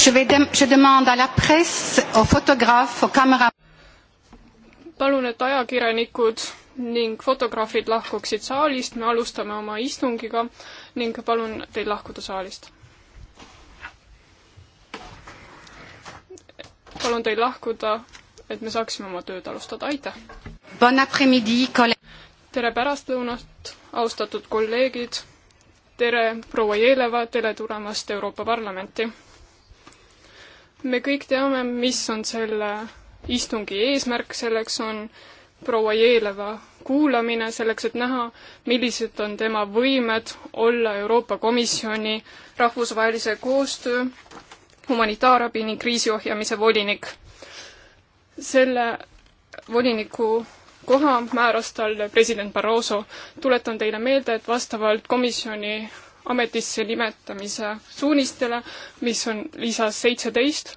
Je, vais de, je demande à la presse, aux photographes, aux caméras. palun, et ajakirjanikud ning fotograafid lahkuksid saalist, me alustame oma istungiga ning palun teil lahkuda saalist. palun teil lahkuda, et me saaksime oma tööd alustada, aitäh! tere pärastlõunat, austatud kolleegid! tere, proua Jeleva, tere tulemast Euroopa Parlamenti! me kõik teame, mis on selle istungi eesmärk, selleks on proua Jeeleva kuulamine, selleks et näha, millised on tema võimed olla Euroopa Komisjoni rahvusvahelise koostöö, humanitaarabi ning kriisiohjamise volinik. selle voliniku koha määras talle president Barroso. tuletan teile meelde, et vastavalt komisjoni ametisse nimetamise suunistele, mis on lisas seitseteist.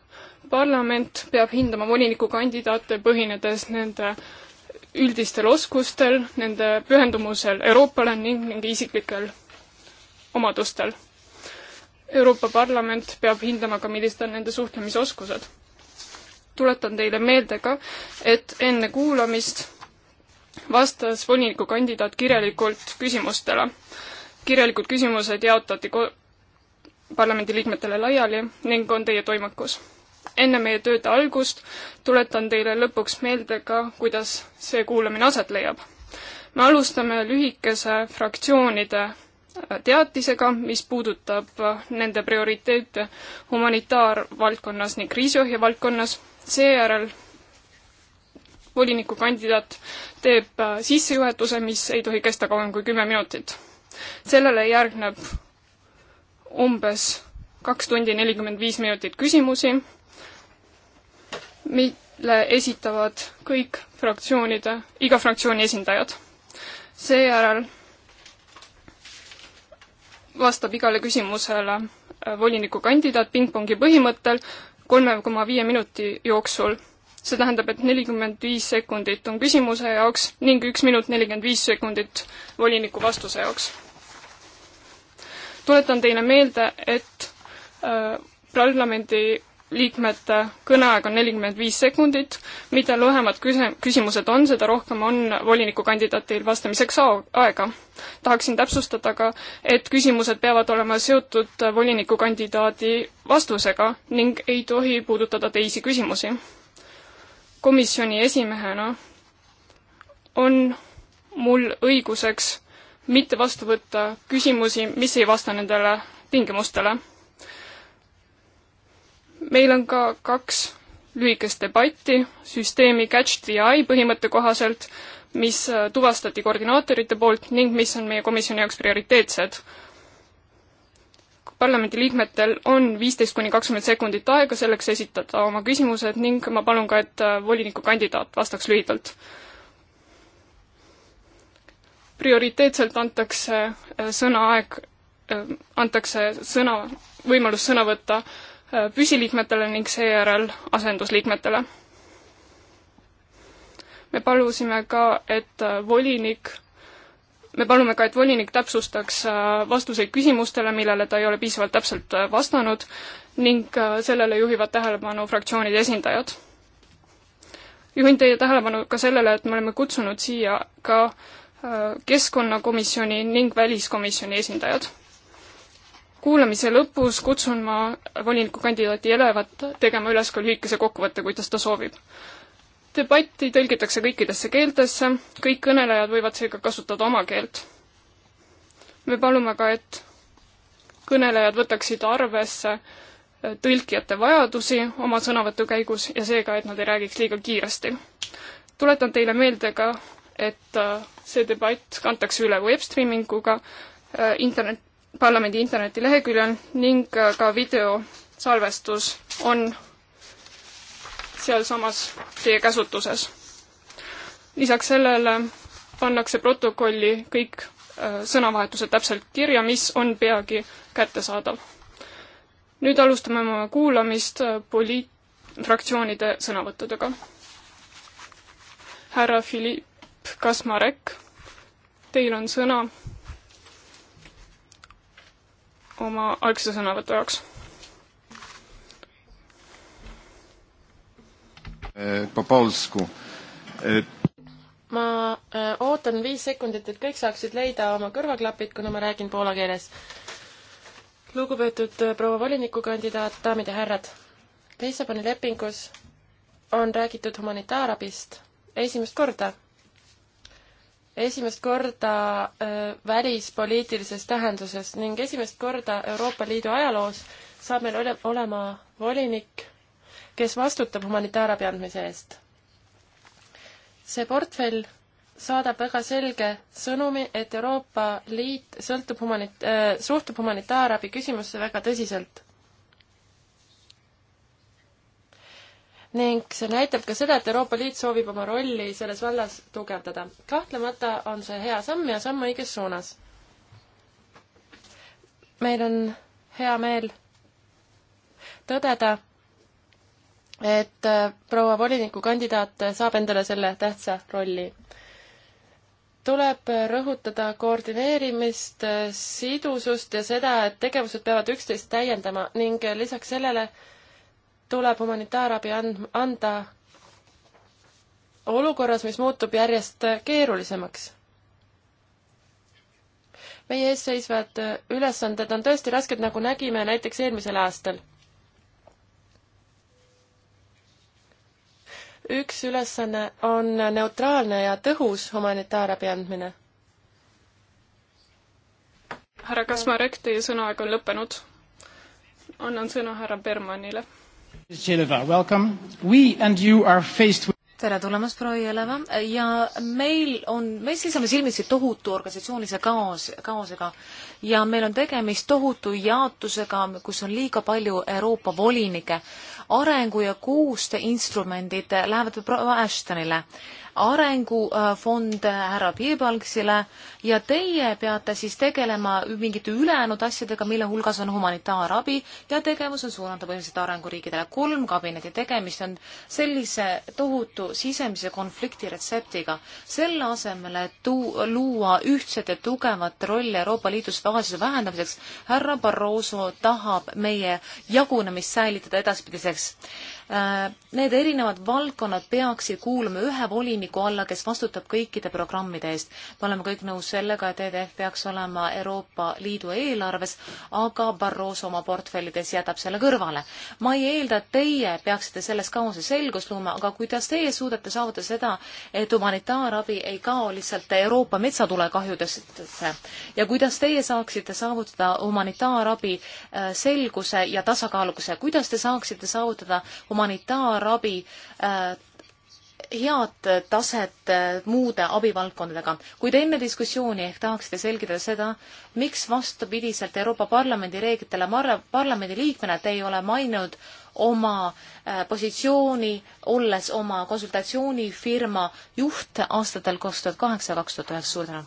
parlament peab hindama volinikukandidaate, põhinedes nende üldistel oskustel, nende pühendumusel Euroopale ning nende isiklikel omadustel. Euroopa Parlament peab hindama ka, millised on nende suhtlemisoskused. tuletan teile meelde ka, et enne kuulamist vastas volinikukandidaat kirjalikult küsimustele kirjalikud küsimused jaotati ko-, parlamendiliikmetele laiali ning on teie toimekus. enne meie tööde algust tuletan teile lõpuks meelde ka, kuidas see kuulamine aset leiab. me alustame lühikese fraktsioonide äh, teatisega, mis puudutab äh, nende prioriteete humanitaarvaldkonnas ning kriisiohje valdkonnas, seejärel volinikukandidaat teeb äh, sissejuhatuse, mis ei tohi kesta kauem kui kümme minutit sellele järgneb umbes kaks tundi nelikümmend viis minutit küsimusi, mille esitavad kõik fraktsioonide, iga fraktsiooni esindajad. seejärel vastab igale küsimusele äh, volinikukandidaat pingpongi põhimõttel kolme koma viie minuti jooksul see tähendab, et nelikümmend viis sekundit on küsimuse jaoks ning üks minut nelikümmend viis sekundit voliniku vastuse jaoks. tuletan teile meelde, et äh, parlamendi liikmete kõneaeg on nelikümmend viis sekundit, mida lühemad küse-, küsimused on, seda rohkem on volinikukandidaadil vastamiseks aega. tahaksin täpsustada ka, et küsimused peavad olema seotud volinikukandidaadi vastusega ning ei tohi puudutada teisi küsimusi komisjoni esimehena on mul õiguseks mitte vastu võtta küsimusi, mis ei vasta nendele tingimustele. meil on ka kaks lühikest debatti süsteemi catch the eye põhimõtte kohaselt, mis tuvastati koordinaatorite poolt ning mis on meie komisjoni jaoks prioriteetsed parlamendiliikmetel on viisteist kuni kakskümmend sekundit aega selleks esitada oma küsimused ning ma palun ka, et äh, volinikukandidaat vastaks lühidalt. prioriteetselt antakse äh, sõnaaeg, äh, antakse sõna, võimalus sõna võtta püsiliikmetele ning seejärel asendusliikmetele. me palusime ka, et volinik me palume ka, et volinik täpsustaks äh, vastuseid küsimustele, millele ta ei ole piisavalt täpselt äh, vastanud ning äh, sellele juhivad tähelepanu fraktsioonide esindajad. juhin teie tähelepanu ka sellele, et me oleme kutsunud siia ka keskkonnakomisjoni ning väliskomisjoni esindajad. kuulamise lõpus kutsun ma volinikukandidaati Elevat tegema üles ka lühikese kokkuvõtte, kuidas ta soovib debatti tõlgitakse kõikidesse keeltesse, kõik kõnelejad võivad seega kasutada oma keelt. me palume ka, et kõnelejad võtaksid arvesse äh, tõlkijate vajadusi oma sõnavõtu käigus ja seega, et nad ei räägiks liiga kiiresti. tuletan teile meelde ka, et äh, see debatt kantakse üle webstreaminguga äh, internet, parlamendi internetileheküljel ning ka videosalvestus on sealsamas teie käsutuses. lisaks sellele pannakse protokolli kõik äh, sõnavahetused täpselt kirja, mis on peagi kättesaadav. nüüd alustame oma kuulamist äh, poliit-, fraktsioonide sõnavõttudega. härra Philipp Kasmarek, teil on sõna oma algse sõnavõtu jaoks Eh, po polsku. Eh, ma eh, ootan viis sekundit, et kõik saaksid leida oma kõrvaklapid, kuna ma räägin poola keeles. lugupeetud proua volinikukandidaat, daamid ja härrad. Lissaboni lepingus on räägitud humanitaarabist esimest korda. esimest korda välispoliitilises tähenduses ning esimest korda Euroopa Liidu ajaloos saab meil olema volinik kes vastutab humanitaarabi andmise eest. see portfell saadab väga selge sõnumi, et Euroopa Liit sõltub humanit- äh,, suhtub humanitaarabi küsimusse väga tõsiselt. ning see näitab ka seda, et Euroopa Liit soovib oma rolli selles vallas tugevdada. kahtlemata on see hea samm ja samm õiges suunas. meil on hea meel tõdeda, et äh, proua volinikukandidaat saab endale selle tähtsa rolli. tuleb äh, rõhutada koordineerimist, äh, sidusust ja seda, et tegevused peavad üksteist täiendama ning lisaks sellele tuleb humanitaarabi and-, anda olukorras, mis muutub järjest keerulisemaks meie ees seisvad ülesanded on tõesti rasked, nagu nägime näiteks eelmisel aastal. üks ülesanne on neutraalne ja tõhus humanitaarabi andmine. härra Kasmarek, teie sõnaaeg on lõppenud. annan sõna härra Bermanile. tere tulemast, proua Jeleva ja meil on, me seisame silmitsi tohutu organisatsioonilise kaos, kaosega ja meil on tegemist tohutu jaotusega, kus on liiga palju Euroopa volinikke arengu ja koostöö instrumendid lähevad proua Ashtonile arengufond härra Piebalgsile ja teie peate siis tegelema mingite ülejäänud asjadega, mille hulgas on humanitaarabi ja tegevus on suunatud põhiliselt arenguriikidele. kolm kabineti tegemist on sellise tohutu sisemise konflikti retseptiga. selle asemel, et tuu-, luua ühtset ja tugevat rolli Euroopa Liidus vaesuse vähendamiseks, härra Barroso tahab meie jagunemist säilitada edaspidiseks Äh, need erinevad valdkonnad peaksid kuuluma ühe voliniku alla, kes vastutab kõikide programmide eest. me oleme kõik nõus sellega, et EDF peaks olema Euroopa Liidu eelarves, aga Barroso oma portfellides jätab selle kõrvale. ma ei eelda, et teie peaksite selles kaoses selgust looma, aga kuidas teie suudate saavutada seda, et humanitaarabi ei kao lihtsalt Euroopa metsatulekahjudesse ja kuidas teie saaksite saavutada humanitaarabi äh, selguse ja tasakaalukuse, kuidas te saaksite saavutada humanitaarabi humanitaarabi äh, head taset äh, muude abivaldkondadega. kui te enne diskussiooni ehk tahaksite selgitada seda, miks vastupidiselt Euroopa Parlamendi reeglitele marra, parlamendi liikmena te ei ole maininud oma äh, positsiooni, olles oma konsultatsioonifirma juht aastatel kaks tuhat kaheksa, kaks tuhat üheksa, suur tänu!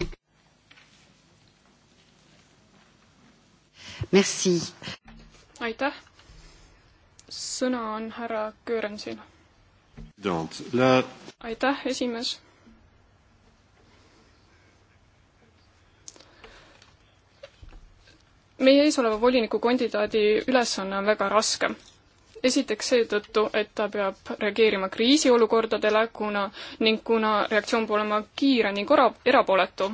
aitäh! sõna on härra Göransil. aitäh, esimees. meie ees oleva volinikukandidaadi ülesanne on väga raske esiteks seetõttu, et ta peab reageerima kriisiolukordadele, kuna, ning kuna reaktsioon peab olema kiire ning era-, erapooletu.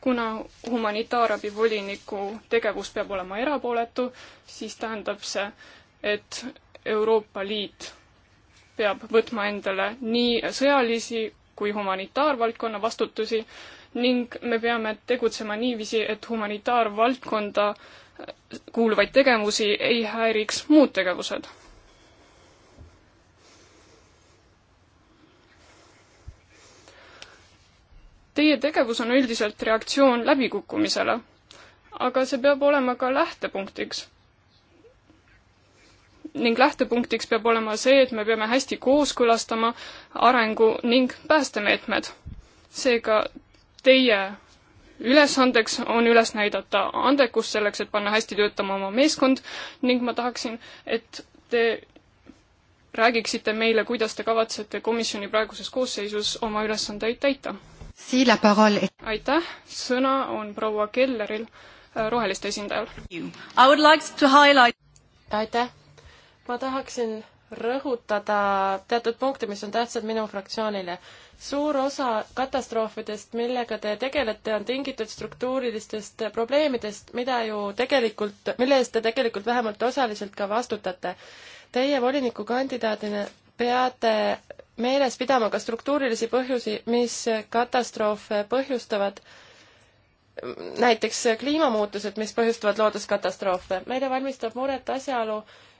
kuna humanitaarabi voliniku tegevus peab olema erapooletu, siis tähendab see, et Euroopa Liit peab võtma endale nii sõjalisi kui humanitaarvaldkonna vastutusi ning me peame tegutsema niiviisi, et humanitaarvaldkonda kuuluvaid tegevusi ei häiriks muud tegevused Teie tegevus on üldiselt reaktsioon läbikukkumisele, aga see peab olema ka lähtepunktiks. ning lähtepunktiks peab olema see, et me peame hästi kooskõlastama arengu ning päästemeetmed. seega teie ülesandeks on üles näidata andekust selleks, et panna hästi töötama oma meeskond ning ma tahaksin, et te räägiksite meile, kuidas te kavatsete komisjoni praeguses koosseisus oma ülesandeid täita? aitäh, sõna on proua Kelleril, äh, roheliste esindajal. Like aitäh, ma tahaksin rõhutada teatud punkte, mis on tähtsad minu fraktsioonile. suur osa katastroofidest, millega te tegelete, on tingitud struktuurilistest probleemidest, mida ju tegelikult, mille eest te tegelikult vähemalt osaliselt ka vastutate. Teie volinikukandidaadina peate meeles pidama ka struktuurilisi põhjusi, mis katastroofe põhjustavad, näiteks kliimamuutused, mis põhjustavad looduskatastroofe. meile valmistab muret asjaolu,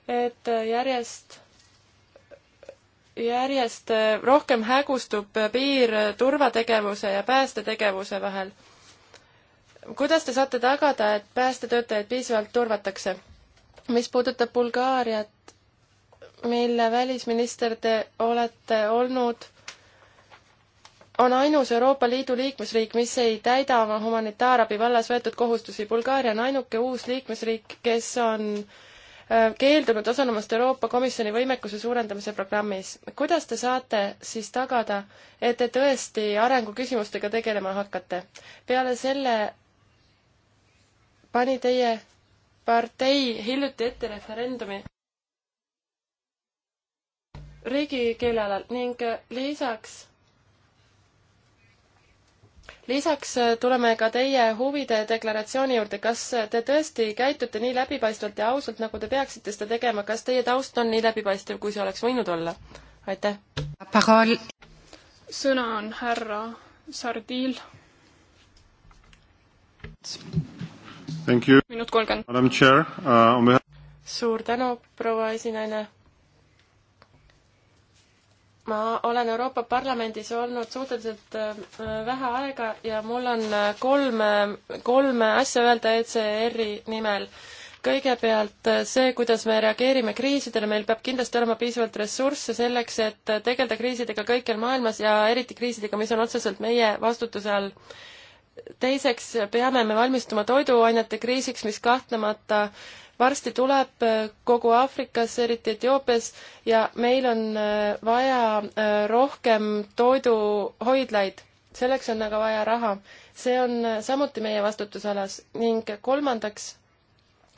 et järjest, järjest rohkem hägustub piir turvategevuse ja päästetegevuse vahel. kuidas te saate tagada, et päästetöötajaid piisavalt turvatakse? mis puudutab Bulgaariat, mille välisminister te olete olnud, on ainus Euroopa Liidu liikmesriik, mis ei täida oma humanitaarabi vallas võetud kohustusi. Bulgaaria on ainuke uus liikmesriik, kes on äh, keeldunud osalemast Euroopa Komisjoni võimekuse suurendamise programmis. kuidas te saate siis tagada, et te tõesti arenguküsimustega tegelema hakkate? peale selle pani teie partei hiljuti ette referendumi riigikeele alal ning lisaks lisaks tuleme ka teie huvide deklaratsiooni juurde. kas te tõesti käitute nii läbipaistvalt ja ausalt, nagu te peaksite seda tegema, kas teie taust on nii läbipaistev, kui see oleks võinud olla? aitäh! sõna on härra Sardiil. minut kolmkümmend. Uh, suur tänu, proua esinaine ma olen Euroopa Parlamendis olnud suhteliselt äh, vähe aega ja mul on äh, kolm, äh, kolme asja öelda ECR-i nimel. kõigepealt see, kuidas me reageerime kriisidele, meil peab kindlasti olema piisavalt ressursse selleks, et tegeleda kriisidega kõikjal maailmas ja eriti kriisidega, mis on otseselt meie vastutuse all. teiseks peame me valmistuma toiduainete kriisiks, mis kahtlemata äh, varsti tuleb äh, kogu Aafrikas, eriti Etioopias, ja meil on äh, vaja äh, rohkem toiduhoidlaid. selleks on aga vaja raha. see on samuti meie vastutusalas ning kolmandaks,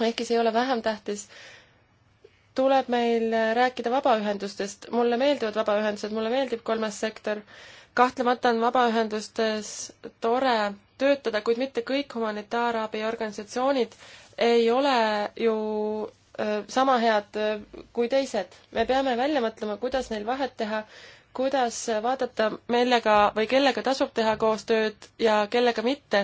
ehkki see ei ole vähem tähtis, tuleb meil rääkida vabaühendustest. mulle meeldivad vabaühendused, mulle meeldib kolmas sektor. kahtlemata on vabaühendustes tore töötada, kuid mitte kõik humanitaarabiorganisatsioonid ei ole ju sama head kui teised. me peame välja mõtlema, kuidas neil vahet teha, kuidas vaadata, millega või kellega tasub teha koostööd ja kellega mitte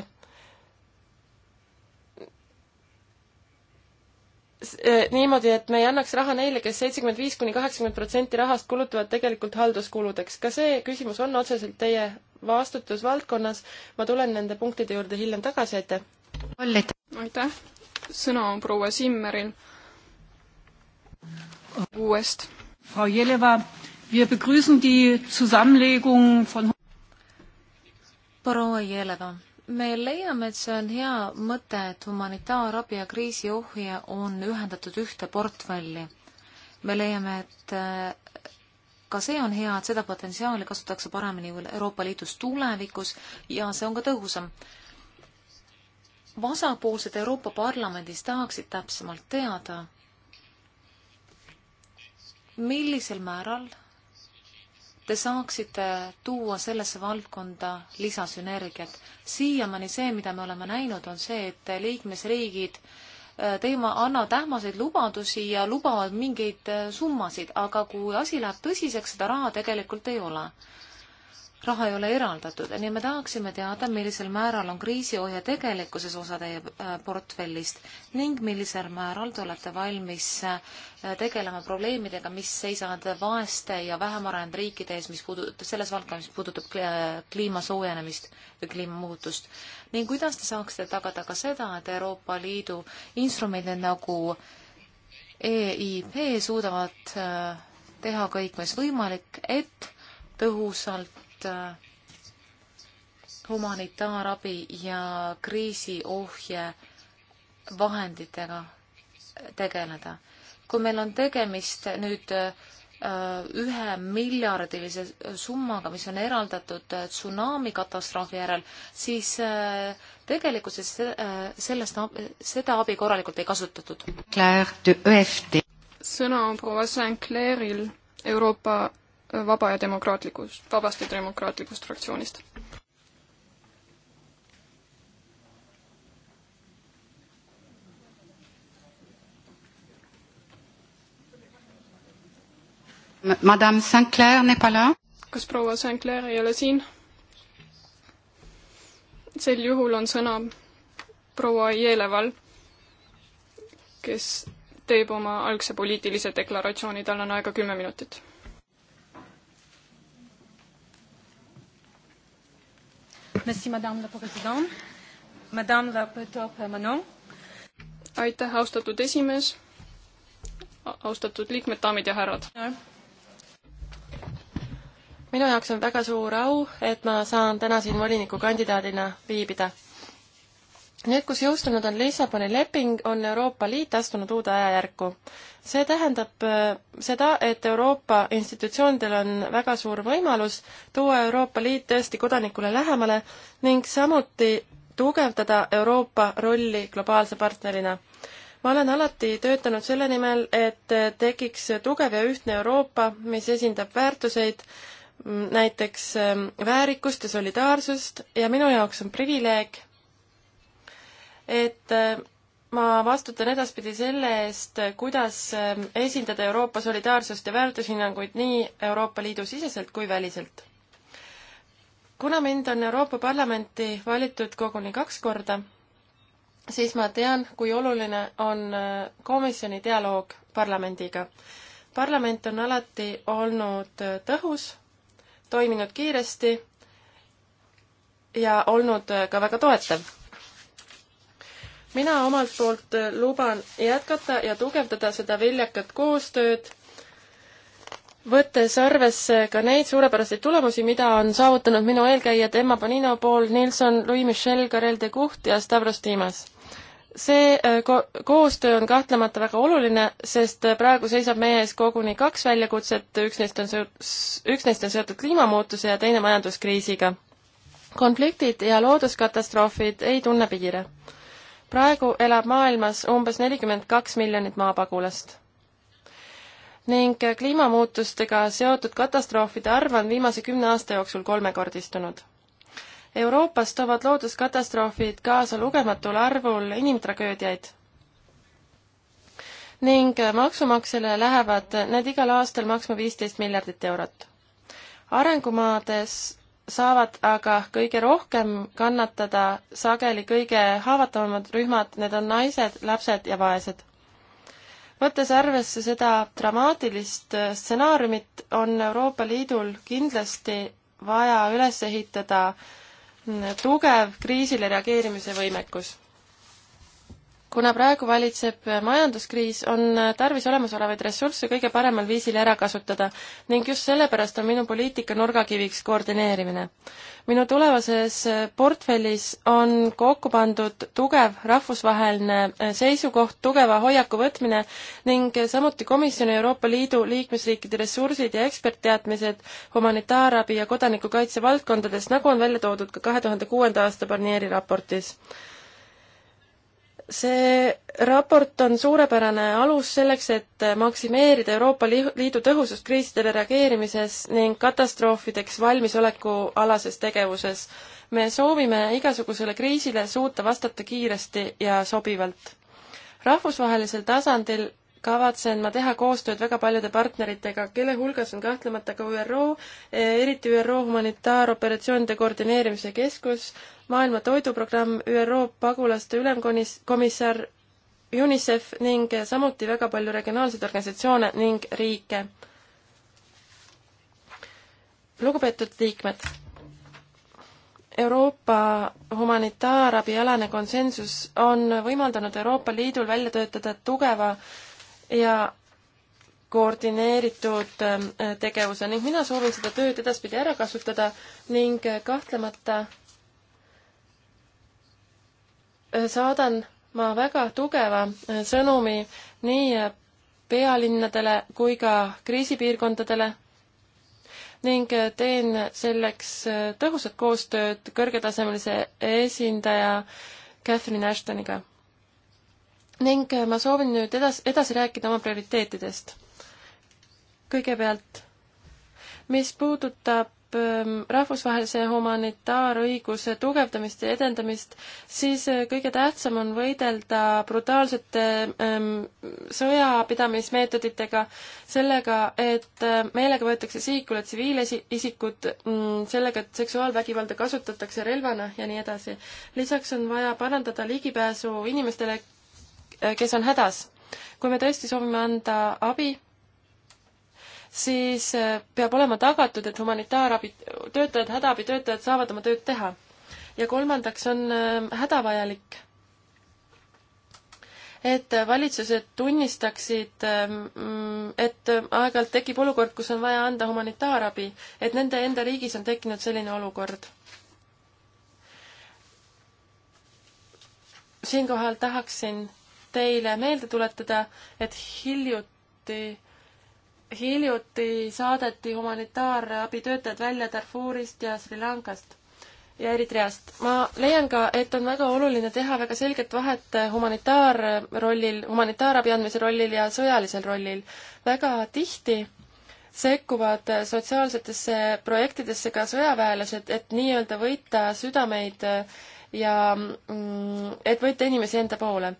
niimoodi, et me ei annaks raha neile kes, kes seitsekümmend viis kuni kaheksakümmend protsenti rahast kulutavad tegelikult halduskuludeks. ka see küsimus on otseselt teie vastutusvaldkonnas. ma tulen nende punktide juurde hiljem tagasi, aitäh! aitäh! sõna on proua Simmeril uuest. Frau Jeleva, wir begrüßen die Zusammenlegung von proua Jeleva, me leiame, et see on hea mõte, et humanitaarabi ja kriisiohje on ühendatud ühte portfelli. me leiame, et äh, ka see on hea, et seda potentsiaali kasutatakse paremini Euroopa Liidus tulevikus ja see on ka tõhusam vasapoolsed Euroopa Parlamendis tahaksid täpsemalt teada, millisel määral te saaksite tuua sellesse valdkonda lisasünergiat. siiamaani see, mida me oleme näinud, on see, et liikmesriigid äh, teema, annavad ähmaseid lubadusi ja lubavad mingeid äh, summasid, aga kui asi läheb tõsiseks, seda raha tegelikult ei ole raha ei ole eraldatud, nii me tahaksime teada, millisel määral on kriisiohje tegelikkuses osa teie äh, portfellist ning millisel määral te olete valmis äh, tegelema probleemidega, mis seisavad vaeste ja vähem arenenud riikide ees, mis puudutab, selles valdkonnas, mis puudutab kliima soojenemist või kliimamuutust. ning kuidas te saaksite tagada ka seda, et Euroopa Liidu instrumendid nagu EIP suudavad äh, teha kõik, mis võimalik, et tõhusalt Äh, humanitaarabi ja kriisiohje vahenditega tegeleda. kui meil on tegemist nüüd äh, ühe miljardilise summaga, mis on eraldatud äh, tsunami katastroofi järel, siis tegelikult sellest, seda abi korralikult ei kasutatud. E sõna on proua St Clairil Euroopa Vaba ja Demokraatlikust, Vabast ja Demokraatlikust fraktsioonist. Madame Sinclair n'est pas là. kas proua Sinclair ei ole siin? sel juhul on sõna proua Jeleval, kes teeb oma algse poliitilise deklaratsiooni, tal on aega kümme minutit Merci, madame la president. Madame la Manon. aitäh, austatud esimees. austatud liikmed, daamid ja härrad minu jaoks on väga suur au, et ma saan täna siin volinikukandidaadina viibida nüüd, kus jõustunud on Lissaboni leping, on Euroopa Liit astunud uude ajajärku. see tähendab äh, seda, et Euroopa institutsioonidel on väga suur võimalus tuua Euroopa Liit tõesti kodanikule lähemale ning samuti tugevdada Euroopa rolli globaalse partnerina. ma olen alati töötanud selle nimel, et tekiks tugev ja ühtne Euroopa, mis esindab väärtuseid, näiteks ähm, väärikust ja solidaarsust ja minu jaoks on privileeg et äh, ma vastutan edaspidi selle eest, kuidas äh, esindada Euroopa solidaarsust ja väärtushinnanguid nii Euroopa Liidu siseselt kui väliselt. kuna mind on Euroopa Parlamenti valitud koguni kaks korda, siis ma tean, kui oluline on äh, komisjoni dialoog parlamendiga. parlament on alati olnud tõhus, toiminud kiiresti ja olnud ka väga toetav mina omalt poolt äh, luban jätkata ja tugevdada seda viljakat koostööd, võttes arvesse ka neid suurepäraseid tulemusi, mida on saavutanud minu eelkäijad Emma Bonino, Paul Nilsson, Louis Michel, Karel de Gucht ja Stavros Tiimas. see äh, ko-, koostöö on kahtlemata väga oluline, sest äh, praegu seisab meie ees koguni kaks väljakutset, üks neist on seo-, üks neist on seotud kliimamuutuse ja teine majanduskriisiga. konfliktid ja looduskatastroofid ei tunne piire praegu elab maailmas umbes nelikümmend kaks miljonit maapagulast ning kliimamuutustega seotud katastroofide arv on viimase kümne aasta jooksul kolmekordistunud. Euroopas toovad looduskatastroofid kaasa lugematul arvul inimtragöödiaid ning maksumaksjale lähevad need igal aastal maksma viisteist miljardit eurot. arengumaades saavad aga kõige rohkem kannatada sageli kõige haavatavamad rühmad, need on naised, lapsed ja vaesed. võttes arvesse seda dramaatilist äh, stsenaariumit, on Euroopa Liidul kindlasti vaja üles ehitada mm, tugev kriisile reageerimise võimekus kuna praegu valitseb majanduskriis, on tarvis olemasolevaid ressursse kõige paremal viisil ära kasutada ning just sellepärast on minu poliitika nurgakiviks koordineerimine. minu tulevases portfellis on kokku pandud tugev rahvusvaheline seisukoht, tugeva hoiaku võtmine ning samuti komisjoni Euroopa Liidu liikmesriikide ressursid ja ekspertteadmised humanitaarabi ja kodanikukaitse valdkondades, nagu on välja toodud ka kahe tuhande kuuenda aasta Barnieri raportis see raport on suurepärane alus selleks, et maksimeerida Euroopa Liidu tõhusust kriisidele reageerimises ning katastroofideks valmisoleku alases tegevuses. me soovime igasugusele kriisile suuta vastata kiiresti ja sobivalt. rahvusvahelisel tasandil kavatsen ma teha koostööd väga paljude partneritega, kelle hulgas on kahtlemata ka ÜRO, eriti ÜRO humanitaaroperatsioonide koordineerimise keskus, Maailma Toiduprogramm, ÜRO pagulaste ülemkomissar, UNICEF ning samuti väga palju regionaalseid organisatsioone ning riike. lugupeetud liikmed Euroopa humanitaarabialane konsensus on võimaldanud Euroopa Liidul välja töötada tugeva ja koordineeritud äh, tegevuse ning mina soovin seda tööd edaspidi ära kasutada ning äh, kahtlemata äh, saadan ma väga tugeva sõnumi nii pealinnadele kui ka kriisipiirkondadele ning teen selleks tõhusat koostööd kõrgetasemelise esindaja Catherine Ashtoniga ning äh, ma soovin nüüd edas-, edasi rääkida oma prioriteetidest. kõigepealt, mis puudutab ähm, rahvusvahelise humanitaarõiguse tugevdamist ja edendamist, siis äh, kõige tähtsam on võidelda brutaalsete ähm, sõjapidamismeetoditega, sellega, et äh, meelega võetakse sihikule tsiviilisikud, mm, sellega, et seksuaalvägivalda kasutatakse relvana ja nii edasi. lisaks on vaja parandada ligipääsu inimestele, kes on hädas. kui me tõesti soovime anda abi, siis äh, peab olema tagatud, et humanitaarabi töötajad, hädaabitöötajad saavad oma tööd teha. ja kolmandaks on äh, hädavajalik, et valitsused tunnistaksid, äh, mm, et aeg-ajalt tekib olukord, kus on vaja anda humanitaarabi, et nende enda riigis on tekkinud selline olukord. siinkohal tahaksin teile meelde tuletada, et hiljuti, hiljuti saadeti humanitaarabitöötajad välja Darfurist ja Sri Lankast ja Eritreast. ma leian ka, et on väga oluline teha väga selget vahet humanitaarrollil, humanitaarabi andmise rollil ja sõjalisel rollil. väga tihti sekkuvad sotsiaalsetesse projektidesse ka sõjaväelased, et nii-öelda võita südameid ja mm, et võita inimesi enda poole.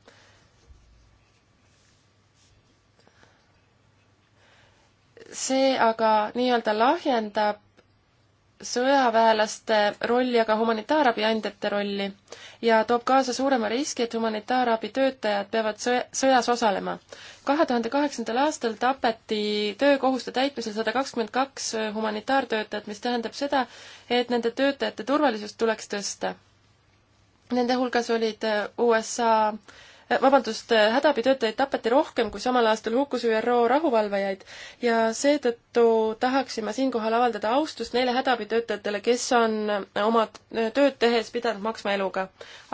see aga nii-öelda lahjendab sõjaväelaste rolli, aga humanitaarabi andjate rolli ja toob kaasa suurema riski, et humanitaarabi töötajad peavad sõjas osalema. kahe tuhande kaheksandal aastal tapeti töökohuste täitmisel sada kakskümmend kaks humanitaartöötajat, mis tähendab seda, et nende töötajate turvalisust tuleks tõsta. Nende hulgas olid äh, USA äh, Äh, vabandust, äh, hädaabitöötajaid tapeti rohkem, kui samal aastal hukkus ÜRO rahuvalvajaid ja seetõttu tahaksin ma siinkohal avaldada austust neile hädaabitöötajatele, kes on äh, oma tööd tehes pidanud maksma eluga.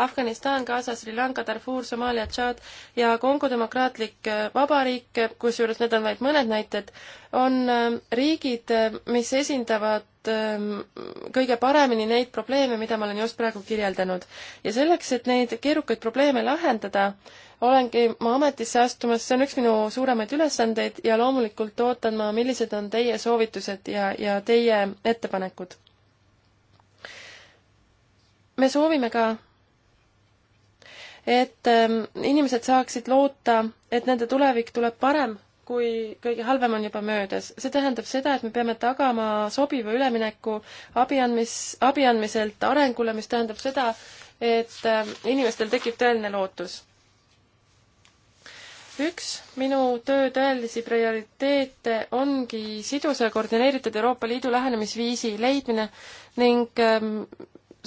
Afganistan, Gaza, Sri Lanka, Darfur, Somaalia, Tšaad ja Kongo Demokraatlik Vabariik, kusjuures need on vaid mõned näited, on riigid, mis esindavad Ähm, kõige paremini neid probleeme, mida ma olen just praegu kirjeldanud. ja selleks, et neid keerukaid probleeme lahendada, olengi ma ametisse astumas, see on üks minu suuremaid ülesandeid ja loomulikult ootan ma, millised on teie soovitused ja, ja teie ettepanekud. me soovime ka et ähm, inimesed saaksid loota, et nende tulevik tuleb parem kui kõige halvem on juba möödas. see tähendab seda, et me peame tagama sobiva ülemineku abi andmis, abi andmiselt arengule, mis tähendab seda, et äh, inimestel tekib tõeline lootus. üks minu töö tõelisi prioriteete ongi sidusa ja koordineeritud Euroopa Liidu lähenemisviisi leidmine ning ähm,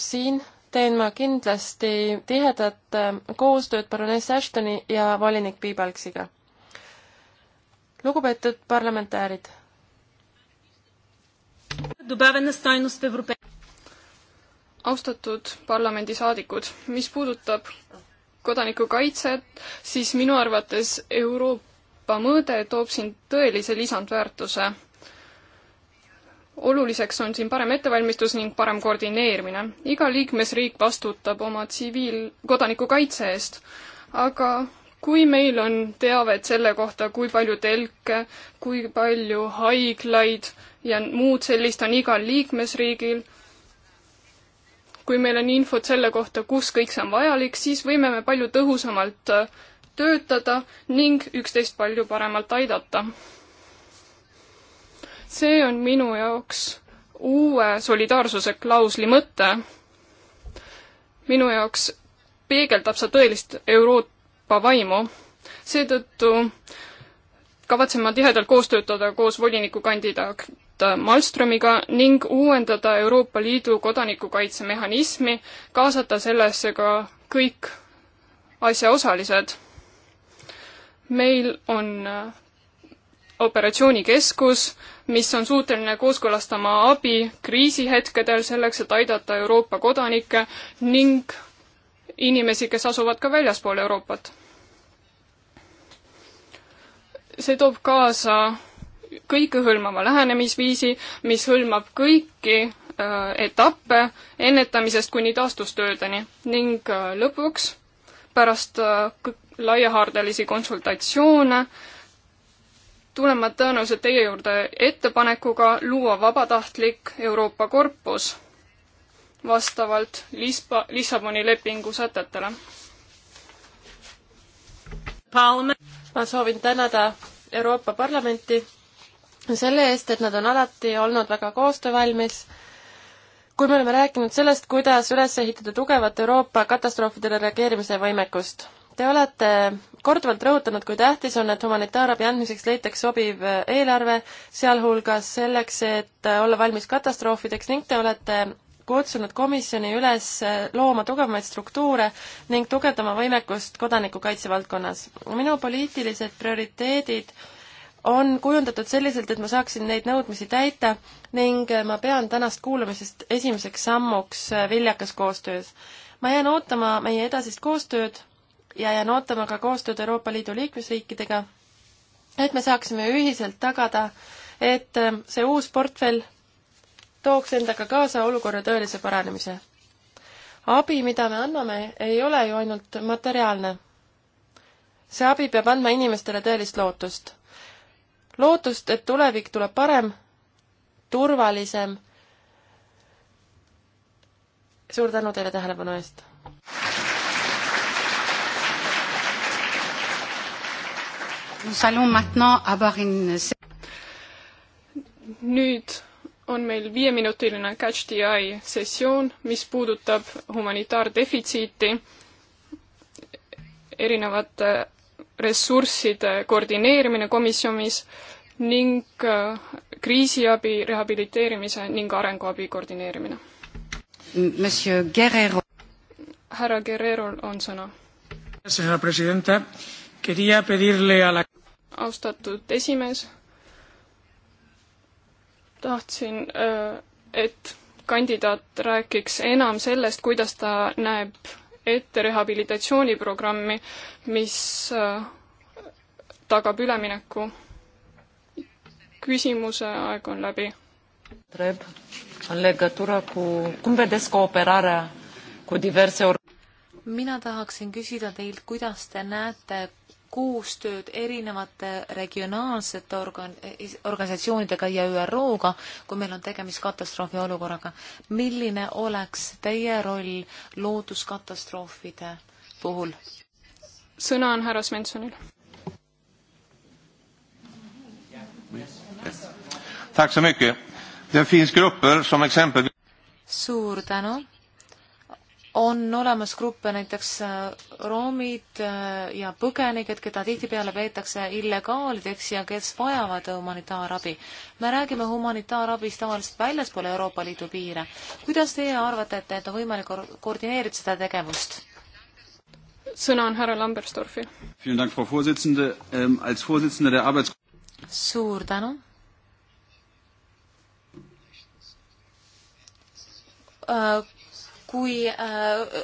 siin teen ma kindlasti tihedat äh, koostööd baroness Ashtoni ja volinik Piibalksiga lugupeetud parlamentäärid. austatud parlamendisaadikud, mis puudutab kodanikukaitset, siis minu arvates Euroopa mõõde toob siin tõelise lisandväärtuse. oluliseks on siin parem ettevalmistus ning parem koordineerimine. iga liikmesriik vastutab oma tsiviil, kodanikukaitse eest, aga kui meil on teavet selle kohta, kui palju telke, kui palju haiglaid ja muud sellist on igal liikmesriigil, kui meil on infot selle kohta, kus kõik see on vajalik, siis võime me palju tõhusamalt äh, töötada ning üksteist palju paremalt aidata. see on minu jaoks uue solidaarsuse klausli mõte. minu jaoks peegeldab see tõelist euro-, Euroopa vaimu. seetõttu kavatsen ma tihedalt koos töötada koos volinikukandidaat Malmströmiga ning uuendada Euroopa Liidu kodanikukaitsemehhanismi, kaasata sellesse ka kõik asjaosalised. meil on äh, operatsioonikeskus, mis on suuteline kooskõlastama abi kriisihetkedel selleks, et aidata Euroopa kodanikke ning inimesi, kes asuvad ka väljaspool Euroopat. see toob kaasa kõikehõlmava lähenemisviisi, mis hõlmab kõiki äh, etappe ennetamisest kuni taastustöödeni ning äh, lõpuks pärast äh, laiahaardelisi konsultatsioone tulen ma tõenäoliselt teie juurde ettepanekuga luua vabatahtlik Euroopa korpus vastavalt Lisba-, Lissaboni lepingu sätetele. ma soovin tänada Euroopa Parlamenti selle eest, et nad on alati olnud väga koostöövalmis kui me oleme rääkinud sellest, kuidas üles ehitada tugevat Euroopa katastroofidele reageerimise võimekust. Te olete korduvalt rõhutanud, kui tähtis on, et humanitaarabi andmiseks leitaks sobiv eelarve, sealhulgas selleks, et olla valmis katastroofideks ning te olete kutsunud komisjoni üles äh, looma tugevamaid struktuure ning tugevdama võimekust kodanikukaitse valdkonnas. minu poliitilised prioriteedid on kujundatud selliselt, et ma saaksin neid nõudmisi täita ning äh, ma pean tänast kuulamisest esimeseks sammuks äh, viljakas koostöös. ma jään ootama meie edasist koostööd ja jään ootama ka koostööd Euroopa Liidu liikmesriikidega, et me saaksime ühiselt tagada, et see uus portfell tooks endaga kaasa olukorra tõelise paranemise. abi, mida me anname, ei ole ju ainult materiaalne. see abi peab andma inimestele tõelist lootust. lootust, et tulevik tuleb parem, turvalisem. suur tänu teile tähelepanu eest! Nous allons maintenant avoir une... Nüüd on meil viieminutiline Catch the Eye sessioon, mis puudutab humanitaardefitsiiti, erinevate ressursside koordineerimine komisjonis ning äh, kriisiabi, rehabiliteerimise ning arenguabi koordineerimine. härra Guerrero'l on sõna. austatud esimees tahtsin, äh, et kandidaat rääkiks enam sellest, kuidas ta näeb ette rehabilitatsiooniprogrammi, mis äh, tagab ülemineku. küsimuse aeg on läbi. mina tahaksin küsida teilt, kuidas te näete koostööd erinevate regionaalsete organ-, organisatsioonidega ja ÜRO-ga, kui meil on tegemist katastroofiolukorraga. milline oleks teie roll looduskatastroofide puhul? sõna on härra Svenssonil. suur tänu on olemas gruppe, näiteks äh, roomid äh, ja põgenikud, keda tihtipeale peetakse illegaalideks ja kes vajavad humanitaarabi. me räägime humanitaarabist tavaliselt väljaspool Euroopa Liidu piire. kuidas teie arvate, et, et on võimalik koordineerida seda tegevust? sõna on härra Lambersdorfil. Ähm, suur tänu äh, kui äh,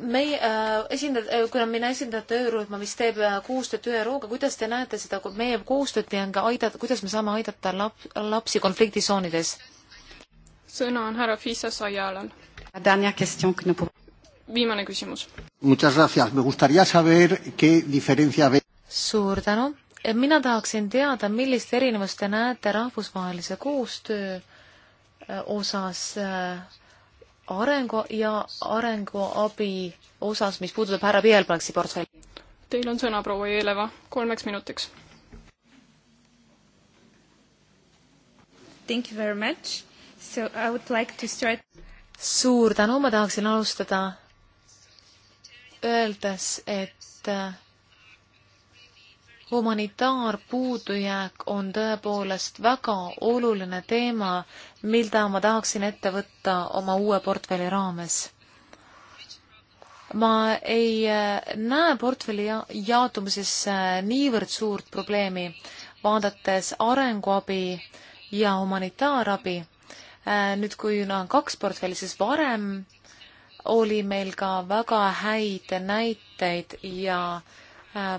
meie äh, esindajad, äh, kuna mina esindan töörühma, mis teeb äh, koostööd ÜRO-ga, kuidas te näete seda, kui meie koostööd teiega aidata, kuidas me saame aidata lap-, lapsi konfliktisoonides? sõna on härra Fisa Saialal. viimane küsimus. suur tänu. mina tahaksin teada, millist erinevust te näete rahvusvahelise koostöö osas äh, arengu ja arenguabi osas, mis puudutab härra Pielplaksi portfelli. Teil on sõna, proua Jeleva, kolmeks minutiks. Thank you very much. So I would like to start suur tänu, ma tahaksin alustada öeldes, et äh, humanitaarpuudujääk on tõepoolest väga oluline teema, mida ma tahaksin ette võtta oma uue portfelli raames ma ei eh, näe portfelli ja jaotumises niivõrd suurt probleemi, vaadates arenguabi ja humanitaarabi. Eh, nüüd, kui on no, kaks portfelli, siis varem oli meil ka väga häid näiteid ja eh,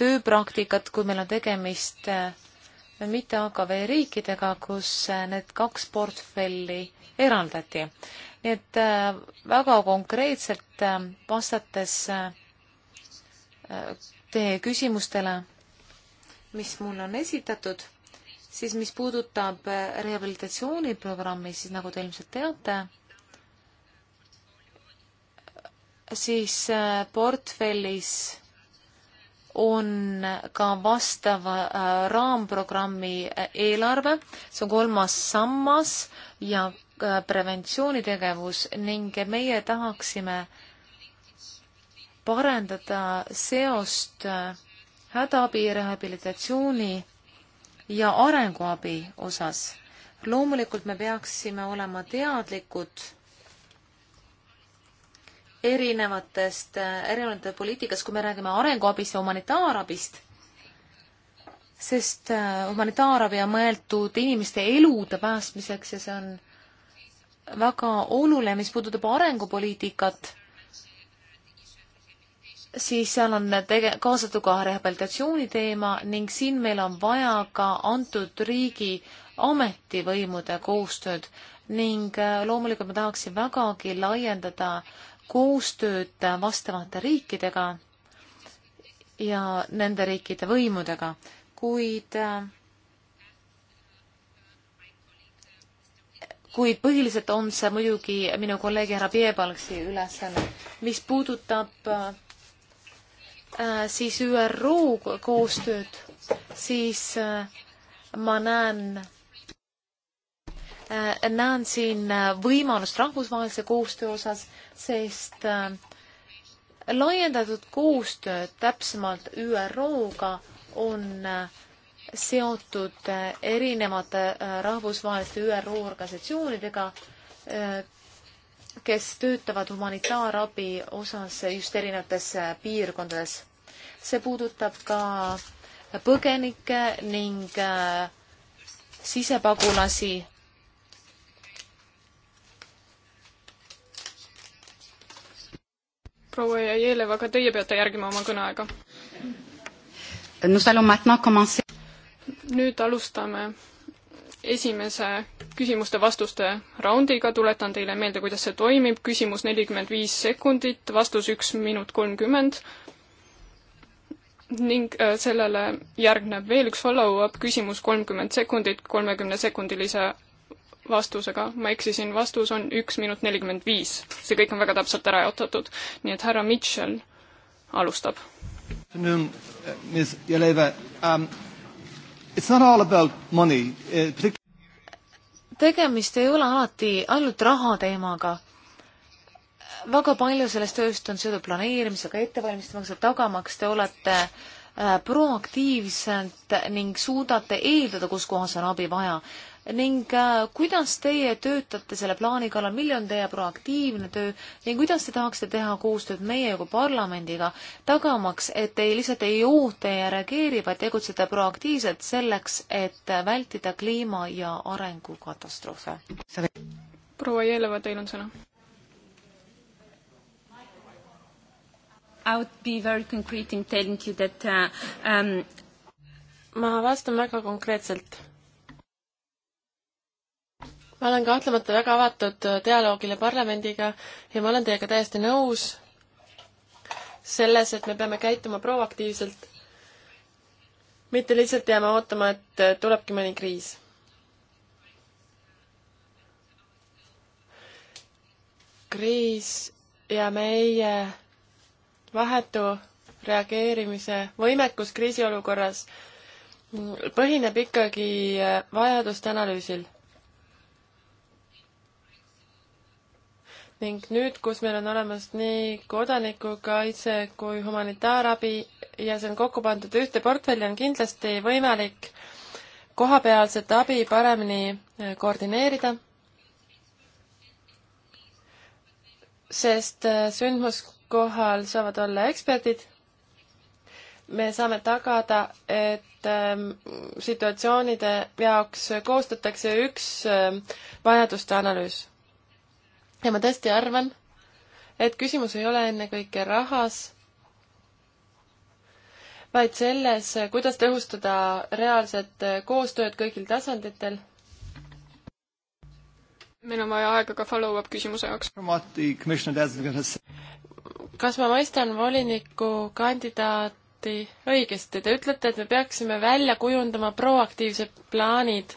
tööpraktikat, kui meil on tegemist äh, mitte AKV riikidega, kus äh, need kaks portfelli eraldati. nii et äh, väga konkreetselt vastates teie küsimustele, mis mulle on esitatud, siis mis puudutab rehabilitatsiooniprogrammi, siis nagu te ilmselt teate, siis portfellis on ka vastava äh, raamprogrammi äh, eelarve, see on kolmas sammas ja äh, preventsioonitegevus ning meie tahaksime parendada seost hädaabi, rehabilitatsiooni ja arenguabi osas. loomulikult me peaksime olema teadlikud erinevatest, erinevatest poliitikast, kui me räägime arenguabist ja humanitaarabist, sest äh, humanitaarabi on mõeldud inimeste elude päästmiseks ja see on väga oluline, mis puudutab arengupoliitikat, siis seal on tege-, kaasatud ka rehabilitatsiooni teema ning siin meil on vaja ka antud riigi ametivõimude koostööd ning äh, loomulikult ma tahaksin vägagi laiendada äh, koostööd vastavate riikidega ja nende riikide võimudega, kuid kuid põhiliselt on see muidugi minu kolleegi härra Piebalgsi ülesanne. mis puudutab äh, siis ÜRO koostööd, siis äh, ma näen Äh, näen siin äh, võimalust rahvusvahelise koostöö osas, sest äh, laiendatud koostöö täpsemalt ÜRO-ga on seotud erinevate rahvusvaheliste ÜRO organisatsioonidega, kes töötavad humanitaarabi osas just erinevates piirkondades. see puudutab ka põgenikke ning sisepagulasi proua Jajelev, aga teie peate järgima oma kõneaega. nüüd alustame esimese küsimuste-vastuste raundiga, tuletan teile meelde, kuidas see toimib, küsimus nelikümmend viis sekundit, vastus üks minut kolmkümmend ning äh, sellele järgneb veel üks follow-up küsimus kolmkümmend sekundit kolmekümne sekundilise vastusega, ma eksisin, vastus on üks minut nelikümmend viis. see kõik on väga täpselt ära jaotatud, nii et härra Mitchell alustab. Eh, um, eh, tegemist ei ole alati ainult raha teemaga. väga palju sellest tööst on seotud planeerimisega, ettevalmistamisega, tagamaks te olete eh, proaktiivselt ning suudate eeldada, kus kohas on abi vaja ning äh, kuidas teie töötate selle plaani kallal, milline on teie proaktiivne töö ja kuidas te tahaksite teha koostööd meie kui parlamendiga, tagamaks, et te lihtsalt ei oota ja reageeri, vaid tegutsete proaktiivselt selleks, et vältida kliima- ja arengukatastroofe? proua Jeleva, teil on sõna. I would be very concrete in telling you that uh, um, ma vastan väga konkreetselt ma olen kahtlemata väga avatud äh, dialoogile parlamendiga ja ma olen teiega täiesti nõus selles, et me peame käituma proaktiivselt, mitte lihtsalt jääma ootama, et äh, tulebki mõni kriis. kriis ja meie vahetu reageerimise võimekus kriisiolukorras mm, põhineb ikkagi äh, vajaduste analüüsil ning nüüd, kus meil on olemas nii kodanikukaitse kui humanitaarabi ja see on kokku pandud ühte portfelli, on kindlasti võimalik kohapealset abi paremini äh, koordineerida, sest äh, sündmuskohal saavad olla eksperdid, me saame tagada, et ähm, situatsioonide jaoks koostatakse üks äh, vajaduste analüüs ja ma tõesti arvan, et küsimus ei ole ennekõike rahas, vaid selles, kuidas tõhustada reaalset koostööd kõigil tasanditel. meil on vaja aega ka follow-up küsimuse jaoks. kas ma mõistan voliniku kandidaati õigesti, te ütlete, et me peaksime välja kujundama proaktiivsed plaanid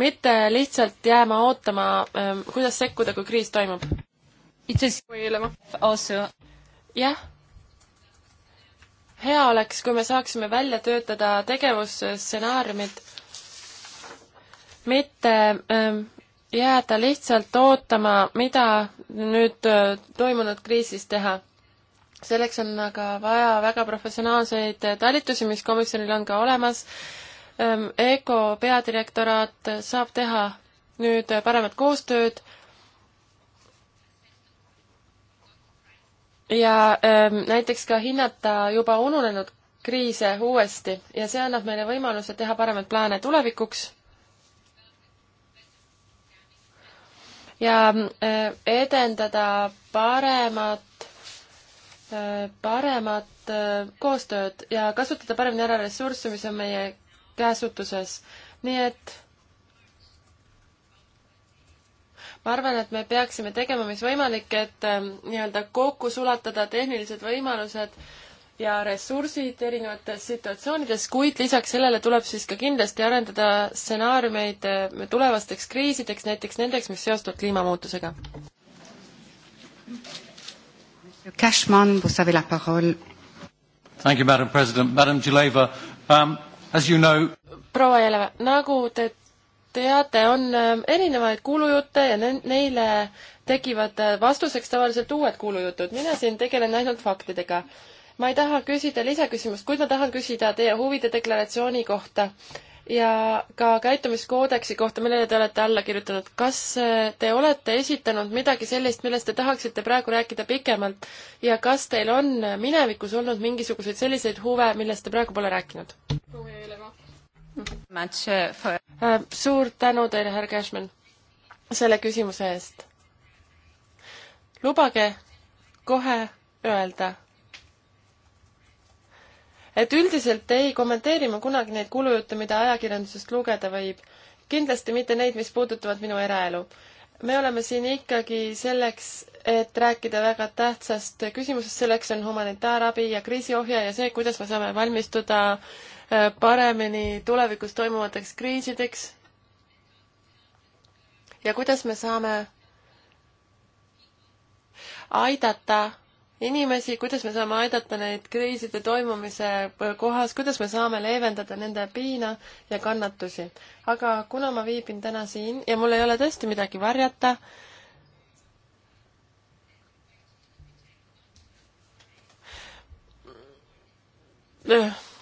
mitte lihtsalt jääma ootama, ähm, kuidas sekkuda, kui kriis toimub. jah. hea oleks, kui me saaksime välja töötada tegevusstsenaariumid, mitte ähm, jääda lihtsalt ootama, mida nüüd äh, toimunud kriisis teha selleks on aga vaja väga professionaalseid talitusi, mis komisjonil on ka olemas EKO ehm, peadirektoraat saab teha nüüd paremat koostööd ja ehm, näiteks ka hinnata juba ununenud kriise uuesti ja see annab meile võimaluse teha paremaid plaane tulevikuks ja ehm, edendada paremat, paremat koostööd ja kasutada paremini ära ressursse, mis on meie käsutuses. nii et ma arvan, et me peaksime tegema, mis võimalik, et ähm, nii-öelda kokku sulatada tehnilised võimalused ja ressursid erinevates situatsioonides, kuid lisaks sellele tuleb siis ka kindlasti arendada stsenaariumeid äh, tulevasteks kriisideks, näiteks nendeks, mis seostuvad kliimamuutusega. Cashman, vous avez la parole. Thank you, madam president, madam Gileva um, you know... proua Jeleva, nagu te teate, on ähm, erinevaid kuulujutte ja ne-, neile tekivad äh, vastuseks tavaliselt uued kuulujutud. mina siin tegelen ainult faktidega. ma ei taha küsida lisaküsimust, kuid ma tahan küsida teie huvide deklaratsiooni kohta ja ka käitumiskoodeksi kohta, millele te olete alla kirjutanud. kas äh, te olete esitanud midagi sellist, millest te tahaksite praegu rääkida pikemalt ja kas teil on äh, minevikus olnud mingisuguseid selliseid huve, millest te praegu pole rääkinud? Äh, suur tänu teile, härra Cashman, selle küsimuse eest. lubage kohe öelda et üldiselt ei kommenteeri ma kunagi neid kulujutte, mida ajakirjandusest lugeda võib. kindlasti mitte neid, mis puudutavad minu eraelu. me oleme siin ikkagi selleks, et rääkida väga tähtsast küsimusest, selleks on humanitaarabi ja kriisiohje ja see, kuidas me saame valmistuda äh, paremini tulevikus toimuvateks kriisideks. ja kuidas me saame aidata inimesi, kuidas me saame aidata neid kriiside toimumise kohas, kuidas me saame leevendada nende piina ja kannatusi. aga kuna ma viibin täna siin ja mul ei ole tõesti midagi varjata,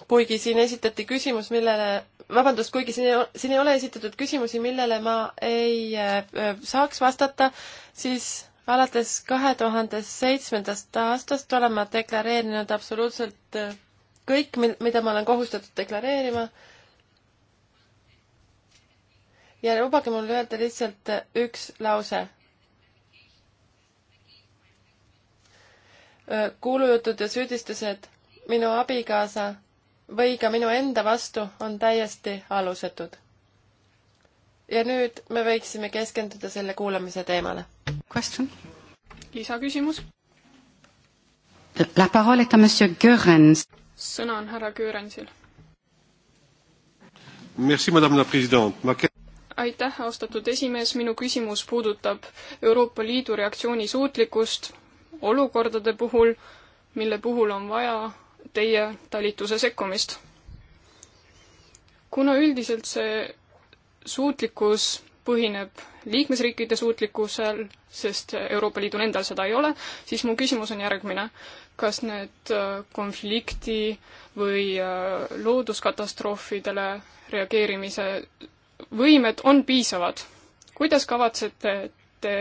kuigi siin esitati küsimus, millele, vabandust, kuigi siin, siin ei ole esitatud küsimusi, millele ma ei äh, saaks vastata, siis alates kahe tuhande seitsmendast aastast olen ma deklareerinud absoluutselt äh, kõik, mida ma olen kohustatud deklareerima. ja lubage mul öelda lihtsalt äh, üks lause. Äh, kuulujutud ja süüdistused minu abikaasa või ka minu enda vastu on täiesti alusetud. ja nüüd me võiksime keskenduda selle kuulamise teemale lisaküsimus? La parole est à monsieur Görens. sõna on härra Görensil. Merci, madame la president Ma aitäh, austatud esimees, minu küsimus puudutab Euroopa Liidu reaktsiooni suutlikkust olukordade puhul, mille puhul on vaja teie talituse sekkumist. kuna üldiselt see suutlikkus põhineb liikmesriikide suutlikkusel, sest Euroopa Liidul endal seda ei ole, siis mu küsimus on järgmine. kas need äh, konflikti või äh, looduskatastroofidele reageerimise võimed on piisavad? kuidas kavatsete te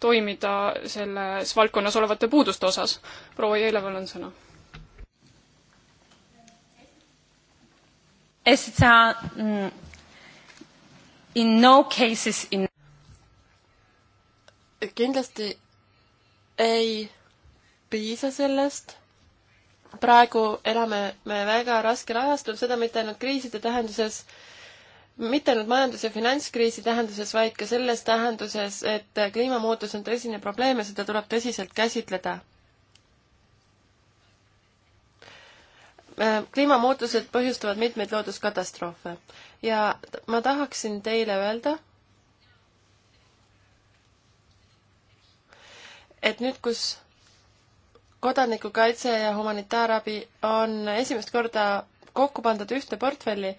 toimida selles valdkonnas olevate puuduste osas? proua Jeleval on sõna. Esitsa in no cases in kindlasti ei piisa sellest. praegu elame me väga raskel ajastul, seda mitte ainult kriiside tähenduses, mitte ainult majandus- ja finantskriisi tähenduses, vaid ka selles tähenduses, et kliimamuutus on tõsine probleem ja seda tuleb tõsiselt käsitleda Äh, kliimamuutused põhjustavad mitmeid looduskatastroofe ja ma tahaksin teile öelda, et nüüd, kus kodanikukaitse ja humanitaarabi on esimest korda kokku pandud ühte portfelli,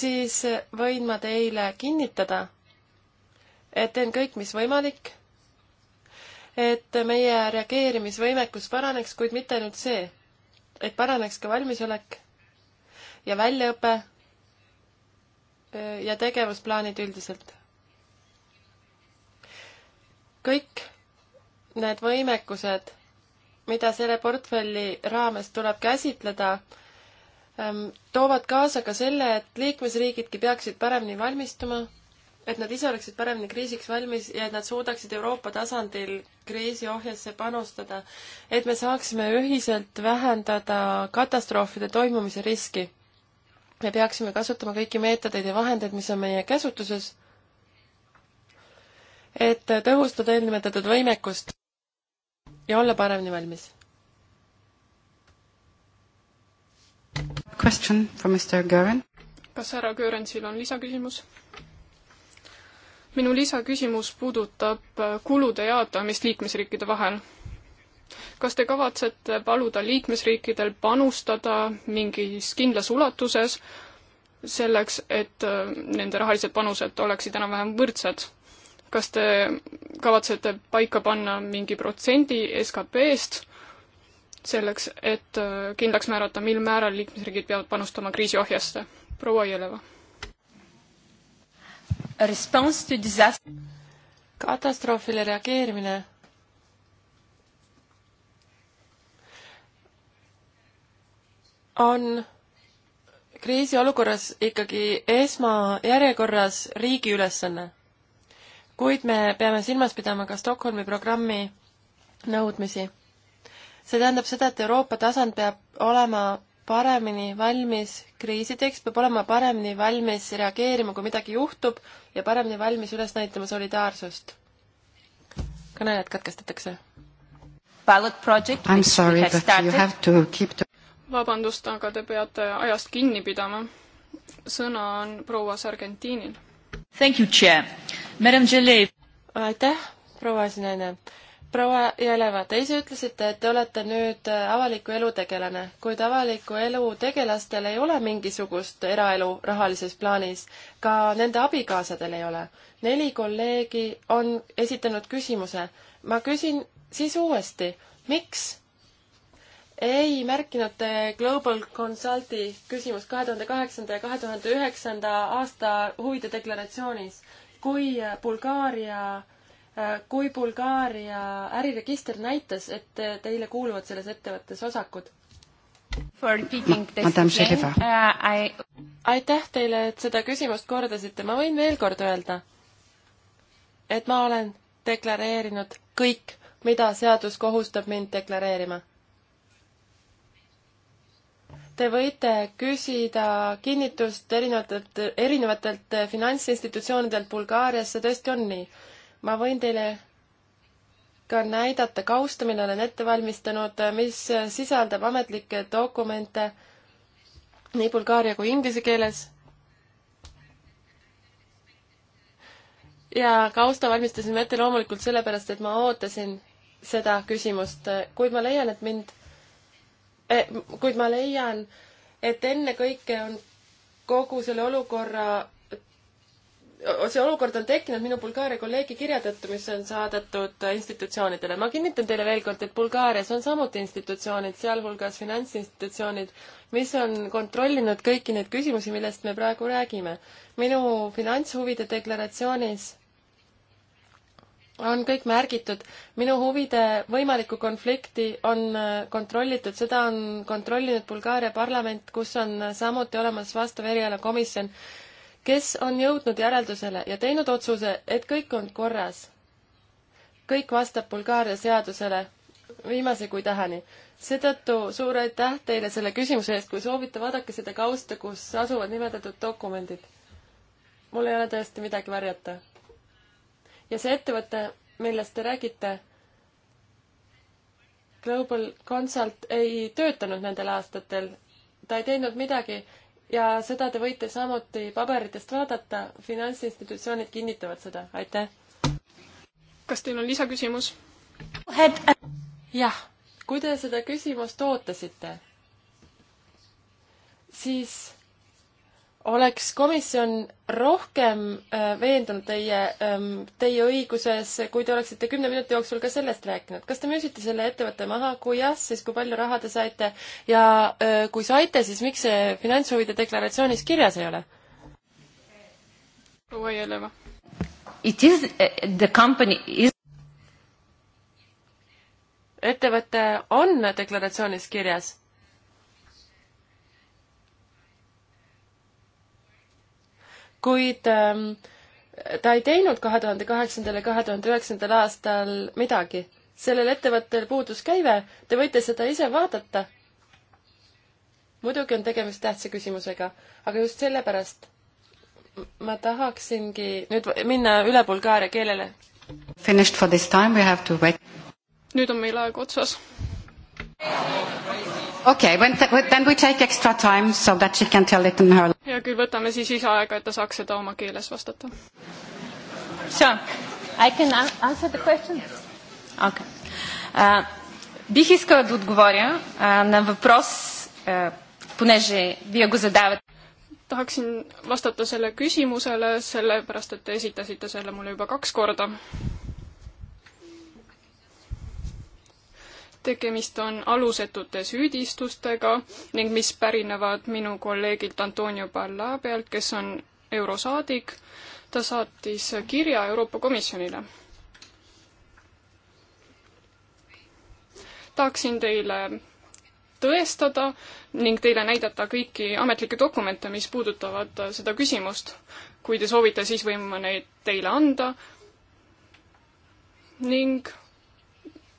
siis võin ma teile kinnitada, et teen kõik, mis võimalik, et meie reageerimisvõimekus paraneks, kuid mitte ainult see et paraneks ka valmisolek ja väljaõpe ja tegevusplaanid üldiselt. kõik need võimekused, mida selle portfelli raames tuleb käsitleda, toovad kaasa ka selle, et liikmesriigidki peaksid paremini valmistuma et nad ise oleksid paremini kriisiks valmis ja et nad suudaksid Euroopa tasandil kriisiohjesse panustada, et me saaksime ühiselt vähendada katastroofide toimumise riski. me peaksime kasutama kõiki meetodeid ja vahendeid, mis on meie käsutuses, et tõhustada eelnimetatud võimekust ja olla paremini valmis. Question from Mr Göran. kas härra Göransil on lisaküsimus? minu lisaküsimus puudutab äh, kulude jaotamist liikmesriikide vahel. kas te kavatsete paluda liikmesriikidel panustada mingis kindlas ulatuses selleks, et äh, nende rahalised panused oleksid enam-vähem võrdsed? kas te kavatsete paika panna mingi protsendi SKP-st selleks, et äh, kindlaks määrata, mil määral liikmesriigid peavad panustama kriisiohjesse? proua Jeleva Response to disaster. katastroofile reageerimine. on kriisiolukorras ikkagi esmajärjekorras riigi ülesanne. kuid me peame silmas pidama ka Stockholmi programmi nõudmisi. see tähendab seda, et Euroopa tasand peab olema paremini valmis kriisideks, peab olema paremini valmis reageerima, kui midagi juhtub ja paremini valmis üles näitama solidaarsust. kõnelejad katkestatakse. The... vabandust, aga te peate ajast kinni pidama. sõna on proua Sargentinil. aitäh, proua esinaine proua Jeleva, te ise ütlesite, et te olete nüüd äh, avaliku elu tegelane, kuid avaliku elu tegelastel ei ole mingisugust eraelu rahalises plaanis. ka nende abikaasadel ei ole. neli kolleegi on esitanud küsimuse. ma küsin siis uuesti, miks ei märkinud te Global Consulti küsimust kahe tuhande kaheksanda ja kahe tuhande üheksanda aasta huvide deklaratsioonis, kui Bulgaaria kui Bulgaaria äriregister näitas, et teile kuuluvad selles ettevõttes osakud? Uh, aitäh teile, et seda küsimust kordasite, ma võin veel kord öelda, et ma olen deklareerinud kõik, mida seadus kohustab mind deklareerima. Te võite küsida kinnitust erinevatelt, erinevatelt eh, finantsinstitutsioonidelt Bulgaarias, see tõesti on nii ma võin teile ka näidata kausta, mille olen ette valmistanud, mis sisaldab ametlikke dokumente nii bulgaaria kui inglise keeles. ja kausta valmistasime ette loomulikult sellepärast, et ma ootasin seda küsimust, kuid ma leian, et mind eh,, kuid ma leian, et ennekõike on kogu selle olukorra see olukord on tekkinud minu Bulgaaria kolleegi kirja tõttu, mis on saadetud institutsioonidele. ma kinnitan teile veel kord, et Bulgaarias on samuti institutsioonid, sealhulgas finantsinstitutsioonid, mis on kontrollinud kõiki neid küsimusi, millest me praegu räägime. minu finantshuvide deklaratsioonis on kõik märgitud. minu huvide võimalikku konflikti on äh, kontrollitud, seda on kontrollinud Bulgaaria parlament, kus on samuti olemas vastav erialakomisjon kes on jõudnud järeldusele ja teinud otsuse, et kõik on korras. kõik vastab Bulgaaria seadusele viimase kui täheni. seetõttu suur aitäh teile selle küsimuse eest, kui soovite, vaadake seda kausta, kus asuvad nimetatud dokumendid. mul ei ole tõesti midagi varjata. ja see ettevõte, millest te räägite, Global Consult ei töötanud nendel aastatel, ta ei teinud midagi, ja seda te võite samuti paberitest vaadata, finantsinstitutsioonid kinnitavad seda, aitäh. kas teil on lisaküsimus? jah, kui te seda küsimust ootasite, siis oleks komisjon rohkem äh, veendunud teie, ähm, teie õiguses, kui te oleksite kümne minuti jooksul ka sellest rääkinud. kas te müüsite selle ettevõtte maha, kui jah, siis kui palju raha te saite ja äh, kui saite, siis miks see finantshuvide deklaratsioonis kirjas ei ole? proua Jeleva. It is uh, the company is ettevõte on deklaratsioonis kirjas kuid ähm, ta ei teinud kahe tuhande kaheksandal ja kahe tuhande üheksandal aastal midagi. sellel ettevõttel puudus käive, te võite seda ise vaadata. muidugi on tegemist tähtsa küsimusega, aga just sellepärast ma tahaksingi nüüd minna üle bulgaaria keelele. Finished for this time, we have to wait. nüüd on meil aeg otsas okei okay,, when th-, then we take extra time so that she can tell it in her. hea küll, võtame siis lisaaega, et ta saaks seda oma keeles vastata. So, I can answer the question? Okay. Uh, бих искала да отговоря uh, на въпрос, uh, понеже вие го задавате. tahaksin vastata selle küsimusele, sellepärast et te esitasite selle mulle juba kaks korda tegemist on alusetute süüdistustega ning mis pärinevad minu kolleegilt Antonio Pallabealt, kes on eurosaadik. ta saatis kirja Euroopa Komisjonile. tahaksin teile tõestada ning teile näidata kõiki ametlikke dokumente, mis puudutavad seda küsimust. kui te soovite, siis võin ma neid teile anda. ning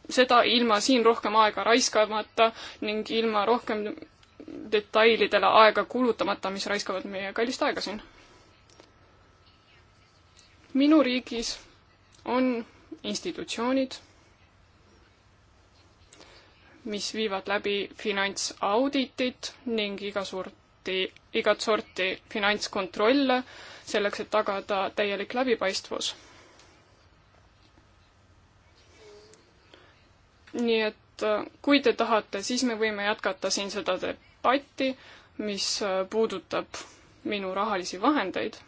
seda ilma siin rohkem aega raiskamata ning ilma rohkem detailidele aega kulutamata, mis raiskavad meie kallist aega siin. minu riigis on institutsioonid, mis viivad läbi finantsauditit ning iga sorti, igat sorti finantskontrolle selleks, et tagada täielik läbipaistvus nii et äh, kui te tahate, siis me võime jätkata siin seda debatti, mis äh, puudutab minu rahalisi vahendeid.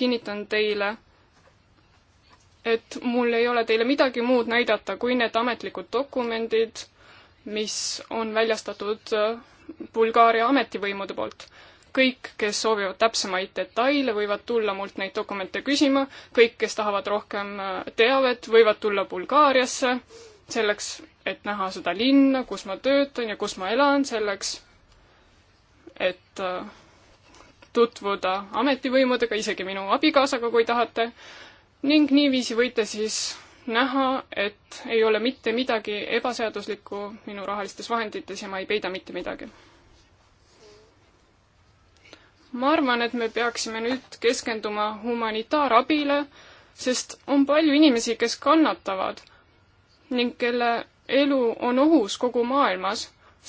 kinnitan teile, et mul ei ole teile midagi muud näidata kui need ametlikud dokumendid, mis on väljastatud äh, Bulgaaria ametivõimude poolt kõik, kes soovivad täpsemaid detaile, võivad tulla mult neid dokumente küsima, kõik, kes tahavad rohkem äh, teavet, võivad tulla Bulgaariasse, selleks, et näha seda linna, kus ma töötan ja kus ma elan, selleks, et äh, tutvuda ametivõimudega, isegi minu abikaasaga, kui tahate, ning niiviisi võite siis näha, et ei ole mitte midagi ebaseaduslikku minu rahalistes vahendites ja ma ei peida mitte midagi ma arvan, et me peaksime nüüd keskenduma humanitaarabile, sest on palju inimesi, kes kannatavad ning kelle elu on ohus kogu maailmas.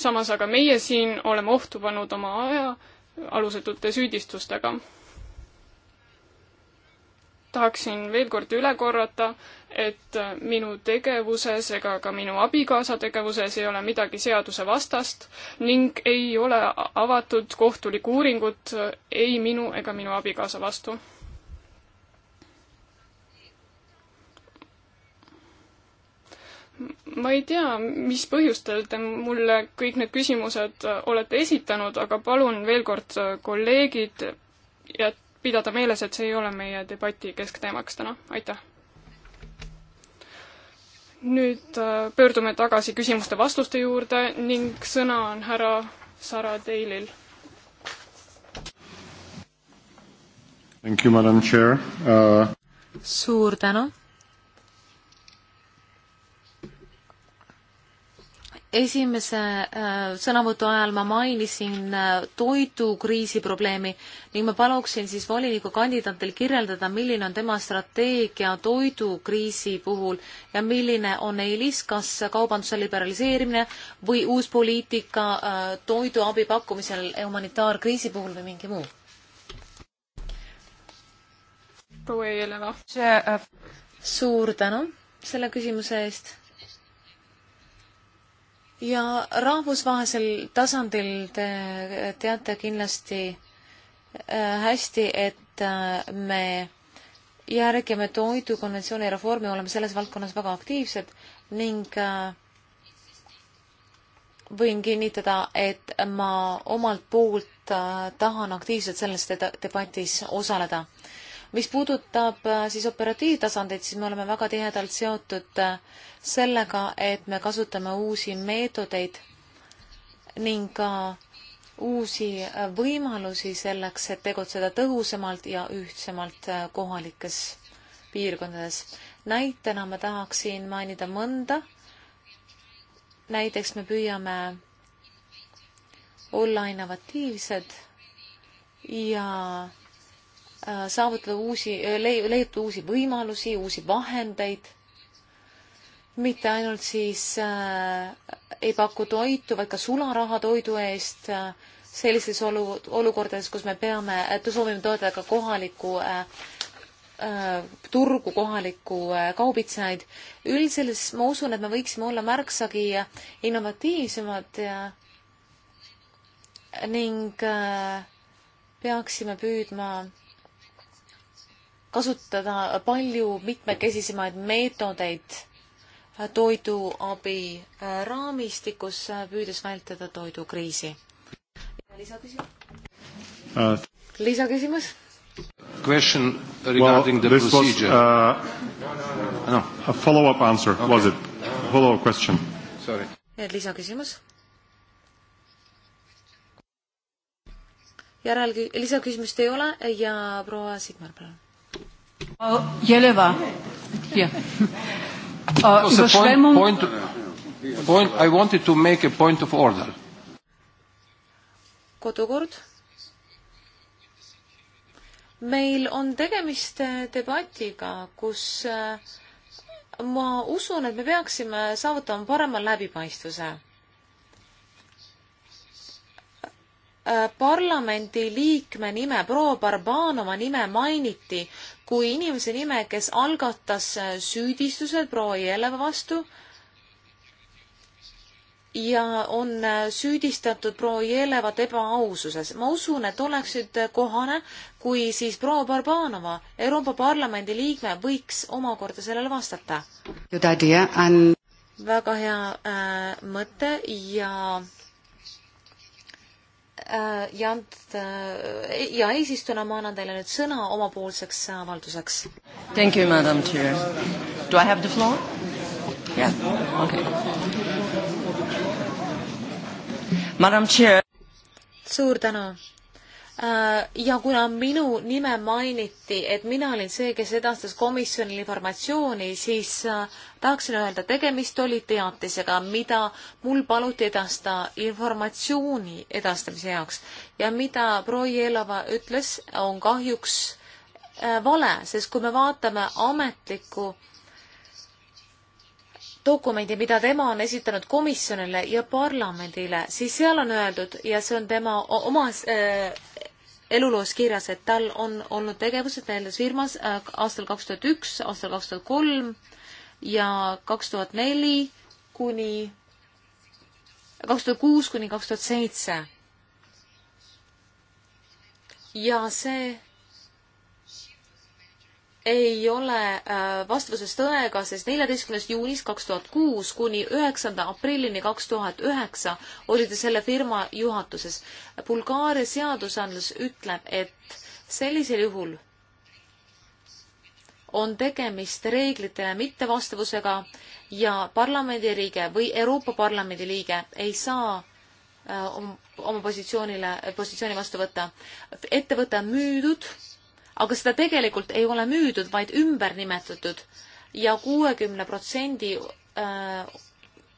samas aga meie siin oleme ohtu pannud oma aja alusetute süüdistustega tahaksin veel kord üle korrata, et minu tegevuses ega ka minu abikaasa tegevuses ei ole midagi seadusevastast ning ei ole avatud kohtulikku uuringut ei minu ega minu abikaasa vastu. ma ei tea, mis põhjustel te mulle kõik need küsimused olete esitanud, aga palun veel kord, kolleegid, jät-, pidada meeles, et see ei ole meie debati keskteemaks täna, aitäh! nüüd äh, pöördume tagasi küsimuste-vastuste juurde ning sõna on härra Sara Teilil. Uh... suur tänu esimese äh, sõnavõtu ajal ma mainisin äh, toidukriisi probleemi ning ma paluksin siis voliniku kandidaatil kirjeldada, milline on tema strateegia toidukriisi puhul ja milline on eelis, kas kaubanduse liberaliseerimine või uus poliitika äh, toiduabi pakkumisel humanitaarkriisi puhul või mingi muu? proua Jelena. suur tänu selle küsimuse eest ja rahvusvahelisel tasandil te teate kindlasti äh, hästi, et äh, me järgime toidukonventsiooni reformi, oleme selles valdkonnas väga aktiivsed ning äh, võin kinnitada, et ma omalt poolt tahan aktiivselt selles debatis osaleda mis puudutab äh, siis operatiivtasandit, siis me oleme väga tihedalt seotud äh, sellega, et me kasutame uusi meetodeid ning ka uusi äh, võimalusi selleks, et tegutseda tõhusamalt ja ühtsemalt kohalikes piirkondades. näitena ma tahaksin mainida mõnda. näiteks me püüame olla innovatiivsed ja Äh, saavutada uusi, äh, leiutada uusi võimalusi, uusi vahendeid, mitte ainult siis äh, ei paku toitu, vaid ka sularaha toidu eest äh, sellises olu-, olukordades, kus me peame, et soovime toetada ka kohalikku äh, äh, turgu, kohalikku äh, kaubitsejaid. üldiselt ma usun, et me võiksime olla märksagi äh, innovatiivsemad ja ning äh, peaksime püüdma kasutada palju mitmekesisemaid meetodeid toiduabi äh, raamistikus, äh, püüdes vältida toidukriisi. lisaküsimus uh,? lisaküsimus? Question regarding well, the procedure. Was, uh, no. A follow-up answer okay. was it? Follow-up question. Sorry. lisaküsimus? järel lisaküsimust ei ole ja proua Sigmar, palun. Jeleva. Yeah. Uh, no, überschwemmung... point, point, point, I wanted to make a point of order. kodukord. meil on tegemist äh, debatiga, kus äh, ma usun, et me peaksime saavutama parema läbipaistvuse äh, parlamendi liikme nime, proua Barbanova nime mainiti kui inimese nime, kes algatas äh, süüdistused proua Jeleva vastu ja on äh, süüdistatud proua Jelevat ebaaususes. ma usun, et oleks nüüd äh, kohane, kui siis proua Barbanova, Euroopa Parlamendi liikme, võiks omakorda sellele vastata. And... väga hea äh, mõte ja äh, Äh, ja and-, äh, ja eesistujana ma annan teile nüüd sõna omapoolseks avalduseks. Thank you, madam chair. Do I have the floor? Yeah, okay. Madam chair. suur tänu Äh, ja kuna minu nime mainiti, et mina olin see, kes edastas komisjonile informatsiooni, siis äh, tahaksin öelda, tegemist oli teatisega, mida mul paluti edasta informatsiooni edastamise jaoks ja mida proua Jelova ütles, on kahjuks äh, vale, sest kui me vaatame ametlikku dokumendi, mida tema on esitanud komisjonile ja parlamendile, siis seal on öeldud ja see on tema omas äh, eluloos kirjas, et tal on olnud tegevused nendes firmas äh, aastal kaks tuhat üks, aastal kaks tuhat kolm ja kaks tuhat neli kuni kaks tuhat kuus kuni kaks tuhat seitse. ja see ei ole äh, vastuses tõega, sest neljateistkümnest juunist kaks tuhat kuus kuni üheksanda aprillini kaks tuhat üheksa oli ta selle firma juhatuses. Bulgaaria seadusandlus ütleb, et sellisel juhul on tegemist reeglitele mittevastavusega ja parlamendiliige või Euroopa Parlamendi liige ei saa äh, oma positsioonile, positsiooni vastu võtta. ettevõte on müüdud aga seda tegelikult ei ole müüdud, vaid ümber nimetatud ja kuuekümne protsendi äh,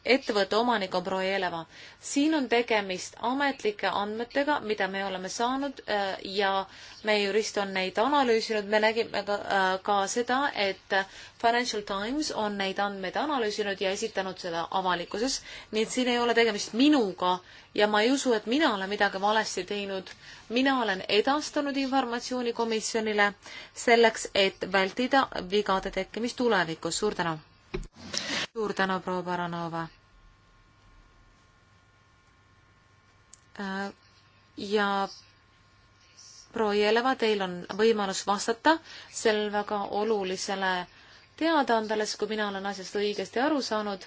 ettevõtte omanik on Proeleva. siin on tegemist ametlike andmetega, mida me oleme saanud äh, ja meie jurist on neid analüüsinud, me nägime ka, äh, ka seda, et Financial Times on neid andmeid analüüsinud ja esitanud seda avalikkuses, nii et siin ei ole tegemist minuga ja ma ei usu, et mina olen midagi valesti teinud. mina olen edastanud informatsiooni komisjonile selleks, et vältida vigade tekkimist tulevikus. suur tänu! suur tänu, proua Baranova! Äh, ja proua Jeleva, teil on võimalus vastata sel väga olulisele teadaandele, sest kui mina olen asjast õigesti aru saanud,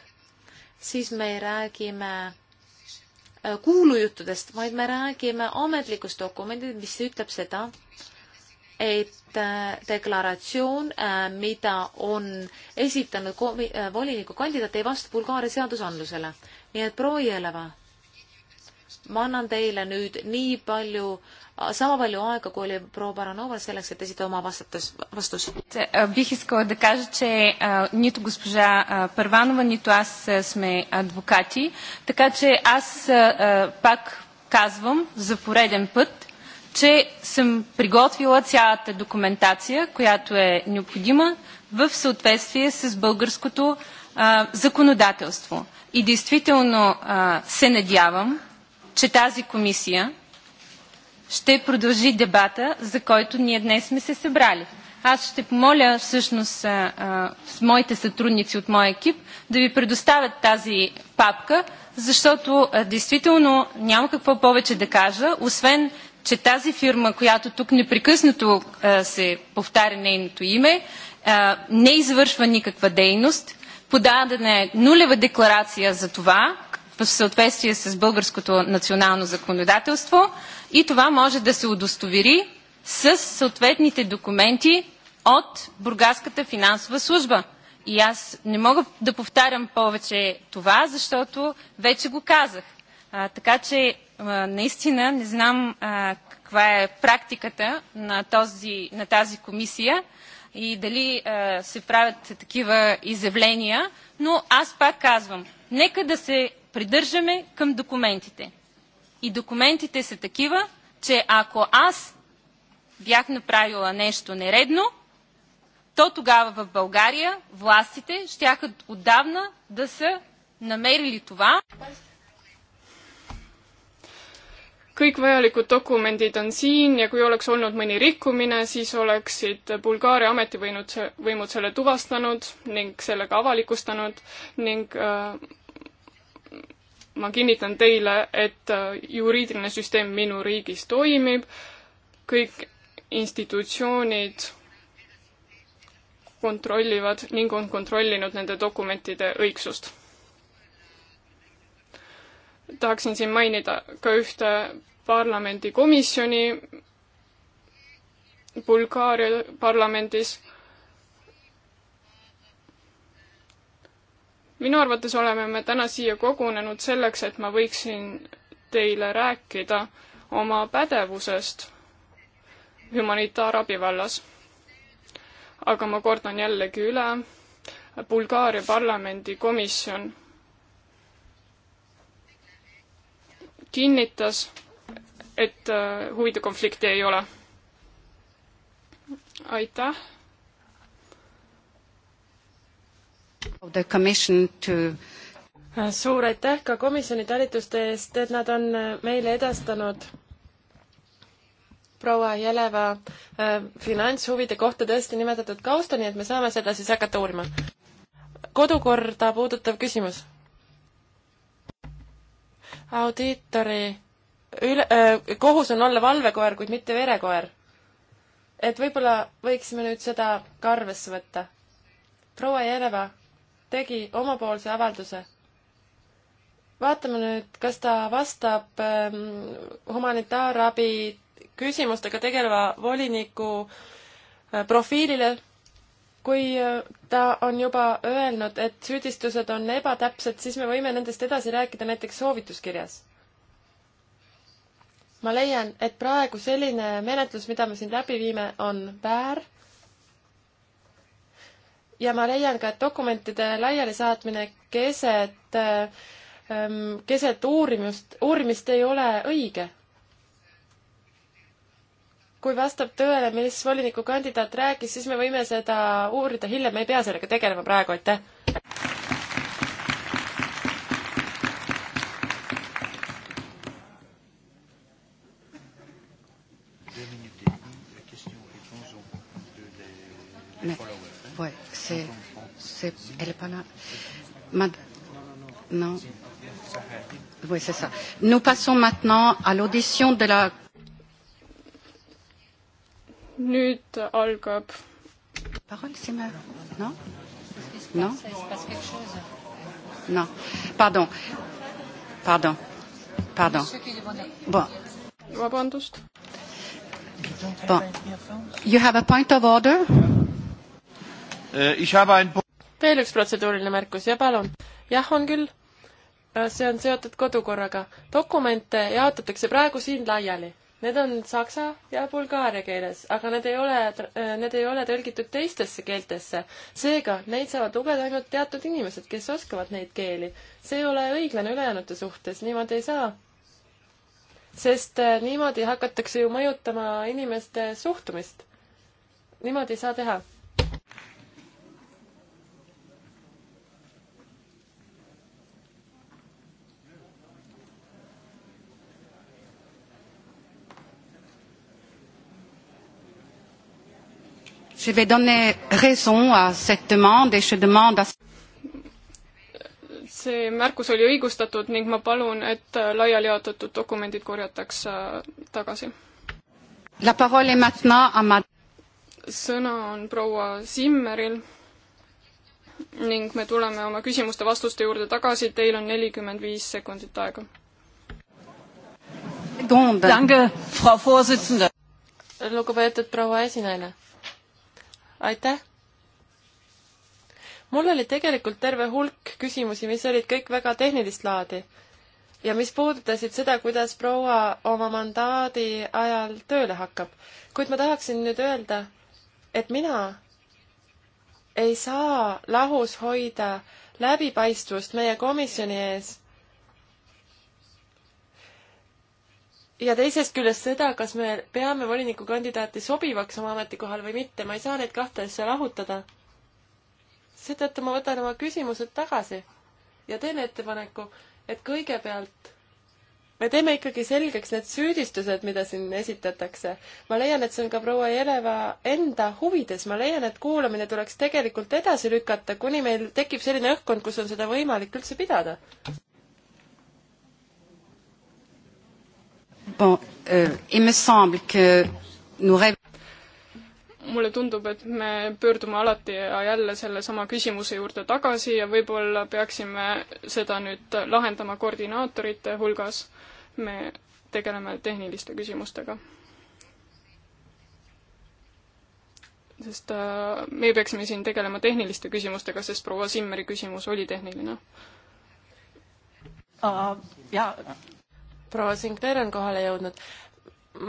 siis me räägime äh, kuulujuttudest, vaid me räägime ametlikust dokumendist, mis ütleb seda, et äh, deklaratsioon, mida on esitanud voliniku kandidaat, ei vasta Bulgaaria seadusandlusele. nii et proua Jeleva ma annan teile nüüd nii palju, sama palju aega, kui oli proua Baranoval selleks, et esitada oma vastates, vastus. Бих искала да кажа, че нито госпожа Първанова, нито аз сме адвокати, така че аз eh, пак казвам за пореден път, че съм приготвила цялата документация, която е необходима в съответствие с българското законодателство. И действително се надявам, че тази комисия ще продължи дебата, за който ние днес сме се събрали. Аз ще помоля всъщност а, а, с моите сътрудници от моя екип да ви предоставят тази папка, защото а, действително няма какво повече да кажа, освен че тази фирма, която тук непрекъснато а, се повтаря нейното име, а, не извършва никаква дейност, подадена е нулева декларация за това, в съответствие с българското национално законодателство и това може да се удостовери с съответните документи от Бургаската финансова служба. И аз не мога да повтарям повече това, защото вече го казах. А, така че а, наистина не знам а, каква е практиката на, този, на тази комисия и дали а, се правят такива изявления, но аз пак казвам, нека да се придържаме към документите. И документите са такива, че ако аз бях направила нещо нередно, то тогава в България властите щяха отдавна да са намерили това. kõik vajalikud dokumendid on siin ja kui oleks olnud mõni rikkumine, siis oleksid Bulgaaria ametivõimud, võimud selle tuvastanud ning selle ka avalikustanud ning äh, ma kinnitan teile, et äh, juriidiline süsteem minu riigis toimib, kõik institutsioonid kontrollivad ning on kontrollinud nende dokumentide õigsust. tahaksin siin mainida ka ühte parlamendikomisjoni Bulgaaria parlamendis minu arvates oleme me täna siia kogunenud selleks, et ma võiksin teile rääkida oma pädevusest humanitaarabi vallas. aga ma kordan jällegi üle, Bulgaaria parlamendi komisjon kinnitas, et äh, huvide konflikti ei ole. aitäh suur aitäh ka komisjoni talituste eest, et nad on äh, meile edastanud proua Jeleva äh, finantshuvide kohta tõesti nimetatud kausta, nii et me saame seda siis hakata uurima. kodukorda puudutav küsimus. audiitori üle äh,, kohus on olla valvekoer, kuid mitte verekoer. et võib-olla võiksime nüüd seda ka arvesse võtta. proua Jeleva tegi omapoolse avalduse. vaatame nüüd, kas ta vastab ähm, humanitaarabi küsimustega tegeleva voliniku äh, profiilile, kui äh, ta on juba öelnud, et süüdistused on ebatäpsed, siis me võime nendest edasi rääkida näiteks soovituskirjas ma leian, et praegu selline menetlus, mida me siin läbi viime, on väär ja ma leian ka, et dokumentide laialisaatmine keset, ähm, keset uurimust, uurimist ei ole õige. kui vastab tõele, mis volinikukandidaat rääkis, siis me võime seda uurida hiljem, me ei pea sellega tegelema praegu, aitäh! Elle est pas là. Mad... Non. Oui, c'est ça. Nous passons maintenant à l'audition de la. Nüüd algab. Parole, c'est ma... Non Non Non. Pardon. Pardon. Pardon. Bon. Vabandust. Bon. You have a point of order? Äh, ich habe ein veel üks protseduuriline märkus ja palun. jah, on küll. Äh, see on seotud kodukorraga. dokumente jaotatakse praegu siin laiali. Need on saksa ja bulgaaria keeles, aga need ei ole, äh, need ei ole tõlgitud teistesse keeltesse. seega neid saavad lugeda ainult teatud inimesed, kes oskavad neid keeli. see ei ole õiglane ülejäänute suhtes, niimoodi ei saa sest äh, niimoodi hakatakse ju mõjutama inimeste suhtumist. niimoodi ei saa teha Je vais donner raison à cette demande et je demande à see märkus oli õigustatud ning ma palun, et laiali jaotatud dokumendid korjataks äh, tagasi. sõna on proua Simmeril ning me tuleme oma küsimuste-vastuste juurde tagasi, teil on nelikümmend viis sekundit aega. lugupeetud proua esinaine aitäh! mul oli tegelikult terve hulk küsimusi, mis olid kõik väga tehnilist laadi ja mis puudutasid seda, kuidas proua oma mandaadi ajal tööle hakkab. kuid ma tahaksin nüüd öelda, et mina ei saa lahus hoida läbipaistvust meie komisjoni ees ja teisest küljest seda, kas me peame volinikukandidaati sobivaks oma ametikohal või mitte, ma ei saa neid kahte asja lahutada. seetõttu ma võtan oma küsimused tagasi ja teen ettepaneku, et kõigepealt me teeme ikkagi selgeks need süüdistused, mida siin esitatakse. ma leian, et see on ka proua Jeleva enda huvides, ma leian, et kuulamine tuleks tegelikult edasi lükata, kuni meil tekib selline õhkkond, kus on seda võimalik üldse pidada. Bon, euh, il me semble que nous rêv- mulle tundub, et me pöördume alati ja jälle sellesama küsimuse juurde tagasi ja võib-olla peaksime seda nüüd lahendama koordinaatorite hulgas. me tegeleme tehniliste küsimustega. sest äh, me peaksime siin tegelema tehniliste küsimustega, sest proua Simmeri küsimus oli tehniline uh,. Äh, jaa proua Sinclair on kohale jõudnud.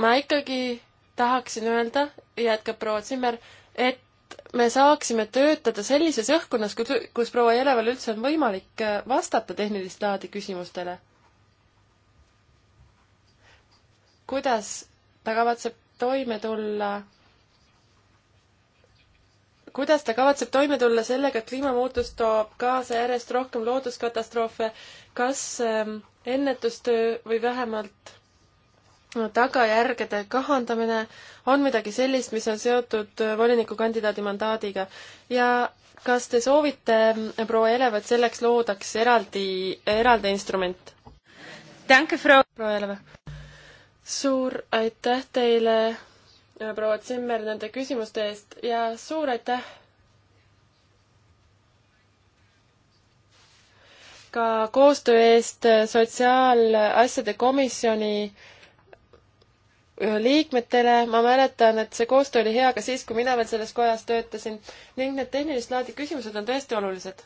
ma ikkagi tahaksin öelda, jätkab proua Zimmer, et me saaksime töötada sellises õhkkonnas, kus, kus proua Jeleval üldse on võimalik äh, vastata tehnilist laadi küsimustele. kuidas ta kavatseb toime tulla, kuidas ta kavatseb toime tulla sellega, et kliimamuutus toob kaasa järjest rohkem looduskatastroofe, kas ähm, ennetustöö või vähemalt tagajärgede kahandamine on midagi sellist, mis on seotud volinikukandidaadi mandaadiga ja kas te soovite, proua Elev, et selleks loodaks eraldi, eraldi instrument? proua Elev. suur aitäh teile, proua Zimmer, nende küsimuste eest ja suur aitäh ka koostöö eest Sotsiaalasjade Komisjoni liikmetele, ma mäletan, et see koostöö oli hea ka siis, kui mina veel selles kojas töötasin ning need tehnilist laadi küsimused on tõesti olulised.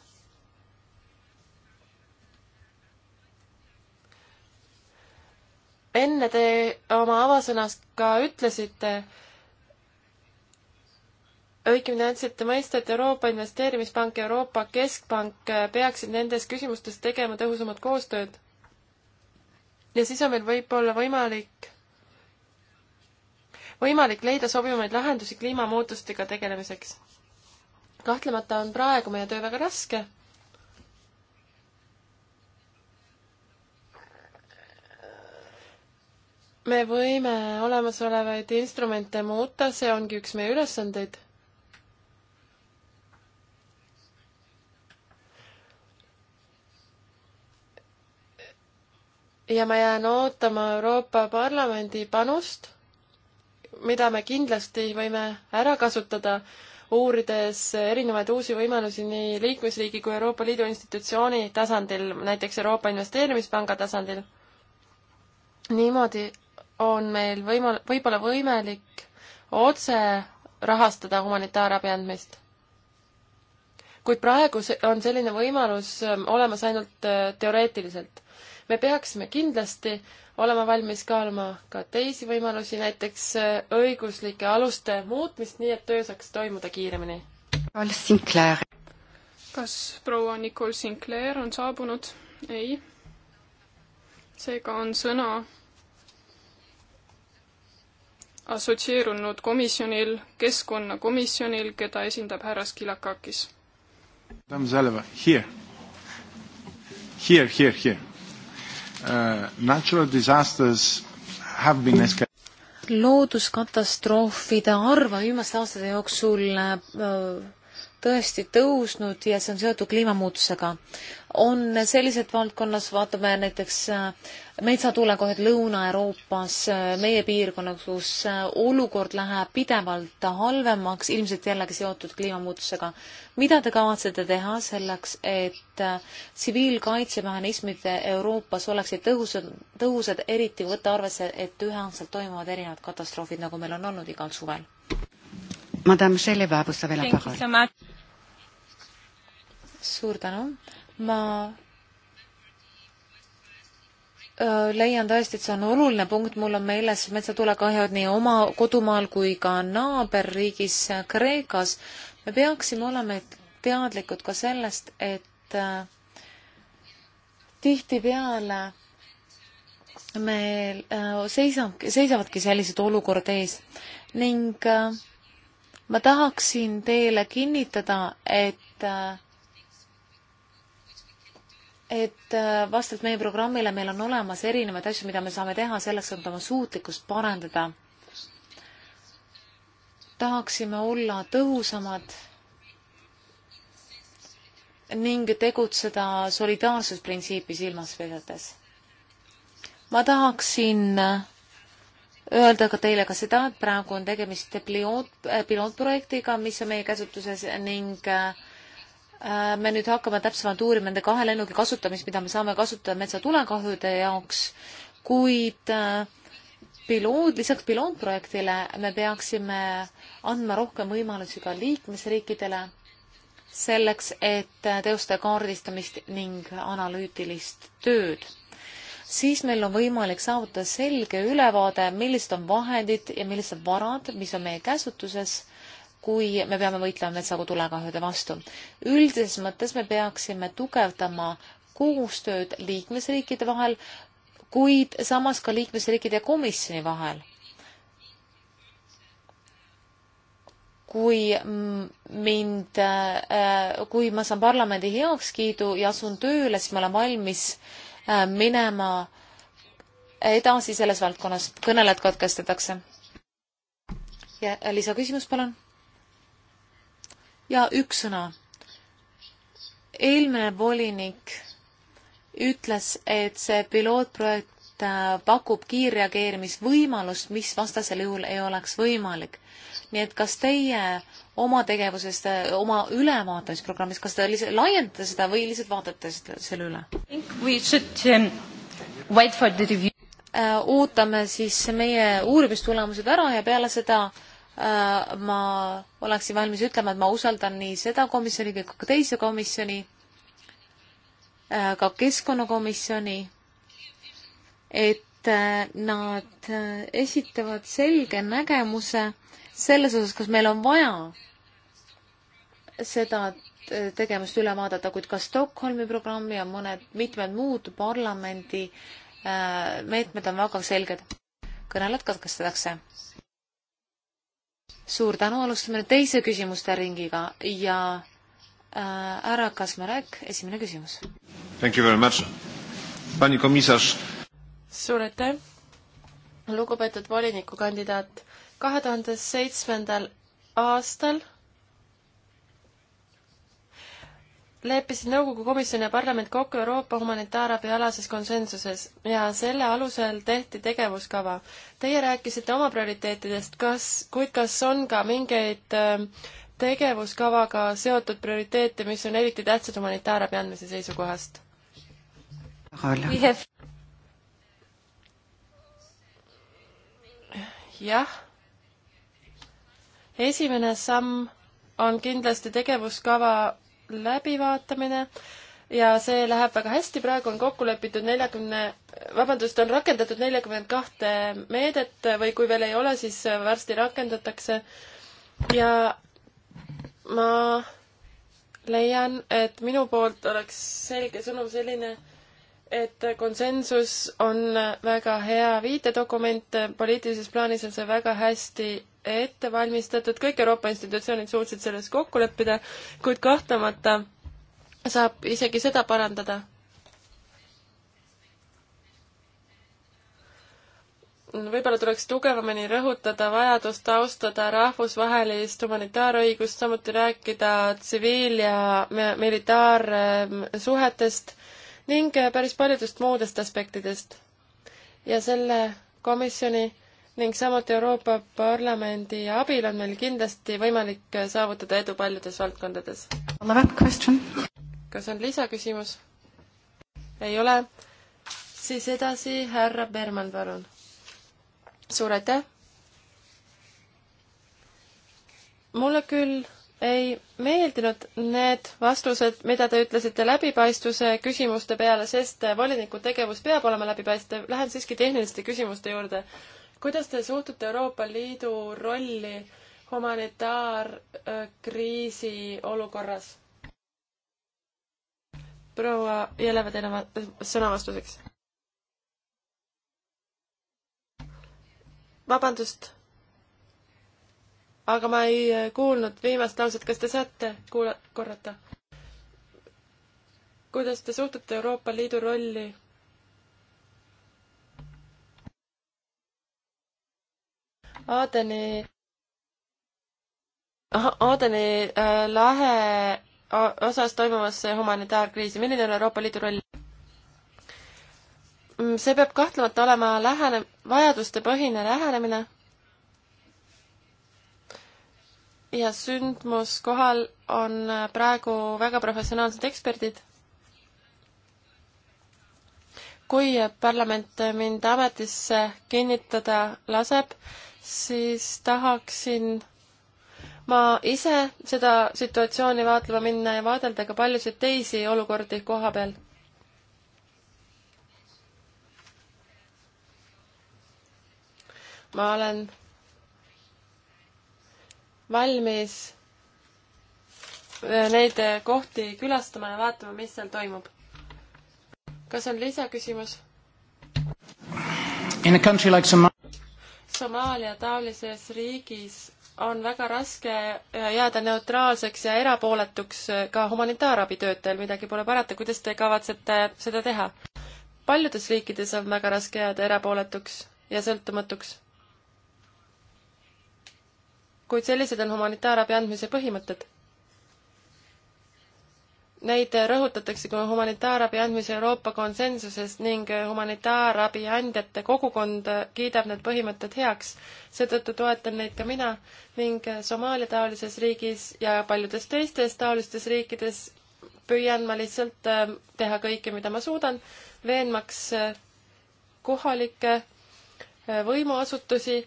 enne te oma avasõnas ka ütlesite, õigemini andsite mõista, et Euroopa Investeerimispank ja Euroopa Keskpank äh, peaksid nendes küsimustes tegema tõhusamat koostööd. ja siis on meil võib-olla võimalik, võimalik leida sobivaid lahendusi kliimamuutustega tegelemiseks. kahtlemata on praegu meie töö väga raske. me võime olemasolevaid instrumente muuta, see ongi üks meie ülesandeid ja ma jään ootama Euroopa Parlamendi panust, mida me kindlasti võime ära kasutada, uurides erinevaid uusi võimalusi nii liikmesriigi kui Euroopa Liidu institutsiooni tasandil, näiteks Euroopa Investeerimispanga tasandil. niimoodi on meil võimal-, võib-olla võimalik otse rahastada humanitaarabi andmist. kuid praegu on selline võimalus ähm, olemas ainult äh, teoreetiliselt me peaksime kindlasti olema valmis kaaluma ka teisi võimalusi, näiteks äh, õiguslike aluste muutmist, nii et töö saaks toimuda kiiremini. kas proua Nicole Sinclair on saabunud? ei. seega on sõna assotsieerunud komisjonil, keskkonnakomisjonil, keda esindab härra Skilakakis. Here, here, here Uh, natural disasters have been escalated looduskatastroofide arv on viimaste aastate jooksul äh, tõesti tõusnud ja see on seotud kliimamuutusega. on sellised valdkonnas, vaatame näiteks äh, metsatuulekohad Lõuna-Euroopas, äh, meie piirkonnas, kus äh, olukord läheb pidevalt halvemaks, ilmselt jällegi seotud kliimamuutusega. mida te kavatsete teha selleks, et tsiviilkaitsemehhanismid Euroopas oleksid tõhusad, tõhusad, eriti võtta arvesse, et üheaegselt toimuvad erinevad katastroofid, nagu meil on olnud igal suvel? Madame Cheleva, vous avez la parole suur tänu, ma äh, leian tõesti, et see on oluline punkt, mul on meeles metsatulekahjud nii oma kodumaal kui ka naaberriigis Kreekas. me peaksime olema teadlikud ka sellest, et äh, tihtipeale meil äh, seisab, seisavadki sellised olukorrad ees ning ma tahaksin teile kinnitada, et äh, et äh, vastavalt meie programmile meil on olemas erinevaid asju, mida me saame teha selleks, et oma suutlikkust parandada. tahaksime olla tõhusamad ning tegutseda solidaarsusprintsiipi silmas pidades. ma tahaksin äh, öelda ka teile ka seda, et praegu on tegemist piloot, pilootprojektiga, mis on meie käsutuses ning äh, Äh, me nüüd hakkame täpsemalt uurima nende kahe lennuki kasutamist, mida me saame kasutada metsatulekahjude jaoks, kuid äh, piloot, lisaks pilootprojektile me peaksime andma rohkem võimalusi ka liikmesriikidele selleks, et äh, teoste kaardistamist ning analüütilist tööd. siis meil on võimalik saavutada selge ülevaade, millised on vahendid ja millised varad, mis on meie käsutuses kui me peame võitlema metsakutulekahjude vastu. üldises mõttes me peaksime tugevdama koostööd liikmesriikide vahel, kuid samas ka liikmesriikide ja komisjoni vahel. kui mind, äh, kui ma saan parlamendi heakskiidu ja asun tööle, siis ma olen valmis äh, minema edasi selles valdkonnas. kõneled katkestatakse. ja äh, lisaküsimus, palun ja üks sõna. eelmine volinik ütles, et see pilootprojekt äh, pakub kiirreageerimisvõimalust, mis vastasel juhul ei oleks võimalik. nii et kas teie oma tegevuses, äh, oma ülevaatamisprogrammis, kas te lihtsalt laiendate seda või lihtsalt vaatate seda, selle üle? Um, äh, ootame siis meie uurimistulemused ära ja peale seda äh, Äh, ma oleksin valmis ütlema, et ma usaldan nii seda komisjoni kui ka teise komisjoni, äh, ka keskkonnakomisjoni, et äh, nad esitavad selge nägemuse selles osas, kas meil on vaja seda tegemist üle vaadata, kuid ka Stockholmi programm ja mõned, mitmed muud parlamendi meetmed on väga selged. kõneled katkestatakse suur tänu, alustame nüüd teise küsimuste ringiga ja äh, härra äh, Kasmerek, esimene küsimus. Thank you very much. Pani komissar. suur aitäh, lugupeetud volinikukandidaat. kahe tuhande seitsmendal aastal leppisid nõukogu komisjon ja parlament kokku Euroopa humanitaarabialases konsensuses ja selle alusel tehti tegevuskava. Teie rääkisite oma prioriteetidest, kas, kuid kas on ka mingeid ähm, tegevuskavaga seotud prioriteete, mis on eriti tähtsad humanitaarabi andmise seisukohast? jah. esimene samm on kindlasti tegevuskava läbivaatamine ja see läheb väga hästi, praegu on kokku lepitud neljakümne, vabandust, on rakendatud neljakümmend kahte meedet või kui veel ei ole, siis varsti rakendatakse. ja ma leian, et minu poolt oleks selge sõnum selline, et konsensus on väga hea viitedokument, poliitilises plaanis on see väga hästi ette valmistatud, kõik Euroopa institutsioonid suutsid selles kokku leppida, kuid kahtlemata saab isegi seda parandada. võib-olla tuleks tugevamini rõhutada vajadust austada rahvusvahelist humanitaarõigust, samuti rääkida tsiviil- ja militaarsuhetest ning päris paljudest muudest aspektidest. ja selle komisjoni ning samuti Euroopa Parlamendi abil on meil kindlasti võimalik saavutada edu paljudes valdkondades. kas on lisaküsimus? ei ole? siis edasi härra Berman, palun. suur aitäh! mulle küll ei meeldinud need vastused, mida te ütlesite läbipaistvuse küsimuste peale, sest voliniku tegevus peab olema läbipaistev. Lähen siiski tehniliste küsimuste juurde kuidas te suhtute Euroopa Liidu rolli humanitaarkriisi olukorras? proua Jeleva, teil on sõna vastuseks. vabandust, aga ma ei kuulnud viimast lauset, kas te saate kuula-, korrata? kuidas te suhtute Euroopa Liidu rolli Aadeni, Aadeni äh, äh, lahe osas toimuvasse humanitaarkriisi, milline on Euroopa Liidu roll? Mm, see peab kahtlemata olema lähene, vajadustepõhine lähenemine ja sündmuskohal on äh, praegu väga professionaalsed eksperdid. kui parlament mind ametisse kinnitada laseb, siis tahaksin ma ise seda situatsiooni vaatlema minna ja vaadelda ka paljusid teisi olukordi koha peal. ma olen valmis äh, neid kohti külastama ja vaatama, mis seal toimub. kas on lisaküsimus? In a country like Somalia Somaalia taolises riigis on väga raske äh, jääda neutraalseks ja erapooletuks äh, ka humanitaarabitöötajal, midagi pole parata, kuidas te kavatsete seda teha? paljudes riikides on väga raske jääda erapooletuks ja sõltumatuks. kuid sellised on humanitaarabi andmise põhimõtted Neid rõhutatakse kui humanitaarabi andmise Euroopa konsensuses ning humanitaarabi andjate kogukond kiidab need põhimõtted heaks. seetõttu toetan neid ka mina ning Somaalia taolises riigis ja paljudes teistes taolistes riikides püüan ma lihtsalt äh, teha kõike, mida ma suudan, veenmaks äh, kohalikke äh, võimuasutusi,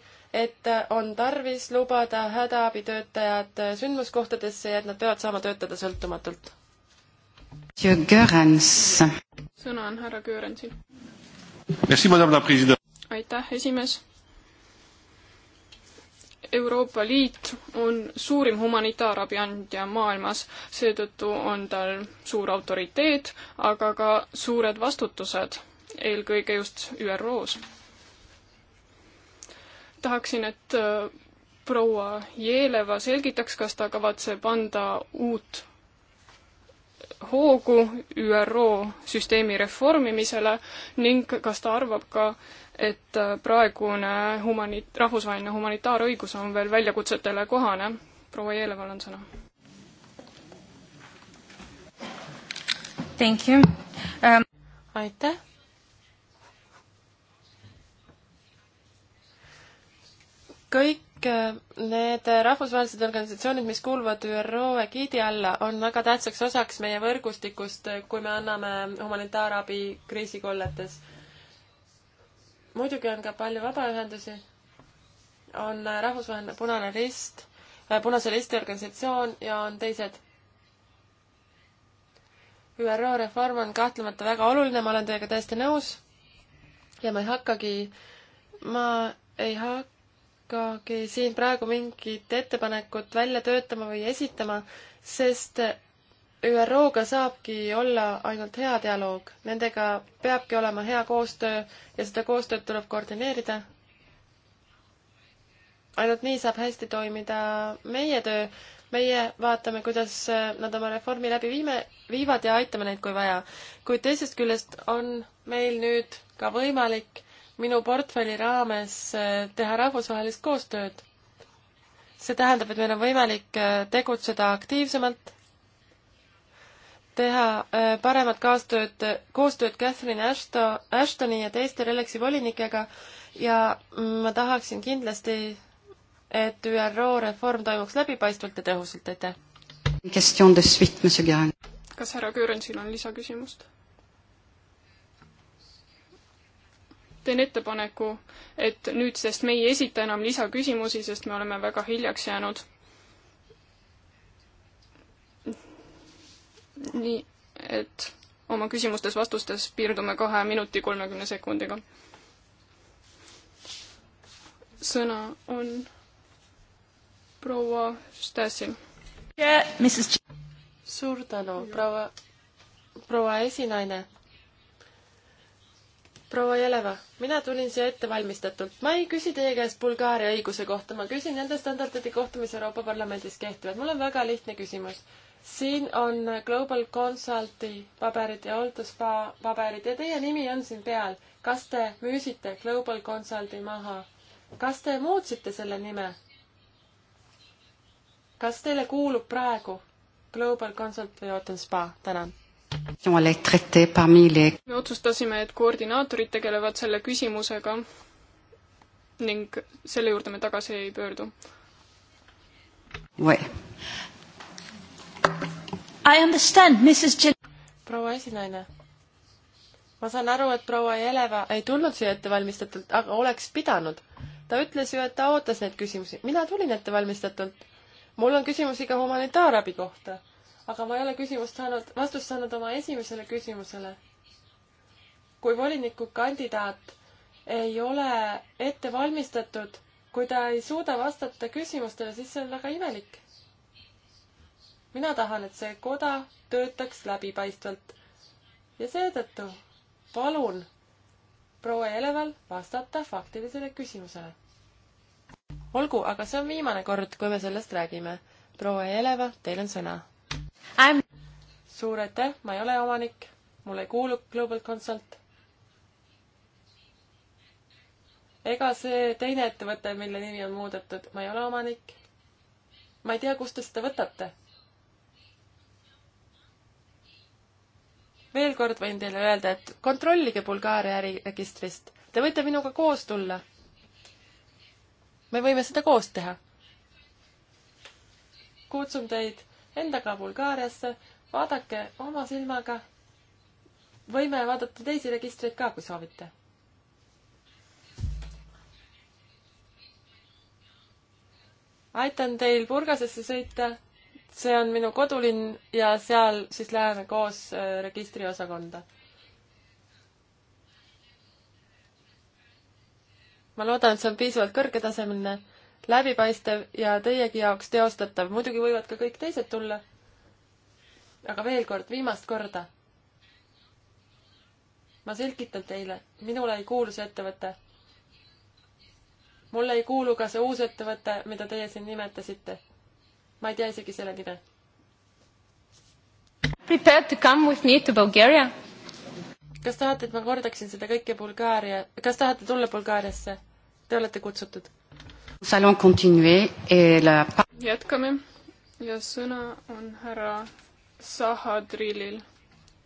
et on tarvis lubada hädaabitöötajad sündmuskohtadesse ja et nad peavad saama töötada sõltumatult sõna on härra Göransil. aitäh, esimees. Euroopa Liit on suurim humanitaarabi andja maailmas, seetõttu on tal suur autoriteet, aga ka suured vastutused, eelkõige just ÜRO-s. tahaksin, et äh, proua Jeeleva selgitaks, kas ta kavatseb anda uut hoogu ÜRO süsteemi reformimisele ning kas ta arvab ka, et praegune humani-, rahvusvaheline humanitaarõigus on veel väljakutsetele kohane? proua Jeeleval on sõna. Thank you um.... aitäh. kõik Äh, need rahvusvahelised organisatsioonid, mis kuuluvad ÜRO egiidi alla, on väga tähtsaks osaks meie võrgustikust, kui me anname humanitaarabi kriisikolletes. muidugi on ka palju vabaühendusi, on rahvusvaheline Punane Rist, äh, Punase Risti organisatsioon ja on teised. ÜRO reform on kahtlemata väga oluline, ma olen teiega täiesti nõus ja ma ei hakkagi, ma ei hakka hakkagi siin praegu mingit ettepanekut välja töötama või esitama, sest ÜRO-ga saabki olla ainult hea dialoog, nendega peabki olema hea koostöö ja seda koostööd tuleb koordineerida. ainult nii saab hästi toimida meie töö. meie vaatame, kuidas nad oma reformi läbi viime, viivad ja aitame neid, kui vaja. kuid teisest küljest on meil nüüd ka võimalik minu portfelli raames äh, teha rahvusvahelist koostööd. see tähendab, et meil on võimalik äh, tegutseda aktiivsemalt, teha äh, paremat kaastööd, koostööd Catherine Ashton, Ashtoni ja teiste Relexi volinikega ja mm, ma tahaksin kindlasti, et ÜRO reform toimuks läbipaistvalt ja tõhusalt, aitäh! kas härra Köörensil on lisaküsimust? teen ettepaneku, et nüüd, sest me ei esita enam lisaküsimusi, sest me oleme väga hiljaks jäänud. nii et oma küsimustes-vastustes piirdume kahe minuti kolmekümne sekundiga. sõna on proua Stasil yeah,. suur tänu, proua, proua esinaine proua Jeleva, mina tulin siia ettevalmistatult. ma ei küsi teie käest Bulgaaria õiguse kohta, ma küsin nende standardite kohta, mis Euroopa Parlamendis kehtivad. mul on väga lihtne küsimus. siin on Global Consulti paberid ja Oldspa paberid ja teie nimi on siin peal. kas te müüsite Global Consulti maha? kas te muutsite selle nime? kas teile kuulub praegu Global Consult või Oldspa? tänan me otsustasime, et koordinaatorid tegelevad selle küsimusega ning selle juurde me tagasi ei pöördu. proua esinaine, ma saan aru, et proua Jeleva ei tulnud siia ettevalmistatult, aga oleks pidanud. ta ütles ju, et ta ootas neid küsimusi. mina tulin ettevalmistatult. mul on küsimusi ka humanitaarabi kohta aga ma ei ole küsimust saanud, vastust saanud oma esimesele küsimusele. kui volinikukandidaat ei ole ette valmistatud, kui ta ei suuda vastata küsimustele, siis see on väga imelik. mina tahan, et see koda töötaks läbipaistvalt ja seetõttu palun proua Eleval vastata faktilisele küsimusele. olgu, aga see on viimane kord, kui me sellest räägime. proua Eleva, teil on sõna suur aitäh, ma ei ole omanik, mul ei kuulu Global Consult. ega see teine ettevõte, mille nimi on muudetud, ma ei ole omanik. ma ei tea, kust te seda võtate. veel kord võin teile öelda, et kontrollige Bulgaaria äriregistrist. Te võite minuga koos tulla. me võime seda koos teha. kutsun teid endaga Bulgaariasse, vaadake oma silmaga. võime vaadata teisi registreid ka, kui soovite. aitan teil Burgasesse sõita. see on minu kodulinn ja seal siis läheme koos äh, registriosakonda. ma loodan, et see on piisavalt kõrgetasemeline läbipaistev ja teiegi jaoks teostatav. muidugi võivad ka kõik teised tulla. aga veel kord, viimast korda. ma selgitan teile, minule ei kuulu see ettevõte. mulle ei kuulu ka see uus ettevõte, mida teie siin nimetasite. ma ei tea isegi selle nime. Prepared to come with me to Bulgaria? kas tahate, et ma kordaksin seda kõike Bulgaaria, kas tahate tulla Bulgaariasse? Te olete kutsutud jätkame ja sõna on härra Sahadrilil.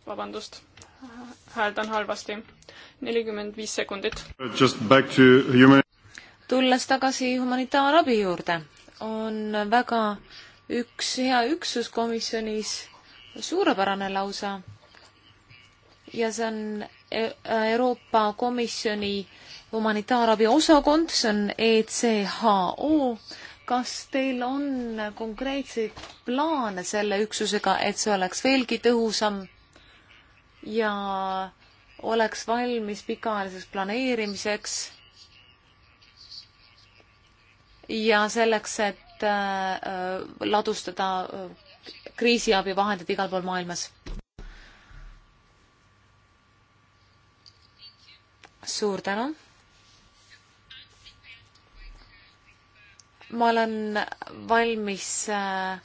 vabandust, hääldan halvasti. nelikümmend viis sekundit. Human... tulles tagasi humanitaarabi juurde, on väga üks hea üksus komisjonis, suurepärane lausa. ja see on e, Euroopa Komisjoni humanitaarabi osakond, see on ECHO. kas teil on konkreetseid plaane selle üksusega, et see oleks veelgi tõhusam ja oleks valmis pikaajaliseks planeerimiseks ja selleks, et äh, ladustada äh, kriisiabivahendid igal pool maailmas? suur tänu ma olen valmis äh,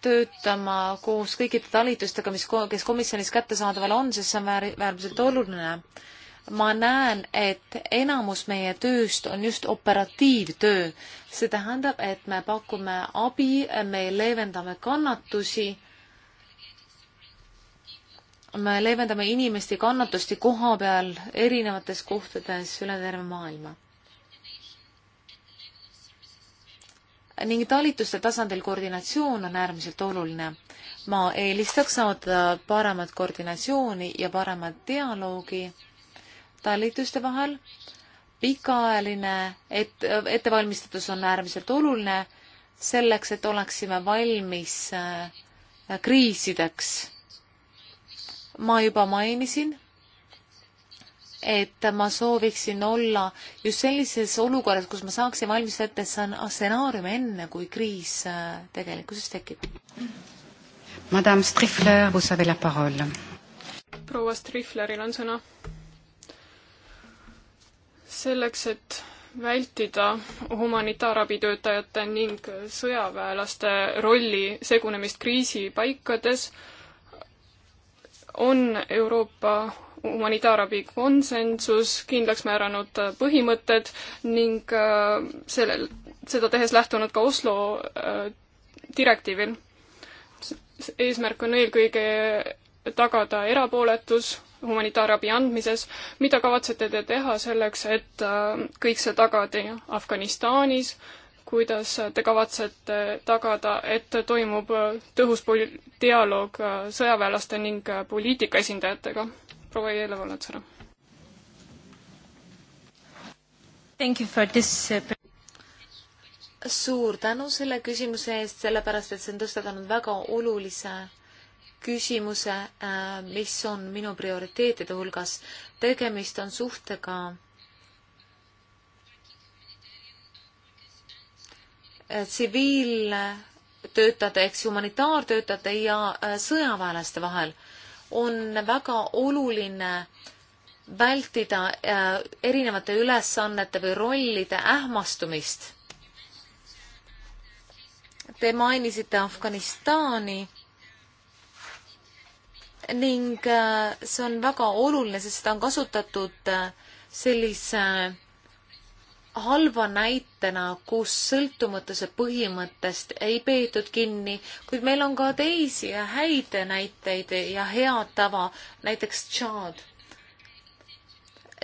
töötama koos kõikide talitustega, mis, kes komisjonis kättesaadaval on, sest see on väär, väärmiselt oluline. ma näen, et enamus meie tööst on just operatiivtöö. see tähendab, et me pakume abi, me leevendame kannatusi, me leevendame inimeste kannatusti koha peal erinevates kohtades üle terve maailma ning talituste tasandil koordinatsioon on äärmiselt oluline. ma eelistaks saavutada paremat koordinatsiooni ja paremat dialoogi talituste vahel. pikaajaline et-, ettevalmistatus on äärmiselt oluline selleks, et oleksime valmis äh, kriisideks. ma juba mainisin et ma sooviksin olla just sellises olukorras, kus ma saaksin valmis võtta stsenaariumi enne, kui kriis äh, tegelikkuses tekib. Madame Strifler, vous avez la parole. proua Strifleril on sõna. selleks, et vältida humanitaarabitöötajate ning sõjaväelaste rolli segunemist kriisipaikades, on Euroopa humanitaarabi konsensus kindlaks määranud äh, põhimõtted ning äh, sellel, seda tehes lähtunud ka Oslo äh, direktiivil. eesmärk on eelkõige tagada erapooletus humanitaarabi andmises. mida kavatsete te teha selleks, et kõik see tagada Afganistanis, kuidas te kavatsete tagada, et toimub tõhus dialoog sõjaväelaste ning poliitika esindajatega? proua Jeleva Lutsara. Thank you for this uh, suur tänu selle küsimuse eest, sellepärast et see on tõstatanud väga olulise küsimuse, äh, mis on minu prioriteetide hulgas. tegemist on suhtega äh, tsiviiltöötajate ehk siis humanitaartöötajate ja äh, sõjaväelaste vahel on väga oluline vältida äh, erinevate ülesannete või rollide ähmastumist. Te mainisite Afganistani ning äh, see on väga oluline, sest seda on kasutatud äh, sellise halva näitena, kus sõltumatuse põhimõttest ei peetud kinni, kuid meil on ka teisi ja häid näiteid ja head tava, näiteks Tšaad.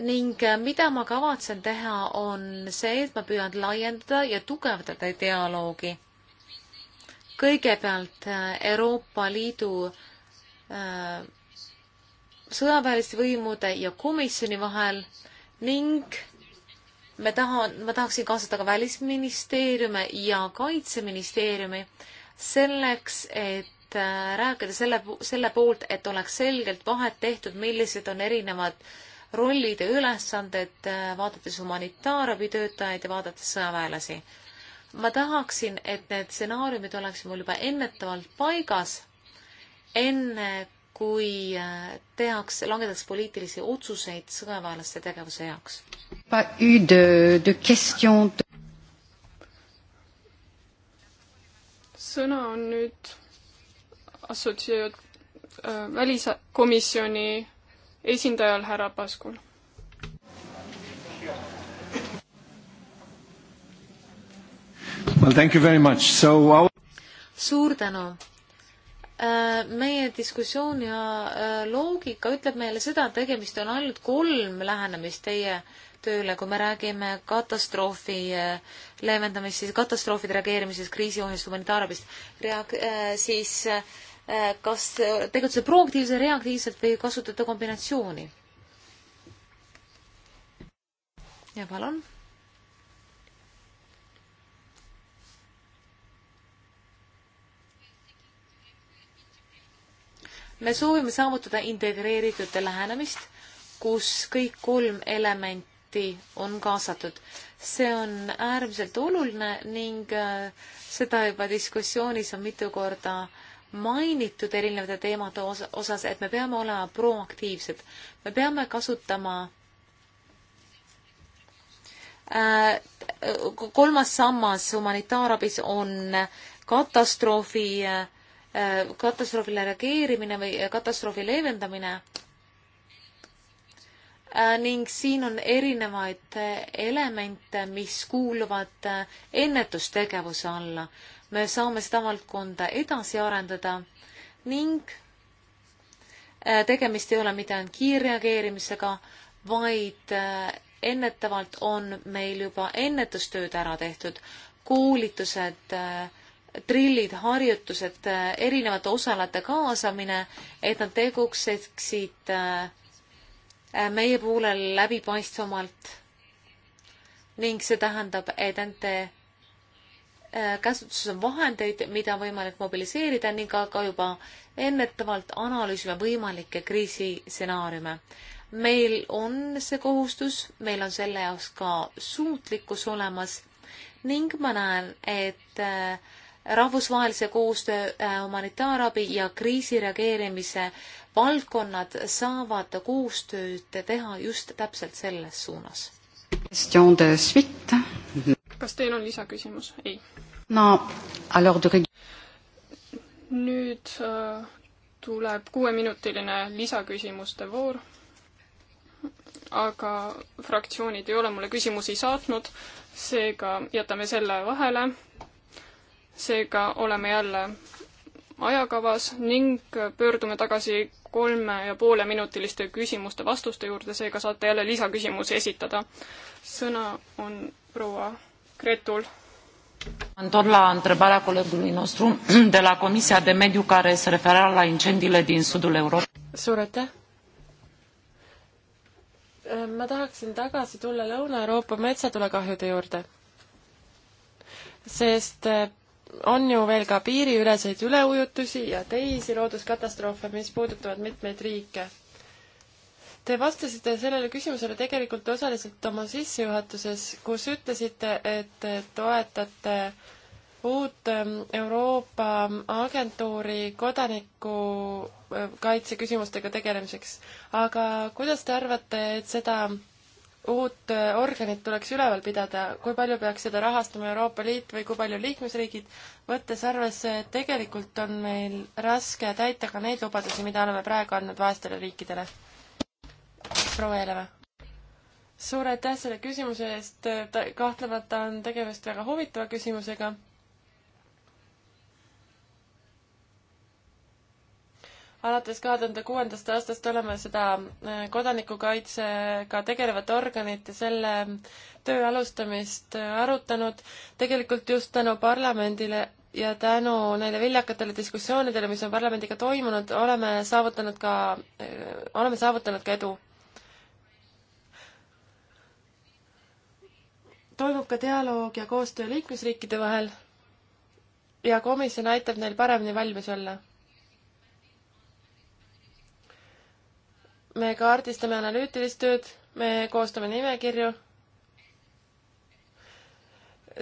ning äh, mida ma kavatsen teha, on see, et ma püüan laiendada ja tugevdada dialoogi. kõigepealt äh, Euroopa Liidu äh, sõjaväeliste võimude ja komisjoni vahel ning äh, me tahan, ma tahaksin kaasata ka Välisministeeriumi ja Kaitseministeeriumi selleks, et äh, rääkida selle, selle poolt, et oleks selgelt vahet tehtud, millised on erinevad rollid ja ülesanded, äh, vaadates humanitaarabitöötajaid ja vaadates sõjaväelasi. ma tahaksin, et need stsenaariumid oleks mul juba ennetavalt paigas, enne kui äh, tehakse, langetatakse poliitilisi otsuseid sõjaväelaste tegevuse jaoks. sõna on nüüd assotsieer- äh,, väliskomisjoni esindajal härra Paskul. Well, thank you very much. So our... suur tänu Äh, meie diskussioon ja äh, loogika ütleb meile seda, et tegemist on ainult kolm lähenemist teie tööle, kui me räägime katastroofi äh, leevendamist, siis katastroofide reageerimisest, kriisiohjast, humanitaarabist, reag-, siis kas tegutseda proaktiivselt, reaktiivselt või kasutada kombinatsiooni? ja palun me soovime saavutada integreeritud lähenemist, kus kõik kolm elementi on kaasatud. see on äärmiselt oluline ning äh, seda juba diskussioonis on mitu korda mainitud erinevate teemade osas, et me peame olema proaktiivsed. me peame kasutama äh, kolmas sammas humanitaarabis on katastroofi äh, Äh, katastroofile reageerimine või äh, katastroofi leevendamine. Äh, ning siin on erinevaid elemente, mis kuuluvad ennetustegevuse alla. me saame seda valdkonda edasi arendada ning tegemist ei ole mitte ainult kiirreageerimisega, vaid ennetavalt on meil juba ennetustööd ära tehtud, koolitused äh, drillid, harjutused, äh, erinevate osalejate kaasamine, et nad tegutseksid äh, äh, meie poolel läbipaistvamalt. ning see tähendab, et nende käsutuses on vahendeid, mida on võimalik mobiliseerida ning aga juba ennetavalt analüüsime võimalikke kriisistsenaariume. meil on see kohustus, meil on selle jaoks ka suutlikkus olemas ning ma näen, et äh, rahvusvahelise koostöö, äh, humanitaarabi ja kriisireageerimise valdkonnad saavad koostööd teha just täpselt selles suunas. kas teil on lisaküsimus? ei? no alors de nüüd äh, tuleb kuueminutiline lisaküsimuste voor. aga fraktsioonid ei ole mulle küsimusi saatnud, seega jätame selle vahele seega oleme jälle ajakavas ning pöördume tagasi kolme ja poole minutiliste küsimuste-vastuste juurde, seega saate jälle lisaküsimusi esitada. sõna on proua Gretul. Întorc la întrebarea colegului nostru de la Comisia de Mediu care se referea la incendiile din sudul Europei. Suur aitäh! ma tahaksin tagasi tulla Lõuna-Euroopa metsatulekahjude juurde, sest on ju veel ka piiriüleseid üleujutusi ja teisi looduskatastroofe, mis puudutavad mitmeid riike. Te vastasite sellele küsimusele tegelikult osaliselt oma sissejuhatuses, kus ütlesite, et toetate uut ähm, Euroopa agentuuri kodanikukaitse küsimustega tegelemiseks. aga kuidas te arvate, et seda uut äh, organit tuleks üleval pidada, kui palju peaks seda rahastama Euroopa Liit või kui palju liikmesriigid, võttes arvesse, et tegelikult on meil raske täita ka neid lubadusi, mida oleme praegu andnud vaestele riikidele. proua Jeleva. suur aitäh selle küsimuse eest, kahtlemata on tegemist väga huvitava küsimusega alates kahe tuhande kuuendast aastast oleme seda äh, kodanikukaitsega tegelevat organit ja selle mm, töö alustamist äh, arutanud tegelikult just tänu parlamendile ja tänu neile viljakatele diskussioonidele, mis on parlamendiga toimunud, oleme saavutanud ka, äh, oleme saavutanud ka edu. toimub ka dialoog ja koostöö liikmesriikide vahel ja komisjon aitab neil paremini valmis olla me kaardistame analüütilist tööd, me koostame nimekirju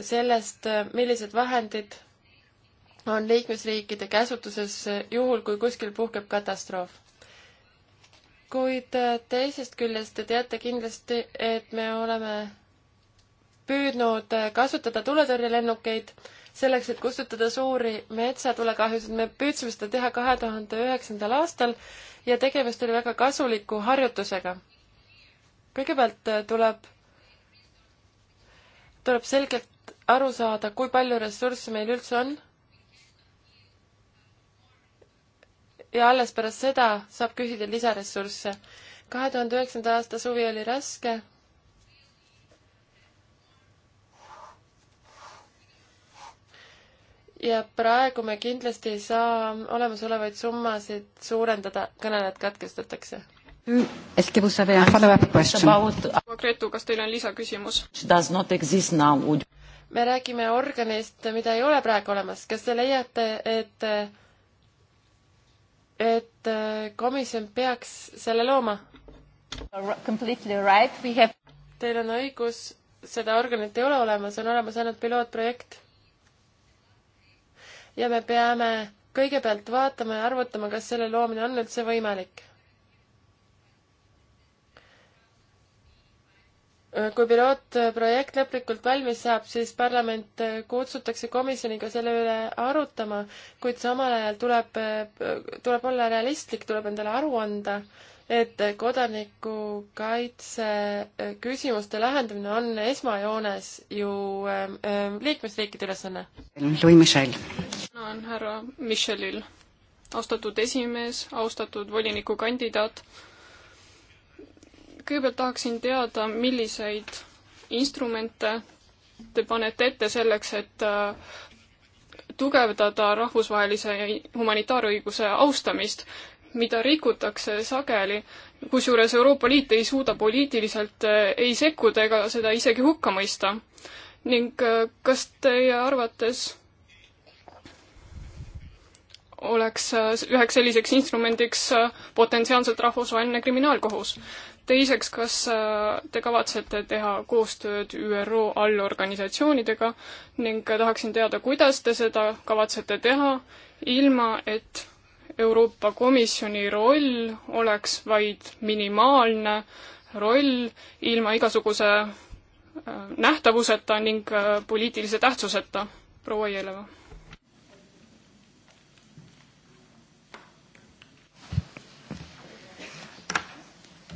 sellest, millised vahendid on liikmesriikide käsutuses juhul, kui kuskil puhkeb katastroof. kuid äh, teisest küljest te teate kindlasti, et me oleme püüdnud äh, kasutada tuletõrjelennukeid selleks, et kustutada suuri metsatulekahjusid. me püüdsime seda teha kahe tuhande üheksandal aastal ja tegemist oli väga kasuliku harjutusega. kõigepealt äh, tuleb, tuleb selgelt aru saada, kui palju ressursse meil üldse on. ja alles pärast seda saab küsida lisaressursse. kahe tuhande üheksanda aasta suvi oli raske ja praegu me kindlasti ei saa olemasolevaid summasid suurendada, kõnelejad katkestatakse. Mm, Est-ce que vous avez un follow-up question? Margretu, kas teil on lisaküsimus? Does not exist now would me räägime organist, mida ei ole praegu olemas. kas te leiate, et, et komisjon peaks selle looma? Right. Have... Teil on õigus, seda organit ei ole olemas, on olemas ainult pilootprojekt ja me peame kõigepealt vaatama ja arvutama, kas selle loomine on üldse võimalik. kui pilootprojekt lõplikult valmis saab, siis parlament kutsutakse komisjoniga selle üle arutama, kuid samal ajal tuleb, tuleb olla realistlik, tuleb endale aru anda, et kodanikukaitse äh, küsimuste lahendamine on esmajoones ju ähm, ähm, liikmesriikide ülesanne. Louis Michel. tänan härra Michelil. austatud esimees, austatud volinikukandidaat. kõigepealt tahaksin teada, milliseid instrumente te panete ette selleks, et äh, tugevdada rahvusvahelise humanitaarõiguse austamist mida rikutakse sageli, kusjuures Euroopa Liit ei suuda poliitiliselt äh, ei sekkuda ega seda isegi hukka mõista. ning äh, kas teie arvates oleks äh, üheks selliseks instrumendiks potentsiaalselt rahvusvaheline kriminaalkohus? teiseks, kas te kavatsete teha koostööd ÜRO allorganisatsioonidega ning tahaksin teada, kuidas te seda kavatsete teha, ilma et Euroopa Komisjoni roll oleks vaid minimaalne roll ilma igasuguse äh, nähtavuseta ning äh, poliitilise tähtsuseta. proua Jeleva.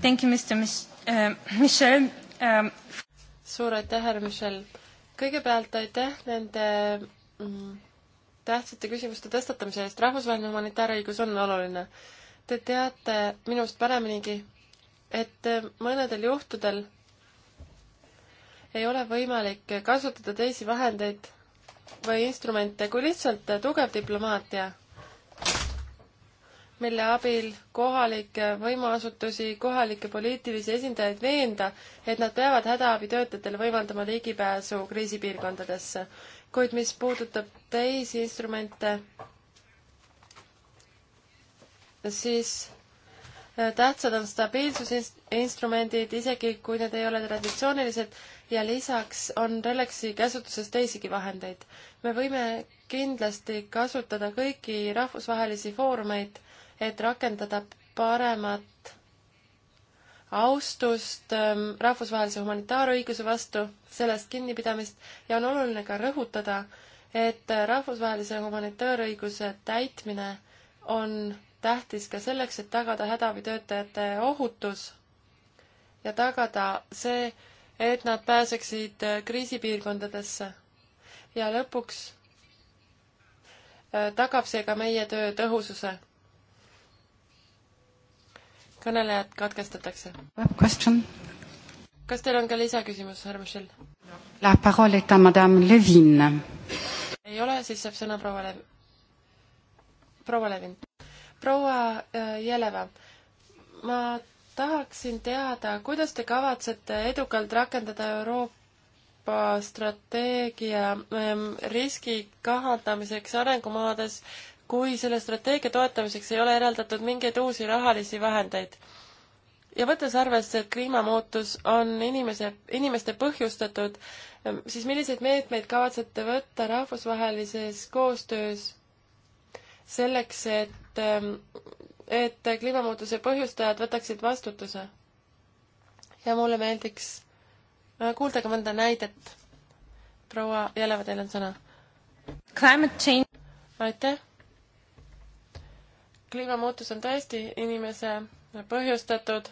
Thank you, Mr Mis- äh,, Michel ähm.. suur aitäh, härra Michel. kõigepealt aitäh nende mm, tähtsate küsimuste tõstatamise eest. rahvusvaheline humanitaarõigus on oluline. Te teate minust pareminigi, et äh, mõnedel juhtudel ei ole võimalik kasutada teisi vahendeid või instrumente kui lihtsalt äh, tugev diplomaatia, mille abil kohalikke võimuasutusi, kohalikke poliitilisi esindajaid veenda, et nad peavad hädaabitöötajatele võimaldama ligipääsu kriisipiirkondadesse kuid mis puudutab teisi instrumente, siis äh, tähtsad on stabiilsusinstrumendid, isegi kui need ei ole traditsioonilised, ja lisaks on Relexi käsutuses teisigi vahendeid. me võime kindlasti kasutada kõiki rahvusvahelisi foorumeid, et rakendada paremat austust ähm, rahvusvahelise humanitaarõiguse vastu, sellest kinnipidamist ja on oluline ka rõhutada, et rahvusvahelise humanitaarõiguse täitmine on tähtis ka selleks, et tagada hädaabitöötajate ohutus ja tagada see, et nad pääseksid äh, kriisipiirkondadesse. ja lõpuks äh, tagab see ka meie töö tõhususe kõnelejad katkestatakse. kas teil on ka lisaküsimus, härra Michel? La parole est à madame Levin. ei ole, siis saab sõna proua Lev-, proua Levin. proua äh, Jeleva, ma tahaksin teada, kuidas te kavatsete edukalt rakendada Euroopa strateegia ähm, riski kahandamiseks arengumaades kui selle strateegia toetamiseks ei ole eraldatud mingeid uusi rahalisi vahendeid. ja võttes arvesse, et kliimamuutus on inimese, inimeste põhjustatud, siis milliseid meetmeid kavatsete võtta rahvusvahelises koostöös selleks, et, et kliimamuutuse põhjustajad võtaksid vastutuse? ja mulle meeldiks äh, kuulda ka mõnda näidet. proua Jeleva, teil on sõna. aitäh kliimamuutus on tõesti inimese põhjustatud.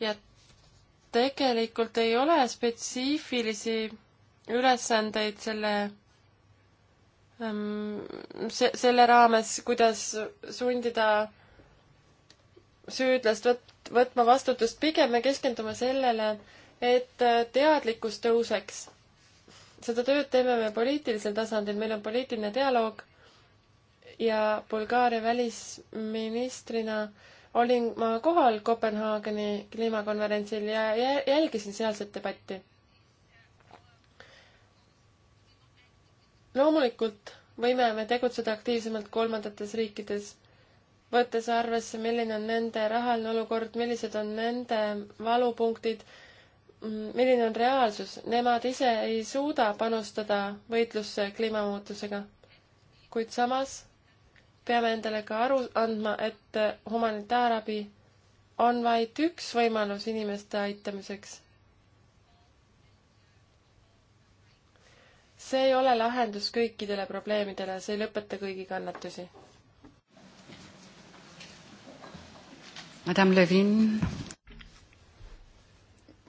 ja tegelikult ei ole spetsiifilisi ülesandeid selle ähm, se-, selle raames, kuidas sundida süüdlast võt-, võtma vastutust, pigem me keskendume sellele, et äh, teadlikkus tõuseks. seda tööd teeme me poliitilisel tasandil, meil on poliitiline dialoog ja Bulgaaria välisministrina olin ma kohal Kopenhaageni kliimakonverentsil ja jälgisin sealset debatti. loomulikult võime me tegutseda aktiivsemalt kolmandates riikides võttes arvesse, milline on nende rahaline olukord, millised on nende valupunktid Mm, milline on reaalsus, nemad ise ei suuda panustada võitlusse kliimamuutusega. kuid samas peame endale ka aru andma, et humanitaarabi on vaid üks võimalus inimeste aitamiseks. see ei ole lahendus kõikidele probleemidele, see ei lõpeta kõigi kannatusi. Madame Levin,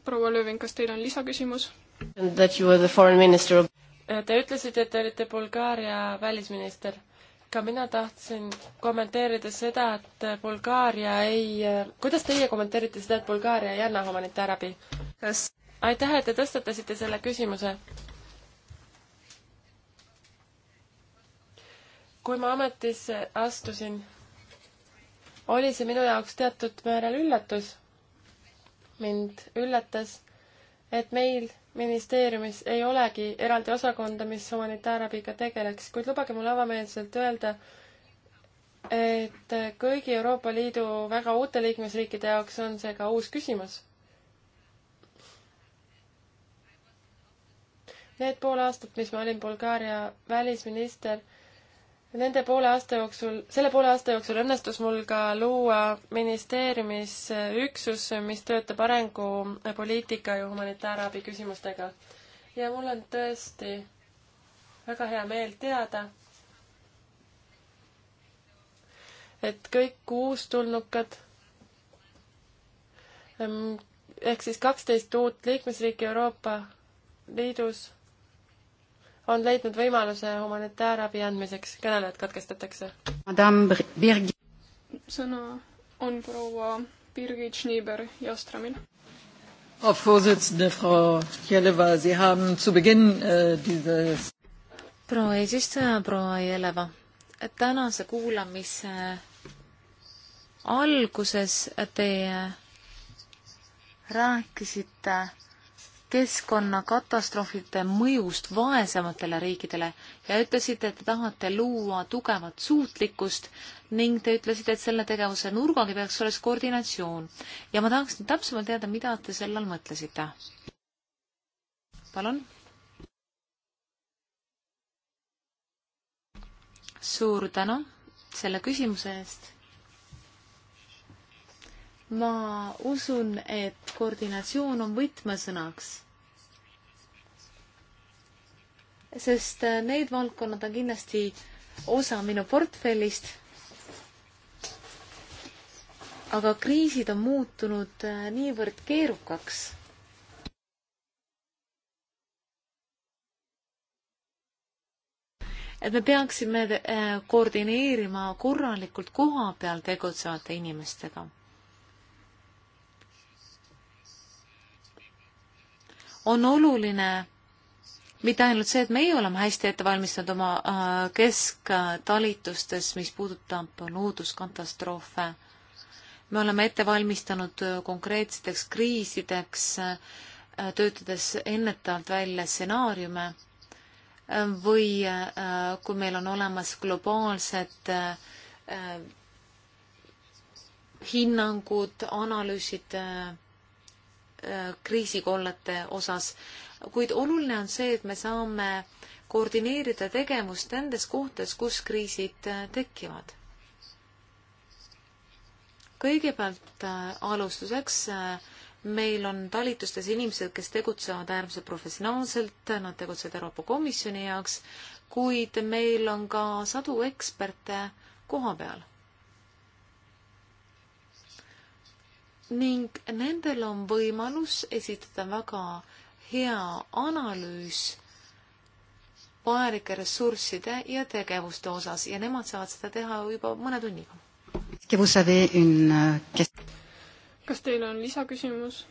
proua Lööving, kas teil on lisaküsimus? Te ütlesite, et te olite Bulgaaria välisminister. ka mina tahtsin kommenteerida seda, et Bulgaaria ei, kuidas teie kommenteerite seda, et Bulgaaria ei anna humanitaarabi? aitäh, et te tõstatasite selle küsimuse. kui ma ametisse astusin, oli see minu jaoks teatud määral üllatus mind üllatas, et meil ministeeriumis ei olegi eraldi osakonda, mis humanitaarabiga tegeleks, kuid lubage mul avameelselt öelda, et kõigi Euroopa Liidu väga uute liikmesriikide jaoks on see ka uus küsimus. Need pool aastat, mis ma olin Bulgaaria välisminister Nende poole aasta jooksul, selle poole aasta jooksul õnnestus mul ka luua ministeeriumis üksus, mis töötab arengupoliitika ja humanitaarabi küsimustega. ja mul on tõesti väga hea meel teada, et kõik uustulnukad mm, ehk siis kaksteist uut liikmesriiki Euroopa Liidus on leidnud võimaluse humanitaarabi andmiseks. kõnelejad katkestatakse. Madame Birg-. sõna on proua Birgit Schnieber Jastramil. Frau Vorsitzende, Frau Jeleva, Sie haben zu Beginn äh, dieses proua eesistuja, proua Jeleva, tänase kuulamise alguses te rääkisite keskkonnakatastroofide mõjust vaesematele riikidele ja ütlesite, et te tahate luua tugevat suutlikkust ning te ütlesite, et selle tegevuse nurgagi peaks olema koordinatsioon. ja ma tahaks nüüd täpsemalt teada, mida te selle all mõtlesite. palun. suur tänu selle küsimuse eest ma usun, et koordinatsioon on võtmesõnaks. sest äh, need valdkonnad on kindlasti osa minu portfellist. aga kriisid on muutunud äh, niivõrd keerukaks et me peaksime äh, koordineerima korralikult koha peal tegutsevate inimestega. on oluline mitte ainult see, et meie oleme hästi ette valmistanud oma äh, kesktalitustes, mis puudutab looduskatastroofe. me oleme ette valmistanud äh, konkreetseteks kriisideks, äh, töötades ennetavalt välja stsenaariume või kui meil on olemas globaalsed hinnangud, analüüsid Äh, kriisikollete osas, kuid oluline on see, et me saame koordineerida tegevust nendes kohtades, kus kriisid äh, tekivad. kõigepealt äh, alustuseks meil on talitustes inimesed, kes tegutsevad äärmiselt professionaalselt, nad tegutsevad Euroopa Komisjoni jaoks, kuid meil on ka sadu eksperte koha peal. ning nendel on võimalus esitada väga hea analüüs vajalike ressursside ja tegevuste osas ja nemad saavad seda teha juba mõne tunniga. Euh, kas teil on lisaküsimus?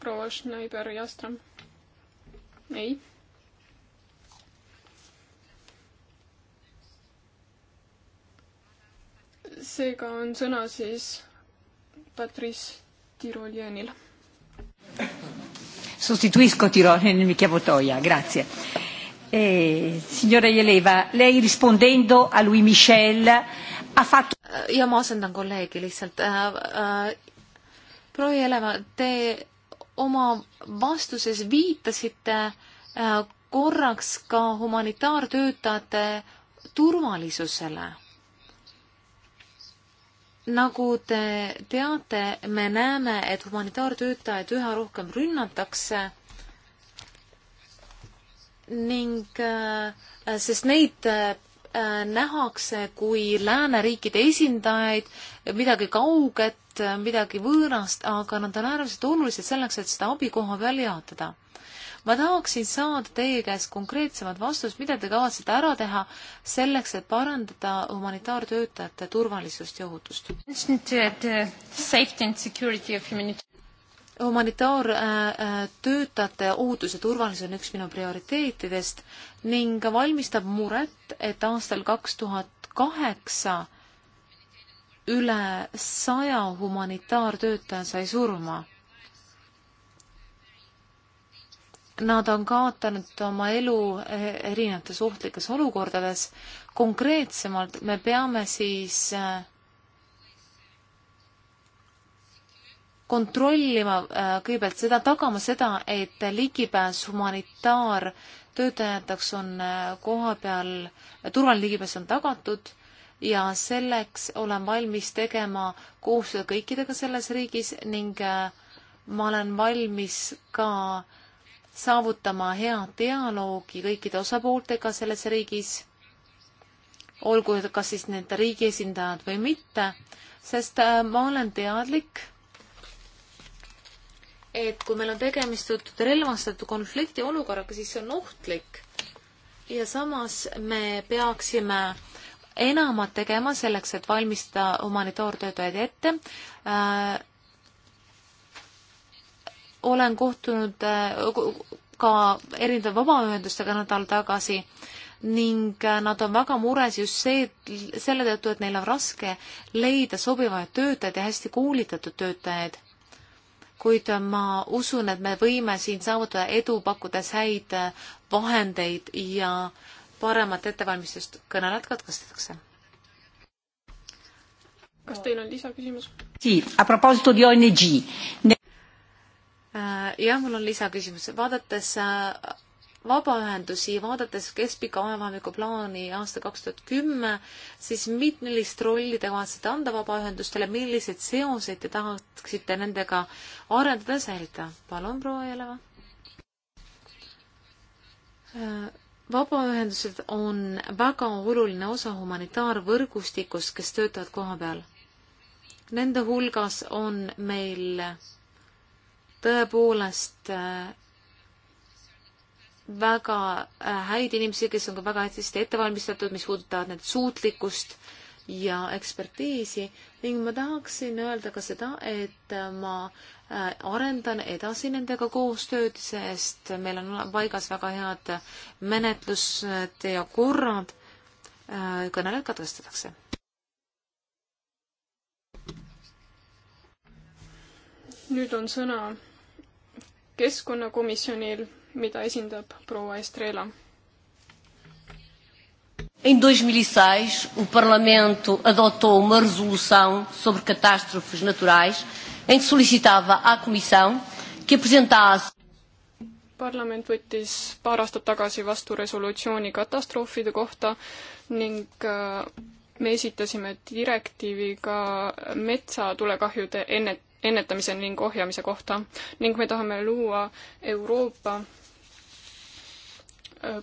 proua Schneider-Jastram? ei seega on sõna siis Patrice Tirolienil. Sostituisco Tirolien, mi chiamo Toia, grazie. Eh, signora Jeleva, lei rispondendo a Louis Michel ha fatto... ja ma asendan kolleegi lihtsalt äh,. Äh, proua Jeleva, te oma vastuses viitasite äh, korraks ka humanitaartöötajate turvalisusele nagu te teate, me näeme, et humanitaartöötajaid üha rohkem rünnatakse ning äh, sest neid äh, nähakse kui lääneriikide esindajaid, midagi kauget, midagi võõrast, aga nad on äärmiselt olulised selleks, et seda abi koha peal jaotada ma tahaksin saada teie käest konkreetsemat vastust, mida te kavatsete ära teha selleks, et parandada humanitaartöötajate turvalisust ja ohutust. humanitaartöötajate äh, äh, ohutus ja turvalisus on üks minu prioriteetidest ning valmistab muret, et aastal kaks tuhat kaheksa üle saja humanitaartöötaja sai surma Nad on kaotanud oma elu eh, erinevates ohtlikes olukordades. konkreetsemalt me peame siis eh, kontrollima eh, kõigepealt seda, tagama seda, et ligipääs humanitaartöötajateks on koha peal, turvaline ligipääs on tagatud ja selleks olen valmis tegema koostööd kõikidega selles riigis ning ma olen valmis ka äh, saavutama hea dialoogi kõikide osapooltega selles riigis, olgu kas siis need riigi esindajad või mitte, sest äh, ma olen teadlik, et kui meil on tegemist relvastatud konflikti olukorraga, siis see on ohtlik. ja samas me peaksime enamat tegema selleks, et valmistada humanitaartöötajaid ette äh, olen kohtunud äh, ka erinevate vabaühendustega nädal tagasi ning äh, nad on väga mures just see, selle tõttu, et neil on raske leida sobivaid töötajaid ja hästi koolitatud töötajaid. kuid ma usun, et me võime siin saavutada edu, pakkudes häid äh, vahendeid ja paremat ettevalmistust. kõnelejad katkestatakse. kas teil on lisaküsimus? Sì, a proposito di ONG. Äh, jah, mul on lisaküsimus. vaadates äh, vabaühendusi, vaadates keskpika ajavahemiku plaani aasta kaks tuhat kümme, siis millist rolli te kavatsete anda vabaühendustele, milliseid seoseid te tahaksite nendega arendada ja säilida? palun, proua Jeleva. Äh, vabaühendused on väga oluline osa humanitaarvõrgustikust, kes töötavad koha peal. Nende hulgas on meil tõepoolest äh, väga äh, häid inimesi, kes on ka väga hästi ette valmistatud, mis puudutavad nende suutlikkust ja ekspertiisi ning ma tahaksin öelda ka seda, et äh, ma arendan edasi nendega koostööd, sest meil on paigas väga head menetlused ja korrad. kõnelejad katkestatakse. nüüd on sõna keskkonnakomisjonil, mida esindab proua Estrela. Em 2006, e o Parlamento adotou uma resolução sobre catástrofes naturais em que solicitava à Comissão que apresentasse parlament võttis paar aastat tagasi vastu resolutsiooni katastroofide kohta ning äh, me esitasime direktiivi ka metsatulekahjude ennet-, ennetamise ning ohjamise kohta ning me tahame luua Euroopa äh,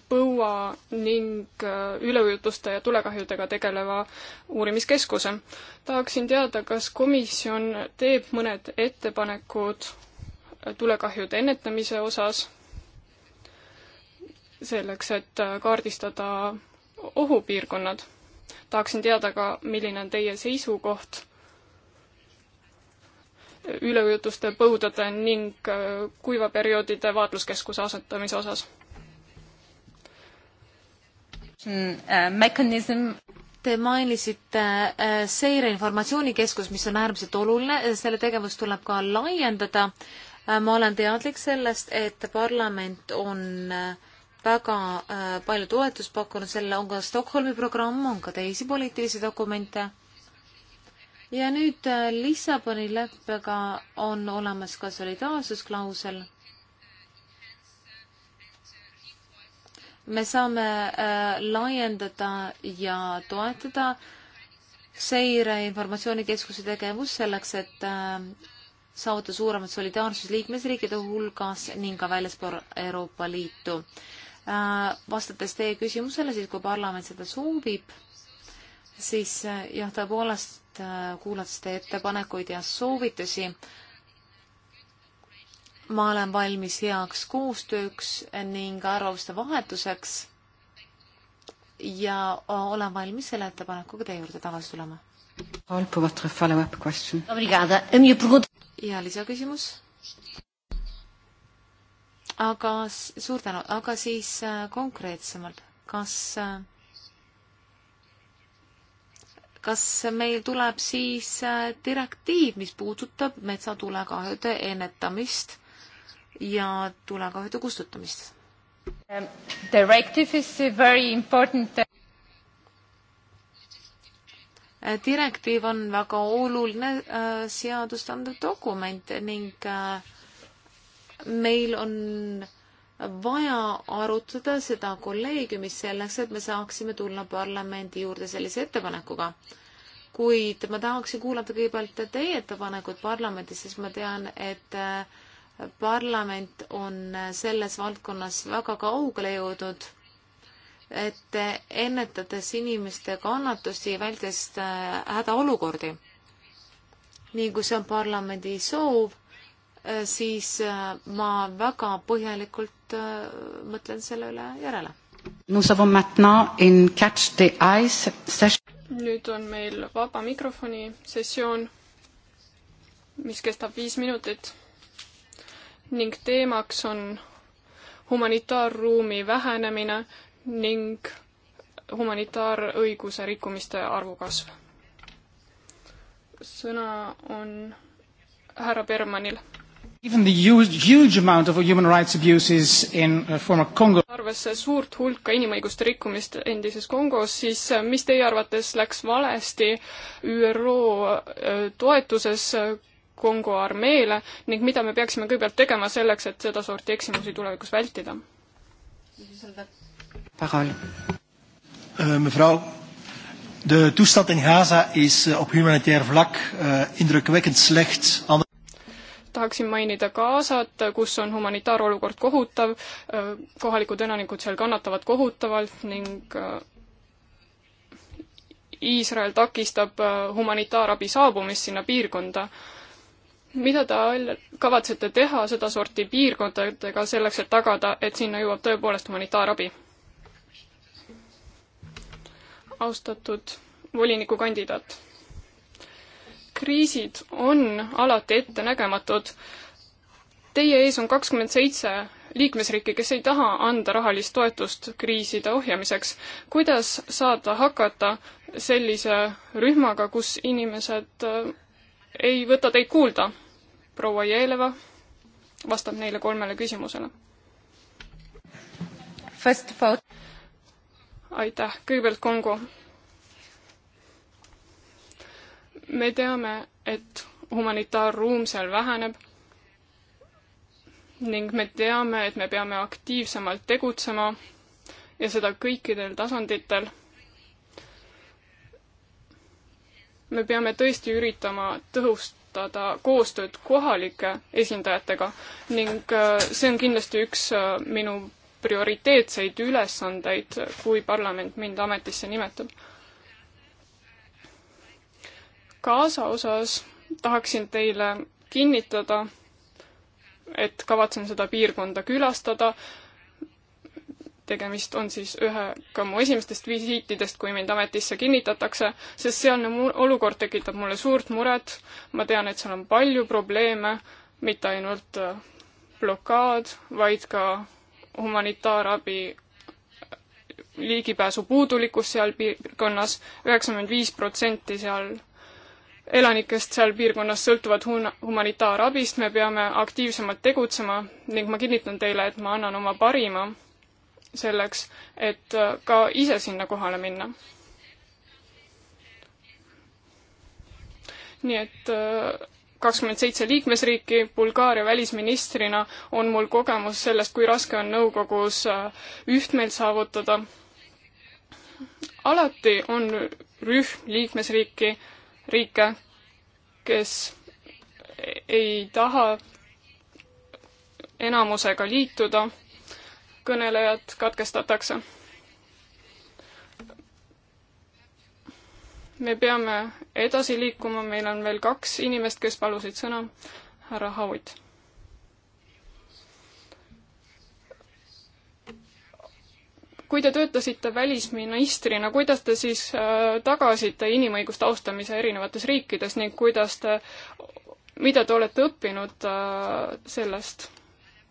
põua ning äh, üleujutuste ja tulekahjudega tegeleva uurimiskeskuse. tahaksin teada, kas komisjon teeb mõned ettepanekud äh, tulekahjude ennetamise osas, selleks et kaardistada ohupiirkonnad. tahaksin teada ka, milline on teie seisukoht üleujutuste, põudade ning äh, kuivaperioodide vaatluskeskuse asetamise osas. Mm, äh, mehhanism Te mainisite äh, seireinformatsioonikeskus, mis on äärmiselt oluline, selle tegevust tuleb ka laiendada. ma olen teadlik sellest, et parlament on väga palju toetust pakkunud, selle on ka Stockholmi programm, on ka teisi poliitilisi dokumente ja nüüd äh, Lissaboni leppega on olemas ka solidaarsusklausel. me saame äh, laiendada ja toetada seire informatsioonikeskuse tegevust selleks, et äh, saavuta suuremat solidaarsust liikmesriikide hulgas ning ka väljaspool Euroopa Liitu. vastates teie küsimusele, siis kui parlament seda soovib, siis jah, tõepoolest et äh, kuulates teie ettepanekuid ja soovitusi. ma olen valmis heaks koostööks ning arvamuste vahetuseks ja äh, olen valmis selle ettepanekuga teie juurde tagasi tulema. ja lisaküsimus? aga suur tänu, aga siis äh, konkreetsemalt, kas äh, kas meil tuleb siis äh, direktiiv, mis puudutab metsatulekahjude ennetamist ja tulekahjude kustutamist? Um, directive is uh, very important uh, äh, direktiiv on väga oluline äh, seadustandev dokument ning äh, meil on vaja arutada seda kolleegiumis selleks, et me saaksime tulla parlamendi juurde sellise ettepanekuga. kuid ma tahaksin kuulata kõigepealt teie ettepanekut parlamendis, sest ma tean, et äh, parlament on äh, selles valdkonnas väga kaugele jõudnud, et äh, ennetades inimeste kannatusi, vältes hädaolukordi. nii kui see on parlamendi soov Äh, siis äh, ma väga põhjalikult äh, mõtlen selle üle järele. nüüd on meil vaba mikrofoni sessioon, mis kestab viis minutit ning teemaks on humanitaarruumi vähenemine ning humanitaarõiguse rikkumiste arvu kasv. sõna on härra Bermanil Even the huge, huge amount of human rights abuses in uh, former Congo. arvesse suurt hulka inimõiguste rikkumist endises Kongos, siis äh, mis teie arvates läks valesti ÜRO äh, toetuses äh, Kongo armeele ning mida me peaksime kõigepealt tegema selleks, et sedasorti eksimusi tulevikus vältida? Eh, mevrouw, de toestand in Gaza is eh, op humanitair vlak eh, indrukwekkend slecht tahaksin mainida Gazat, kus on humanitaarolukord kohutav, kohalikud elanikud seal kannatavad kohutavalt ning äh, Iisrael takistab äh, humanitaarabi saabumist sinna piirkonda. mida te kavatsete teha sedasorti piirkondadega selleks, et tagada, et sinna jõuab tõepoolest humanitaarabi? austatud volinikukandidaat kriisid on alati ettenägematud. Teie ees on kakskümmend seitse liikmesriiki, kes ei taha anda rahalist toetust kriiside ohjamiseks. kuidas saada hakata sellise rühmaga, kus inimesed äh, ei võta teid kuulda? proua Jeeleva vastab neile kolmele küsimusele. aitäh, kõigepealt Kongo me teame, et humanitaarruum seal väheneb ning me teame, et me peame aktiivsemalt tegutsema ja seda kõikidel tasanditel. me peame tõesti üritama tõhustada koostööd kohalike esindajatega ning äh, see on kindlasti üks äh, minu prioriteetseid ülesandeid, kui parlament mind ametisse nimetab Gaza osas tahaksin teile kinnitada, et kavatsen seda piirkonda külastada. tegemist on siis ühega mu esimestest visiitidest, kui mind ametisse kinnitatakse, sest sealne olukord tekitab mulle suurt muret. ma tean, et seal on palju probleeme, mitte ainult äh, blokaad, vaid ka humanitaarabi äh, ligipääsu puudulikkus seal piirkonnas, üheksakümmend viis protsenti seal elanikest seal piirkonnas sõltuvad hun-, humanitaarabist, me peame aktiivsemalt tegutsema ning ma kinnitan teile, et ma annan oma parima selleks, et äh, ka ise sinna kohale minna. nii et äh, kakskümmend seitse liikmesriiki, Bulgaaria välisministrina on mul kogemus sellest, kui raske on nõukogus äh, ühtmeelt saavutada. alati on rühm liikmesriiki, riike, kes ei taha enamusega liituda, kõnelejad katkestatakse. me peame edasi liikuma, meil on veel kaks inimest, kes palusid sõna. härra Howitt kui te töötasite välisministrina, kuidas te siis äh, tagasite inimõiguste austamise erinevates riikides ning kuidas te, mida te olete õppinud äh, sellest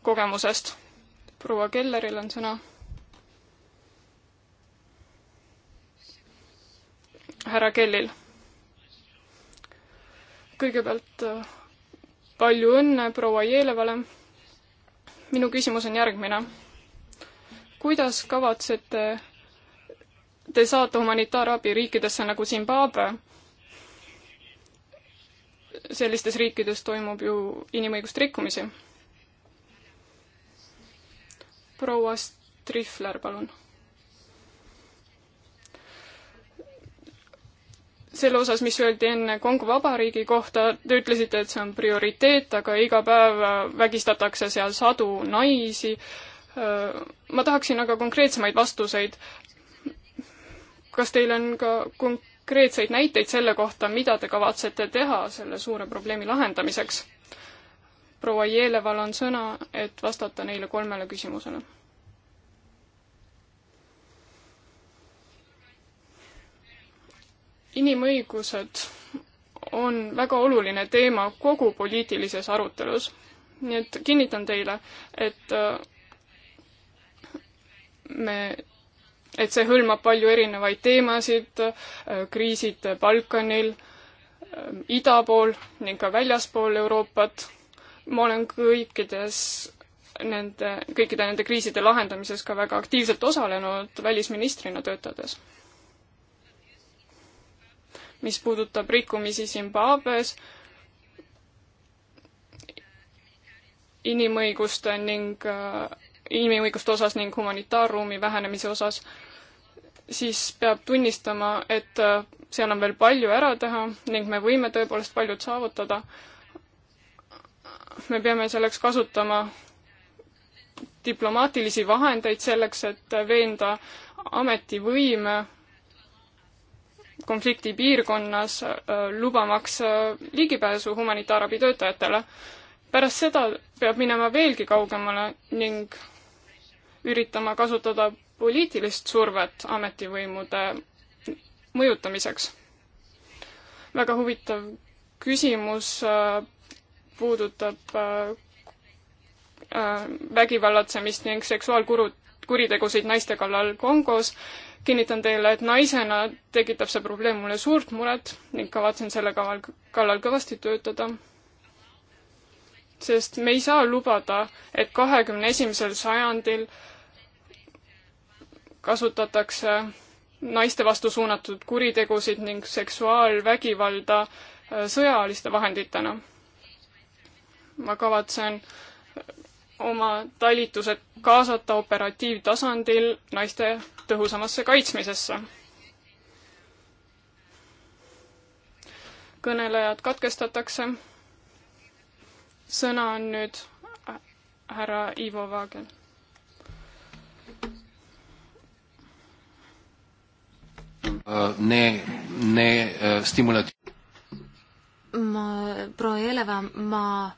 kogemusest? proua Kelleril on sõna. härra Kellil. kõigepealt äh, palju õnne proua Jeelevale. minu küsimus on järgmine kuidas kavatsete te saata humanitaarabi riikidesse nagu Zimbabwe? sellistes riikides toimub ju inimõiguste rikkumisi. proua Strihler, palun. selle osas, mis öeldi enne Kongo Vabariigi kohta, te ütlesite, et see on prioriteet, aga iga päev vägistatakse seal sadu naisi äh,, Äh, ma tahaksin aga konkreetsemaid vastuseid. kas teil on ka konkreetseid näiteid selle kohta, mida te kavatsete teha selle suure probleemi lahendamiseks? proua Jeleval on sõna, et vastata neile kolmele küsimusele inimõigused on väga oluline teema kogu poliitilises arutelus. nii et kinnitan teile, et äh, me, et see hõlmab palju erinevaid teemasid, äh, kriisid Balkanil, äh, ida pool ning ka väljaspool Euroopat. ma olen kõikides nende, kõikide nende kriiside lahendamises ka väga aktiivselt osalenud välisministrina töötades. mis puudutab rikkumisi Zimbabwe's, inimõiguste ning äh, inimõiguste osas ning humanitaarruumi vähenemise osas, siis peab tunnistama, et äh, seal on veel palju ära teha ning me võime tõepoolest paljud saavutada. me peame selleks kasutama diplomaatilisi vahendeid selleks, et veenda ametivõime konflikti piirkonnas, äh, lubamaks äh, ligipääsu humanitaarabi töötajatele. pärast seda peab minema veelgi kaugemale ning üritama kasutada poliitilist survet ametivõimude mõjutamiseks. väga huvitav küsimus äh, puudutab äh, äh, vägivallatsemist ning seksuaalkuritegusid naiste kallal Kongos. kinnitan teile, et naisena tekitab see probleem mulle suurt muret ning kavatsen selle kaval, kallal kõvasti töötada. sest me ei saa lubada, et kahekümne esimesel sajandil äh, kasutatakse naiste vastu suunatud kuritegusid ning seksuaalvägivalda äh, sõjaliste vahenditena. ma kavatsen äh, oma talitused kaasata operatiivtasandil naiste tõhusamasse kaitsmisesse. kõnelejad katkestatakse. sõna on nüüd äh, härra Ivo Vaagel Äh, ne, ne äh, stimulatiivne. ma, proua Jeleva, ma,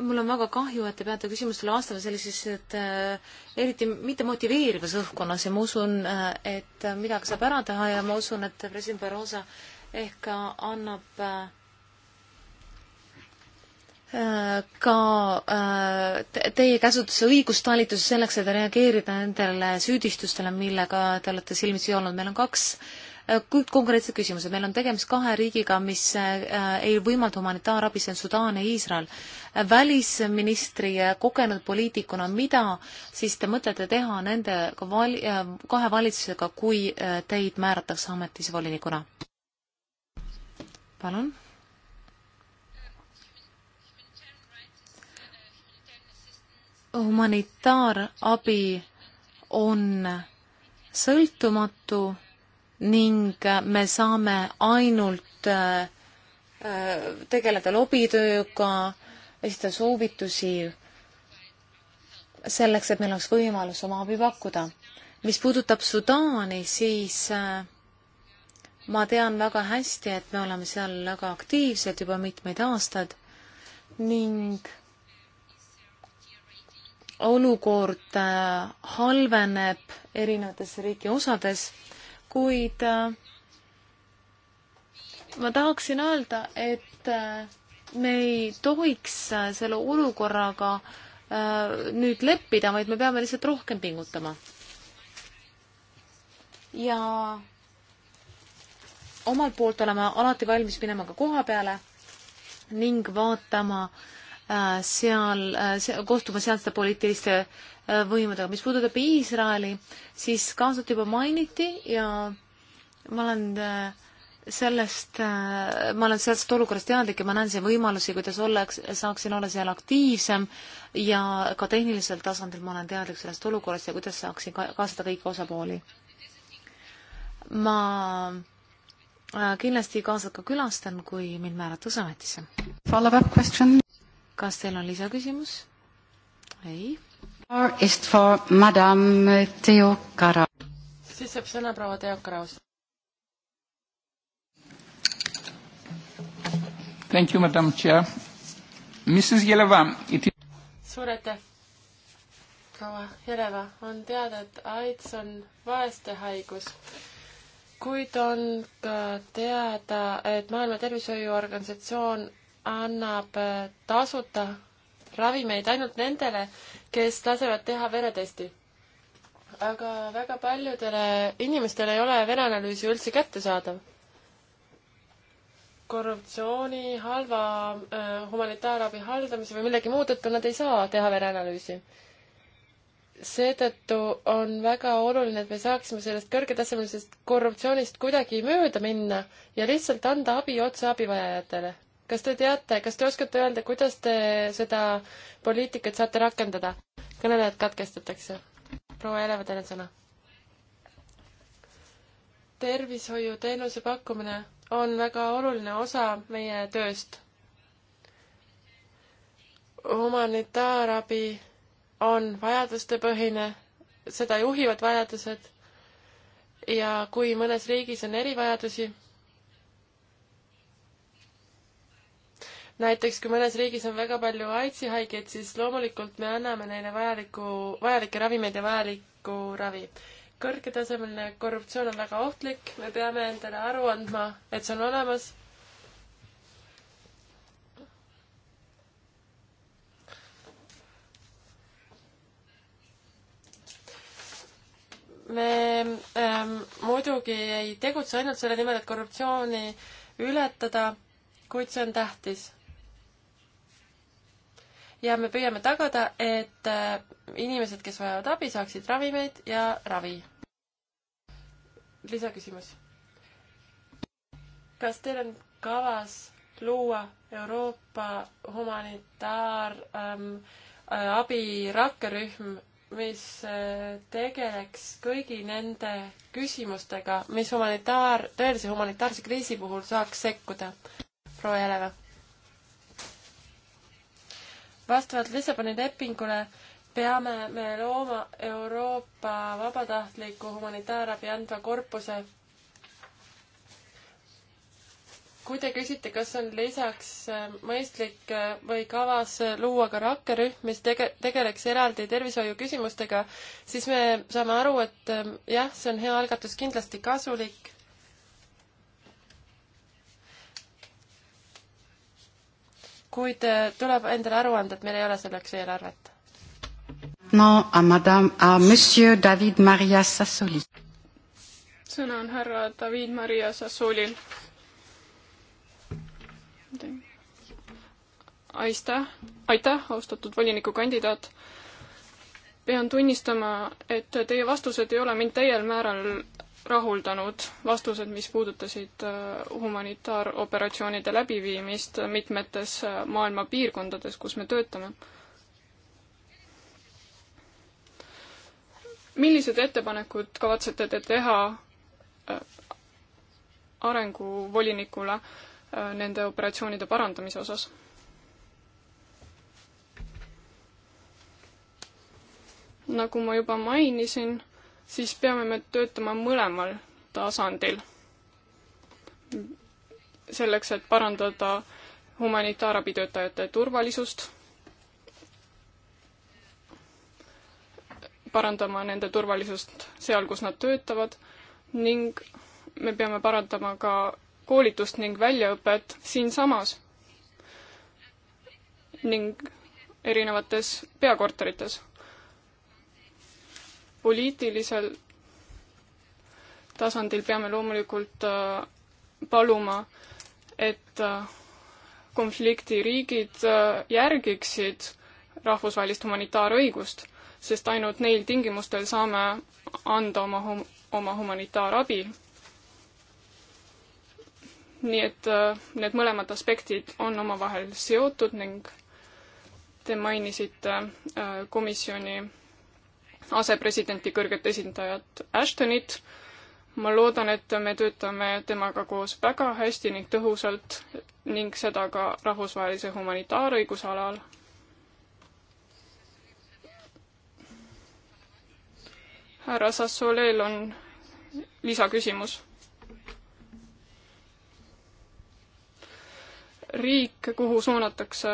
mul on väga kahju, et te peate küsimustele vastama sellises, et äh, eriti mitte motiveerivas õhkkonnas ja ma usun, et midagi saab ära teha ja ma usun, et president Barroso ehk annab äh, Äh, ka äh, teie käsutusse õigustalituse selleks, et reageerida nendele süüdistustele, millega te olete silmitsi olnud. meil on kaks äh, konkreetsed küsimused. meil on tegemist kahe riigiga, mis ei võimalda humanitaarabi, see on Sudaan ja Iisrael. välisministri kogenud poliitikuna, mida siis te mõtlete teha nende vali-, kahe valitsusega, kui teid määratakse ametisse volinikuna? palun humanitaarabi on sõltumatu ning me saame ainult äh, äh, tegeleda lobitööga, esitada soovitusi selleks, et meil oleks võimalus oma abi pakkuda. mis puudutab Sudaani, siis äh, ma tean väga hästi, et me oleme seal väga aktiivsed juba mitmeid aastaid ning olukord äh, halveneb erinevates riigi osades, kuid äh, ma tahaksin öelda, et äh, me ei tohiks selle olukorraga nüüd leppida, vaid me peame lihtsalt rohkem pingutama. ja omalt poolt oleme alati valmis minema ka koha peale ning vaatama äh, Äh, seal, äh, kohtuma sealsete poliitiliste äh, võimudega. mis puudutab Iisraeli, siis kaasat juba mainiti ja ma olen sellest, ma olen sealsest olukorrast teadlik ja ma näen siin võimalusi, kuidas oleks, saaksin olla seal aktiivsem ja ka tehnilisel tasandil ma olen teadlik sellest olukorrast ja kuidas saaksin ka-, kaasata kõiki osapooli. ma kindlasti kaasat ka külastan, kui mind määratakse ametisse. Follow-up question? kas teil on lisaküsimus? ei. siis saab sõna proua Teo Karaus. Thank you, madam chair. Mrs Jeleva, it is suur aitäh! proua Jeleva, on teada, et AIDS on vaeste haigus kuid on ka teada, et Maailma Tervishoiuorganisatsioon annab äh, tasuta ravimeid ainult nendele, kes lasevad teha veretesti. aga väga paljudele inimestele ei ole vereanalüüs ju üldse kättesaadav. korruptsiooni, halva äh, humanitaarabi haldamise või millegi muu tõttu nad ei saa teha vereanalüüsi. seetõttu on väga oluline, et me saaksime sellest kõrgetasemelisest korruptsioonist kuidagi mööda minna ja lihtsalt anda abi otse abivajajatele kas te teate, kas te oskate öelda, kuidas te seda poliitikat saate rakendada? kõnelejad katkestatakse. proua Eleva, teil on sõna. tervishoiuteenuse pakkumine on väga oluline osa meie tööst. humanitaarabi on vajadustepõhine, seda juhivad vajadused ja kui mõnes riigis on erivajadusi, näiteks kui mõnes riigis on väga palju AIDSi haigeid, siis loomulikult me anname neile vajaliku, vajalikke ravimeid ja vajalikku ravi. kõrgetasemeline korruptsioon on väga ohtlik, me peame endale aru andma, et see on olemas. me ähm, muidugi ei tegutse ainult selle nimel, et korruptsiooni ületada, kuid see on tähtis ja me püüame tagada, et äh, inimesed, kes vajavad abi, saaksid ravimeid ja ravi. lisaküsimus. kas teil on kavas luua Euroopa humanitaarabi ähm, äh, rakkerühm, mis äh, tegeleks kõigi nende küsimustega, mis humanitaar, tõelise humanitaarse kriisi puhul saaks sekkuda? proua Jeleva vastavalt Lissaboni lepingule peame me looma Euroopa vabatahtliku humanitaarabi andva korpuse. kui te küsite, kas on lisaks äh, mõistlik äh, või kavas luua ka rakkerühm, mis tege-, tegeleks eraldi tervishoiuküsimustega, siis me saame aru, et äh, jah, see on hea algatus, kindlasti kasulik kuid äh, tuleb endale aru anda, et meil ei ole selleks eelarvet. no a ah, madame, a ah, monsieur David Maria Sassoli. sõna on härra David Maria Sassolil. aitäh, aitäh, austatud volinikukandidaat pean tunnistama, et teie vastused ei ole mind täiel määral rahuldanud vastused, mis puudutasid äh, humanitaaroperatsioonide läbiviimist mitmetes äh, maailma piirkondades, kus me töötame. millised ettepanekud kavatsete te teha äh, arenguvolinikule nende operatsioonide parandamise osas? nagu ma juba mainisin siis peame me töötama mõlemal tasandil. selleks, et parandada humanitaarabitöötajate turvalisust, parandama nende turvalisust seal, kus nad töötavad ning me peame parandama ka koolitust ning väljaõpet siinsamas ning erinevates peakorterites poliitilisel tasandil peame loomulikult äh, paluma, et äh, konfliktiriigid äh, järgiksid rahvusvahelist humanitaarõigust, sest ainult neil tingimustel saame anda oma hum-, oma humanitaarabi. nii et need mõlemad aspektid on omavahel seotud ning te mainisite komisjoni asepresidenti, kõrget esindajat Ashtonit. ma loodan, et me töötame temaga koos väga hästi ning tõhusalt ning seda ka rahvusvahelise humanitaarõiguse alal. härra Sassoleel on lisaküsimus riik, kuhu suunatakse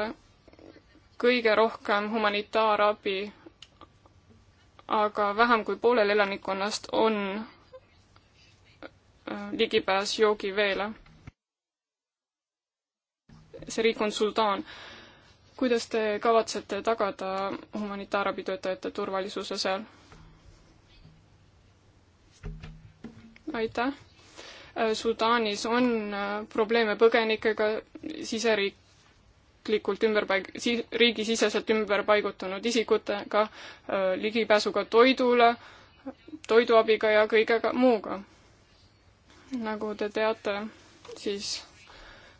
kõige rohkem humanitaarabi aga vähem kui poolel elanikkonnast on äh, ligipääs joogiveele. see riik on Suldaan. kuidas te kavatsete tagada humanitaarabitöötajate turvalisuse seal? aitäh. Äh, Sudaanis on äh, probleeme põgenikega, siseriik, riiklikult ümberpaig-, si-, riigisiseselt ümber paigutanud isikutega, äh, ligipääsuga toidule, toiduabiga ja kõigega muuga. nagu te teate, siis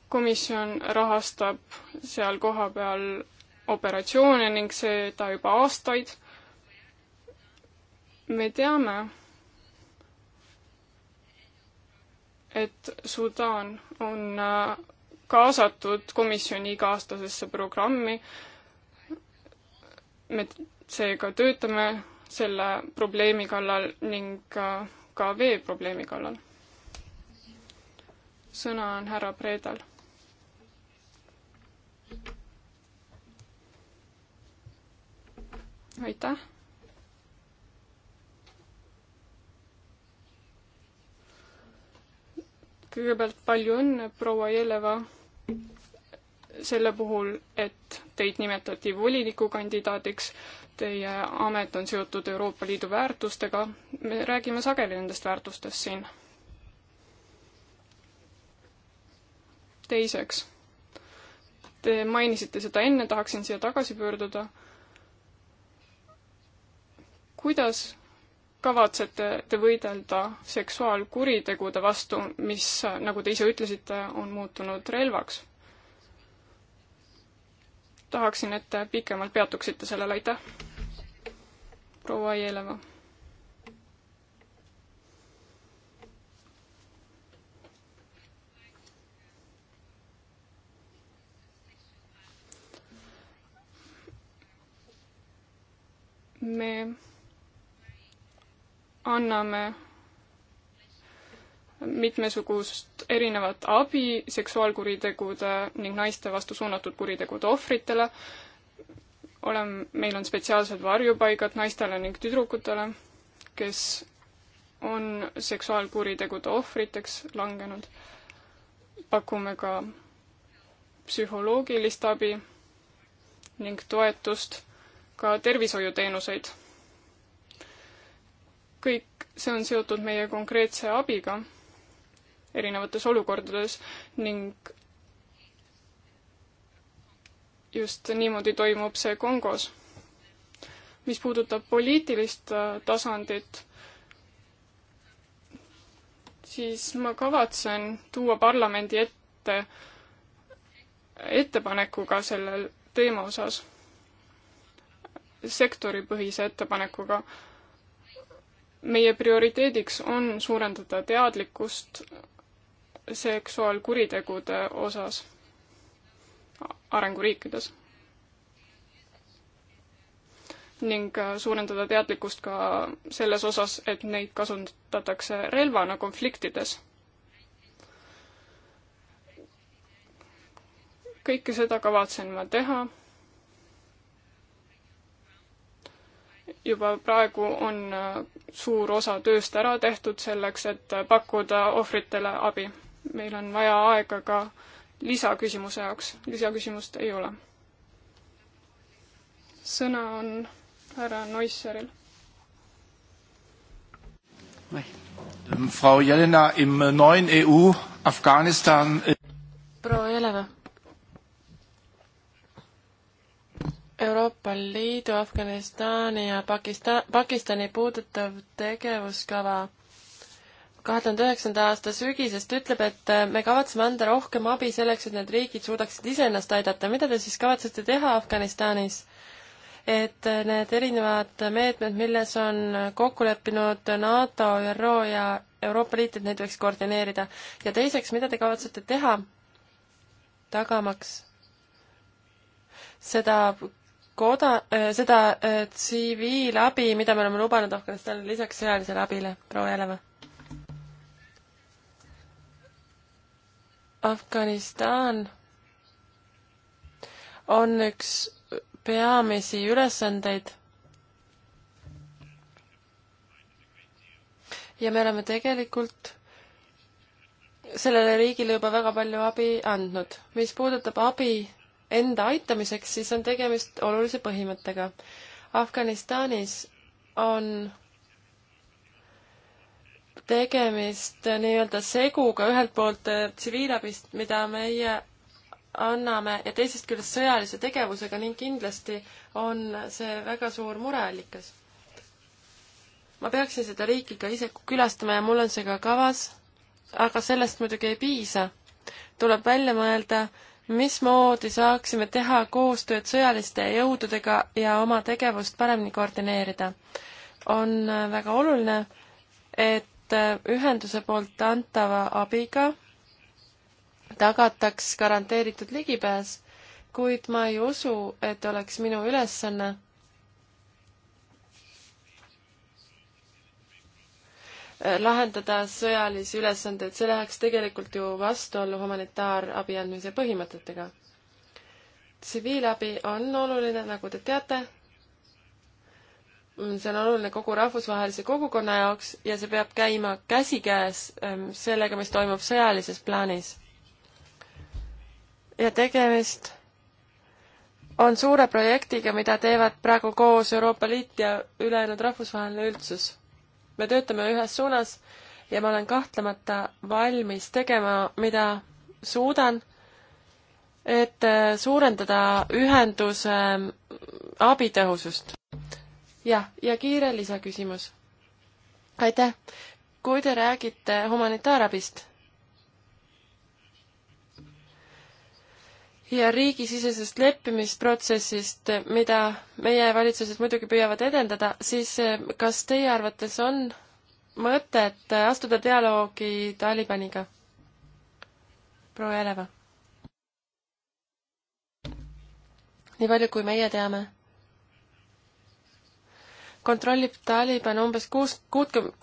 komisjon rahastab seal kohapeal operatsioone ning seda juba aastaid. me teame, et Sudaan on äh, kaasatud komisjoni iga-aastasesse programmi. me seega töötame selle probleemi kallal ning äh, ka veeprobleemi kallal. sõna on härra Predal. aitäh. kõigepealt palju õnne, proua Jeleva selle puhul, et teid nimetati volinikukandidaadiks, teie amet on seotud Euroopa Liidu väärtustega, me räägime sageli nendest väärtustest siin. teiseks, te mainisite seda enne, tahaksin siia tagasi pöörduda. kuidas kavatsete te võidelda seksuaalkuritegude vastu, mis, nagu te ise ütlesite, on muutunud relvaks? tahaksin, et te pikemalt peatuksite sellel, aitäh. proua Jeleva. me anname mitmesugust erinevat abi seksuaalkuritegude ning naiste vastu suunatud kuritegude ohvritele, oleme, meil on spetsiaalsed varjupaigad naistele ning tüdrukutele, kes on seksuaalkuritegude ohvriteks langenud. pakume ka psühholoogilist abi ning toetust, ka tervishoiuteenuseid. kõik see on seotud meie konkreetse abiga erinevates olukordades ning just niimoodi toimub see Kongos. mis puudutab poliitilist äh, tasandit, siis ma kavatsen tuua parlamendi ette ettepanekuga sellel teema osas, sektoripõhise ettepanekuga. meie prioriteediks on suurendada teadlikkust seksuaalkuritegude osas arenguriikides. ning äh, suurendada teadlikkust ka selles osas, et neid kasutatakse relvana konfliktides. kõike seda kavatsen ma teha juba praegu on äh, suur osa tööst ära tehtud selleks, et äh, pakkuda ohvritele abi meil on vaja aega ka lisaküsimuse jaoks, lisaküsimust ei ole. sõna on härra Neusseril. Ähm, Frau Jelena, im neuen EU Afganistan äh, proua Jelena. Euroopa Liidu, Afganistani ja Pakistan, Pakistani puudutav tegevuskava kahe tuhande üheksanda aasta sügisest ütleb, et äh, me kavatseme anda rohkem abi selleks, et need riigid suudaksid iseennast aidata. mida te siis kavatsete teha Afganistanis? et äh, need erinevad meetmed, milles on kokku leppinud NATO, ÜRO ja Euroopa Liit, et neid võiks koordineerida. ja teiseks, mida te kavatsete teha tagamaks seda koda-, äh, seda tsiviilabi, mida me oleme lubanud Afganistanile lisaks sõjalisele abile, proua Jeleva? Afganistan on üks peamisi ülesandeid. ja me oleme tegelikult sellele riigile juba väga palju abi andnud. mis puudutab abi enda aitamiseks, siis on tegemist olulise põhimõttega. Afganistanis on tegemist nii-öelda seguga ühelt poolt äh, tsiviilabist, mida meie anname, ja teisest küljest sõjalise tegevusega ning kindlasti on see väga suur mureallikas. ma peaksin seda riiki ka ise külastama ja mul on see ka kavas, aga sellest muidugi ei piisa. tuleb välja mõelda, mismoodi saaksime teha koostööd sõjaliste jõududega ja oma tegevust paremini koordineerida. on väga oluline, et et äh, ühenduse poolt antava abiga tagataks garanteeritud ligipääs, kuid ma ei usu, et oleks minu ülesanne lahendada sõjalisi ülesandeid, see läheks tegelikult ju vastuollu humanitaarabi andmise põhimõtetega. tsiviilabi on oluline, nagu te teate, see on oluline kogu rahvusvahelise kogukonna jaoks ja see peab käima käsikäes ähm, sellega, mis toimub sõjalises plaanis. ja tegemist on suure projektiga, mida teevad praegu koos Euroopa Liit ja ülejäänud rahvusvaheline üldsus. me töötame ühes suunas ja ma olen kahtlemata valmis tegema, mida suudan, et äh, suurendada ühenduse ähm, abitõhusust jah, ja kiire lisaküsimus. aitäh. kui te räägite humanitaarabist ja riigisisesest leppimisprotsessist, mida meie valitsused muidugi püüavad edendada, siis eh, kas teie arvates on mõtet astuda dialoogi Talibaniga? proua Jeleva. nii palju, kui meie teame kontrollib Taliban umbes kuus,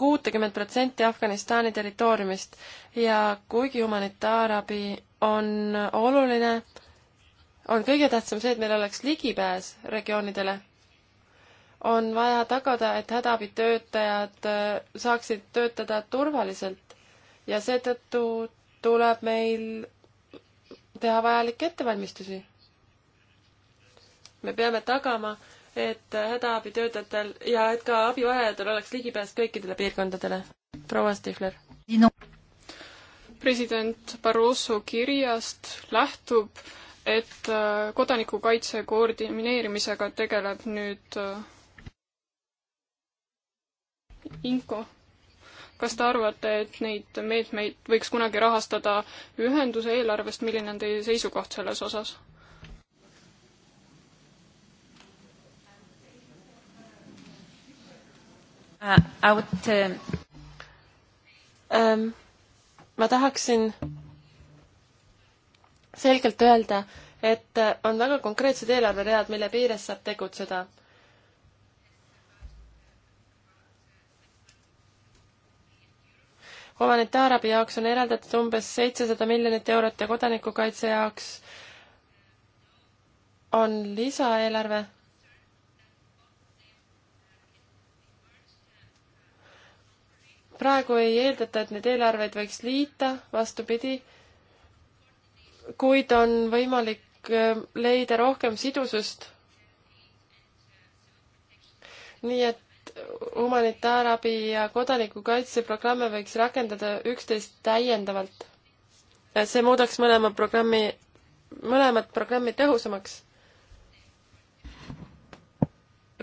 kuutekümmet protsenti Afganistani territooriumist ja kuigi humanitaarabi on oluline, on kõige tähtsam see, et meil oleks ligipääs regioonidele. on vaja tagada, et hädaabitöötajad äh, saaksid töötada turvaliselt ja seetõttu tuleb meil teha vajalikke ettevalmistusi. me peame tagama, et hädaabitöötajatel ja et ka abivajajatel oleks ligipääs kõikidele piirkondadele. proua Stifler no.. president Barroso kirjast lähtub, et äh, kodanikukaitse koordineerimisega tegeleb nüüd äh, Inko. kas te arvate, et neid meetmeid võiks kunagi rahastada ühenduse eelarvest, milline on teie seisukoht selles osas? uh,. Would, uh... Ähm, ma tahaksin selgelt öelda, et äh, on väga konkreetsed eelarveread, mille piires saab tegutseda. humanitaarabi jaoks on eraldatud umbes seitsesada miljonit eurot ja kodanikukaitse jaoks on lisaeelarve praegu ei eeldata, et neid eelarveid võiks liita, vastupidi, kuid on võimalik äh, leida rohkem sidusust. nii et humanitaarabi ja kodanikukaitse programme võiks rakendada üksteist täiendavalt. see muudaks mõlema programmi, mõlemad programmid tõhusamaks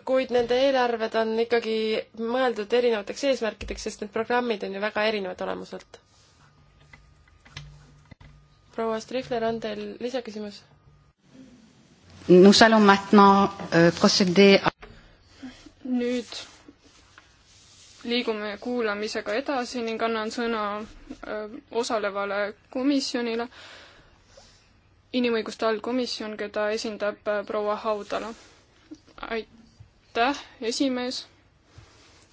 kuid nende eelarved on ikkagi mõeldud erinevateks eesmärkideks, sest need programmid on ju väga erinevad olemuselt. proua Strihler, on teil lisaküsimus? Euh, nüüd liigume kuulamisega edasi ning annan sõna äh, osalevale komisjonile, inimõiguste allkomisjon, keda esindab äh, proua Haudala. aitäh! aitäh, esimees.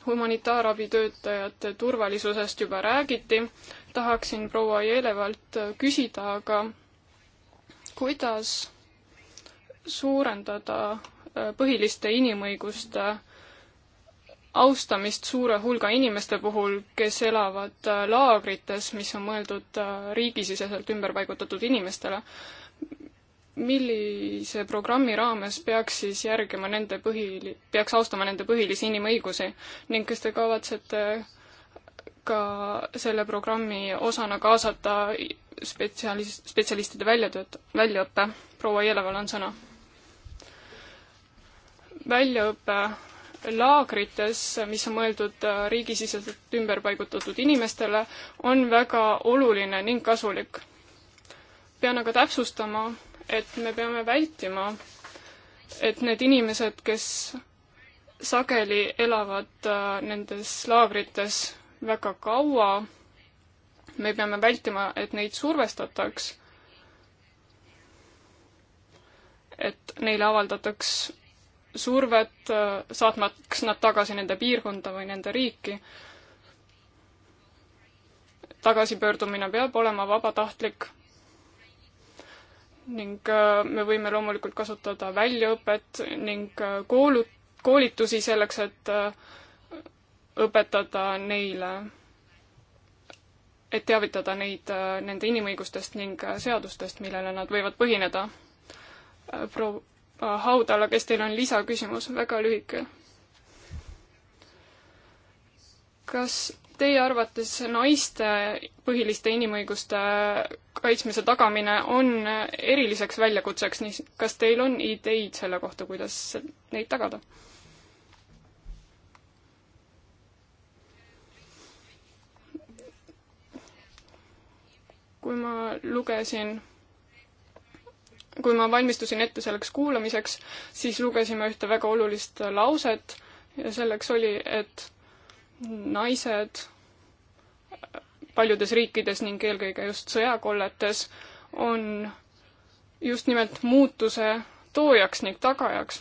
humanitaarabitöötajate turvalisusest juba räägiti. tahaksin proua Jelevalt küsida, aga kuidas suurendada äh, põhiliste inimõiguste austamist suure hulga inimeste puhul, kes elavad äh, laagrites, mis on mõeldud äh, riigisiseselt ümber paigutatud inimestele millise programmi raames peaks siis järgima nende põhi, peaks austama nende põhilisi inimõigusi ning kas te kavatsete ka selle programmi osana kaasata spetsialis-, spetsialistide väljatööt-, väljaõppe? proua Jeleval on sõna. väljaõpe laagrites, mis on mõeldud äh, riigisiseselt ümber paigutatud inimestele, on väga oluline ning kasulik. pean aga täpsustama, et me peame vältima, et need inimesed, kes sageli elavad äh, nendes laagrites väga kaua, me peame vältima, et neid survestataks, et neile avaldataks survet, äh, saatmaks nad tagasi nende piirkonda või nende riiki. tagasipöördumine peab olema vabatahtlik ning äh, me võime loomulikult kasutada väljaõpet ning äh, koolu, koolitusi selleks, et äh, õpetada neile, et teavitada neid nende inimõigustest ning seadustest, millele nad võivad põhineda. proua Haudala, kes teil on lisaküsimus, väga lühike. kas teie arvates naiste põhiliste inimõiguste kaitsmise tagamine on eriliseks väljakutseks, nii kas teil on ideid selle kohta, kuidas neid tagada? kui ma lugesin kui ma valmistusin ette selleks kuulamiseks, siis lugesime ühte väga olulist lauset ja selleks oli, et naised paljudes riikides ning eelkõige just sõjakolletes, on just nimelt muutuse toojaks ning tagajaks.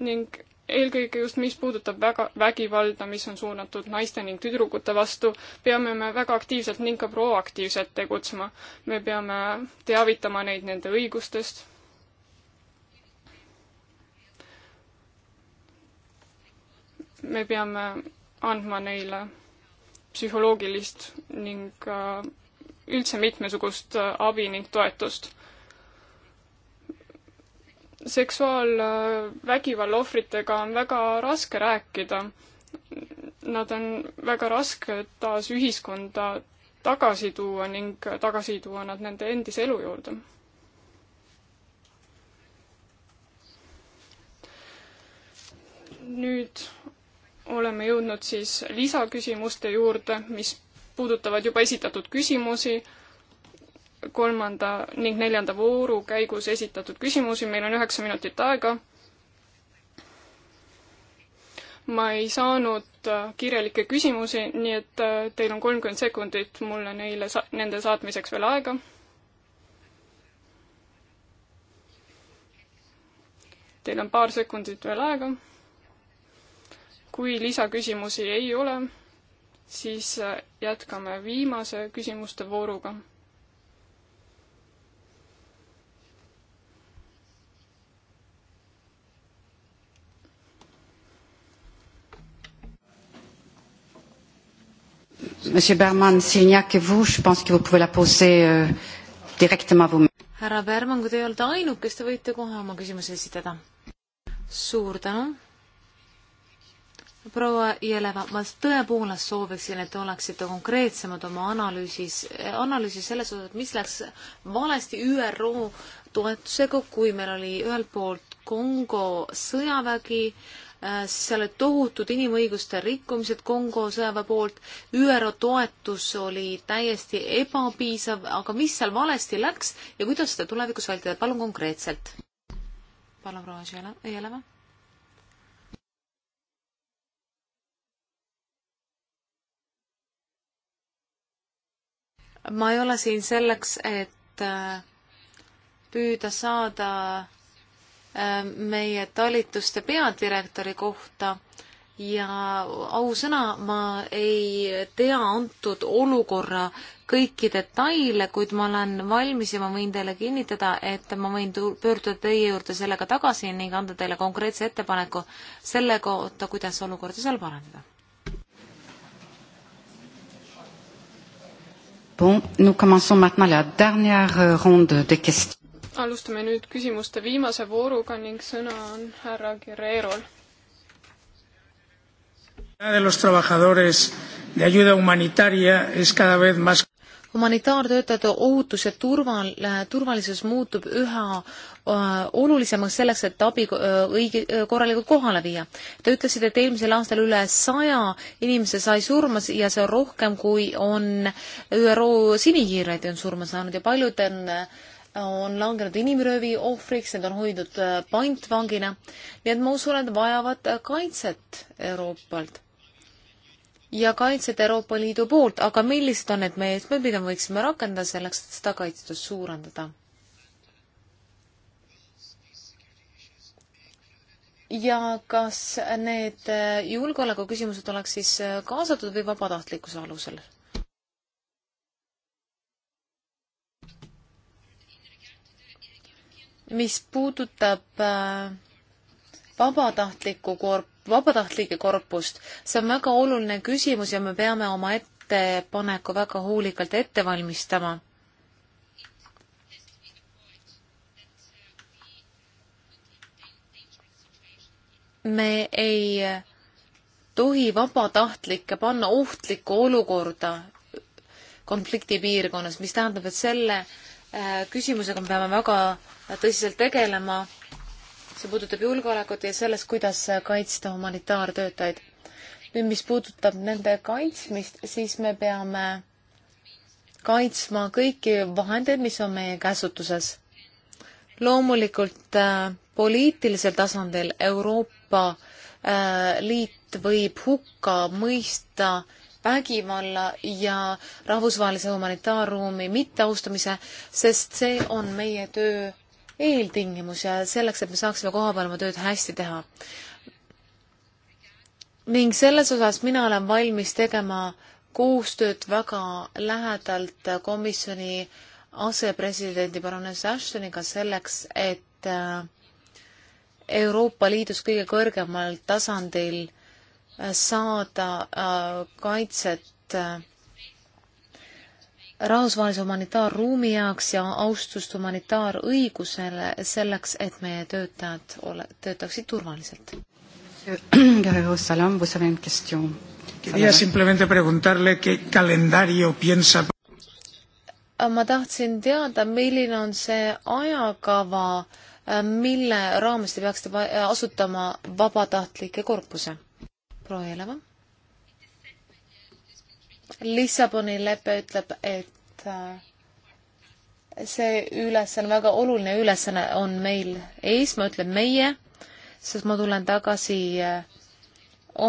ning eelkõige just, mis puudutab väga, vägivalda, mis on suunatud naiste ning tüdrukute vastu, peame me väga aktiivselt ning ka proaktiivselt tegutsema. me peame teavitama neid nende õigustest, me peame andma neile psühholoogilist ning äh, üldse mitmesugust äh, abi ning toetust. seksuaalvägivalla äh, ohvritega on väga raske rääkida. Nad on väga raske taas ühiskonda tagasi tuua ning tagasi tuua nad nende endise elu juurde nüüd oleme jõudnud siis lisaküsimuste juurde, mis puudutavad juba esitatud küsimusi, kolmanda ning neljanda vooru käigus esitatud küsimusi, meil on üheksa minutit aega. ma ei saanud äh, kirjalikke küsimusi, nii et äh, teil on kolmkümmend sekundit mulle neile sa-, nende saatmiseks veel aega. Teil on paar sekundit veel aega kui lisaküsimusi ei ole, siis jätkame viimase küsimuste vooruga. Monsieur Berman, s'il n'y a que vous, je pense que vous pouvez la poser euh, directement vous-même. härra Berman, kui te ei olnud ainuke, siis te võite kohe oma küsimuse esitada. suur tänu proua Jeleva, ma tõepoolest sooviksin, et te oleksite konkreetsemad oma analüüsis, analüüsis selles osas, et mis läks valesti ÜRO toetusega, kui meil oli ühelt poolt Kongo sõjavägi, äh, seal olid tohutud inimõiguste rikkumised Kongo sõjaväe poolt, ÜRO toetus oli täiesti ebapiisav, aga mis seal valesti läks ja kuidas seda tulevikus vältida, palun konkreetselt. palun, proua Jeleva ma ei ole siin selleks, et äh, püüda saada äh, meie talituste peadirektori kohta ja ausõna, ma ei tea antud olukorra kõiki detaile, kuid ma olen valmis ja ma võin teile kinnitada, et ma võin pöörduda teie juurde sellega tagasi ning anda teile konkreetse ettepaneku selle kohta, kuidas olukorda seal parandada. Bon, nous commençons maintenant la dernière euh, ronde de questions. alustame nüüd küsimuste viimase vooruga ning sõna on härra Guerrerol. de los trabajadores de ayuda humanitaria es cada vez más humanitaartöötajate ohutus ja turval, äh, turvalisus muutub üha äh, olulisemaks selleks, et abi äh, õige, korralikult kohale viia. Te ütlesite, et eelmisel aastal üle saja inimese sai surma ja see on rohkem, kui on ÜRO sinikiired on surma saanud ja paljud on on langenud inimröövi ohvriks, need on hoidnud pantvangina. nii et ma usun, et vajavad kaitset Euroopalt ja kaitset Euroopa Liidu poolt, aga millised on need meetmed, mida me võiksime rakendada selleks, et seda kaitstust suurendada? ja kas need julgeolekuküsimused oleks siis kaasatud või vabatahtlikkuse alusel? mis puudutab äh, vabatahtlikku korp-, vabatahtlike korpust, see on väga oluline küsimus ja me peame oma ettepaneku väga hoolikalt ette valmistama me ei tohi vabatahtlikke panna ohtlikku olukorda konfliktipiirkonnas, mis tähendab, et selle äh, küsimusega me peame väga tõsiselt tegelema see puudutab julgeolekut ja sellest, kuidas kaitsta humanitaartöötajaid. nüüd, mis puudutab nende kaitsmist, siis me peame kaitsma kõiki vahendeid, mis on meie käsutuses. loomulikult äh, poliitilisel tasandil Euroopa äh, Liit võib hukka mõista vägivalla ja rahvusvahelise humanitaarruumi mitteaustamise, sest see on meie töö eeltingimus ja selleks, et me saaksime kohapeal oma tööd hästi teha. ning selles osas mina olen valmis tegema koostööd väga lähedalt komisjoni asepresidendi baroness Ashtoniga selleks, et äh, Euroopa Liidus kõige kõrgemal tasandil äh, saada äh, kaitset rahvusvahelise humanitaarruumi jaoks ja austust humanitaarõigusele selleks, et meie töötajad ole, töötaksid turvaliselt. ma tahtsin teada, milline on see ajakava, mille raames te peaksite asutama vabatahtlike korpuse? proua Jeleva Lissaboni lepe ütleb, et äh, see ülesanne, väga oluline ülesanne on meil ees, ma ütlen meie, sest ma tulen tagasi äh,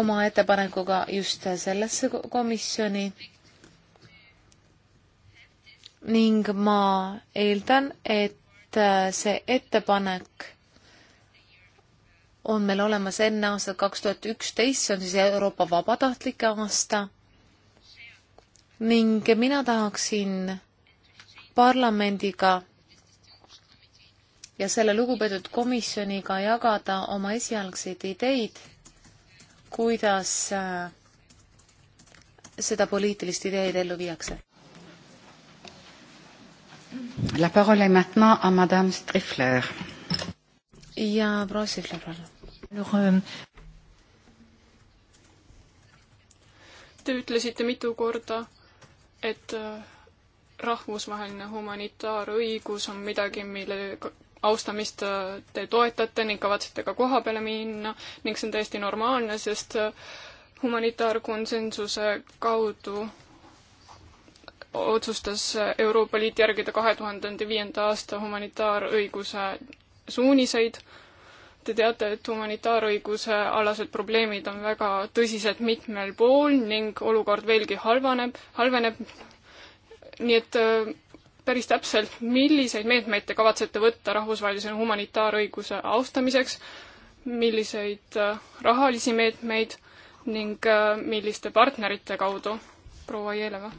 oma ettepanekuga just sellesse komisjoni ning ma eeldan, et äh, see ettepanek on meil olemas enne aastat kaks tuhat üksteist, see on siis Euroopa vabatahtlike aasta ning mina tahaksin parlamendiga ja selle lugupeetud komisjoniga jagada oma esialgseid ideid, kuidas äh, seda poliitilist ideed ellu viiakse. La parole est maintenant à madame Strifler. ja proua Strifler, palun. Euh, Te ütlesite mitu korda, et äh, rahvusvaheline humanitaarõigus on midagi, mille austamist äh, te toetate ning kavatsete ka koha peale minna ning see on täiesti normaalne, sest äh, humanitaarkonsensuse kaudu otsustas Euroopa Liit järgida kahe tuhande viienda aasta humanitaarõiguse suuniseid Te teate, et humanitaarõiguse alased probleemid on väga tõsised mitmel pool ning olukord veelgi halvaneb, halveneb. nii et äh, päris täpselt, milliseid meetmeid te kavatsete võtta rahvusvahelise humanitaarõiguse austamiseks, milliseid äh, rahalisi meetmeid ning äh, milliste partnerite kaudu? proua Jeleva.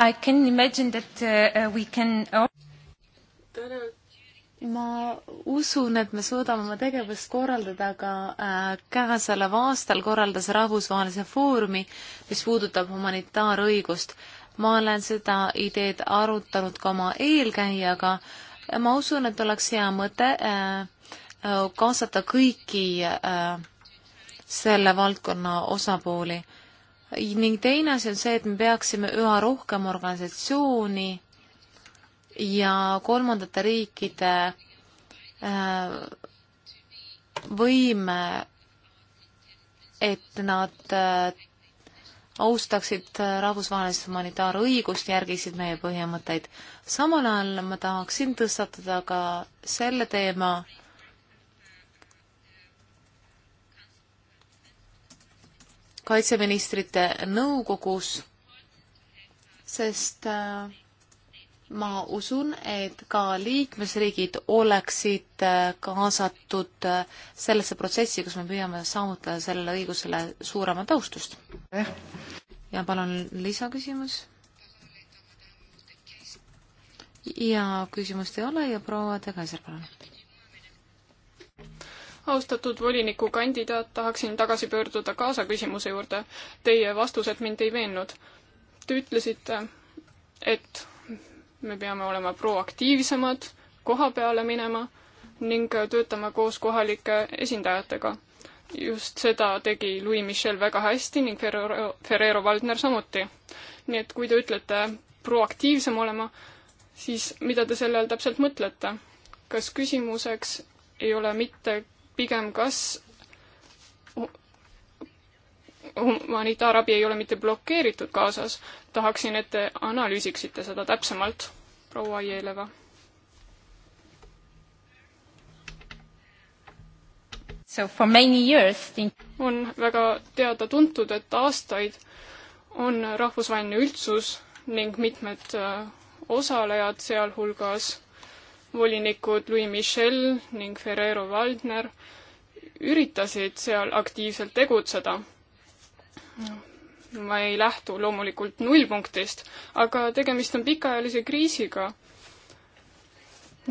I can imagine that uh, we can ma usun, et me suudame oma tegevust korraldada ka äh, käesoleval aastal, korraldas rahvusvahelise foorumi, mis puudutab humanitaarõigust. ma olen seda ideed arutanud ka oma eelkäijaga. ma usun, et oleks hea mõte äh, kaasata kõiki äh, selle valdkonna osapooli. ning teine asi on see, et me peaksime üha rohkem organisatsiooni ja kolmandate riikide äh, võime, et nad äh, austaksid äh, rahvusvahelist humanitaarõigust, järgiksid meie põhimõtteid. samal ajal ma tahaksin tõstatada ka selle teema, kaitseministrite nõukogus, sest äh, ma usun, et ka liikmesriigid oleksid äh, kaasatud äh, sellesse protsessi, kus me püüame saavutada sellele õigusele suuremat austust eh.. ja palun lisaküsimus. ja küsimust ei ole ja proua De Kaiser, palun. austatud volinikukandidaat, tahaksin tagasi pöörduda kaasa küsimuse juurde. Teie vastused mind ei veennud. Te ütlesite, et me peame olema proaktiivsemad, koha peale minema ning töötama koos kohalike esindajatega. just seda tegi Louis Michel väga hästi ning Ferrero, Ferrero Valdner samuti. nii et kui te ütlete proaktiivsem olema, siis mida te selle all täpselt mõtlete? kas küsimuseks ei ole mitte pigem, kas humanitaarabi ei ole mitte blokeeritud Gazas. tahaksin, et te analüüsiksite seda täpsemalt, proua Jeleva. So for many years think... on väga teada-tuntud, et aastaid on rahvusvaheline üldsus ning mitmed äh, osalejad, sealhulgas volinikud Louis Michel ning Ferrero Waldner, üritasid seal aktiivselt tegutseda ma ei lähtu loomulikult nullpunktist, aga tegemist on pikaajalise kriisiga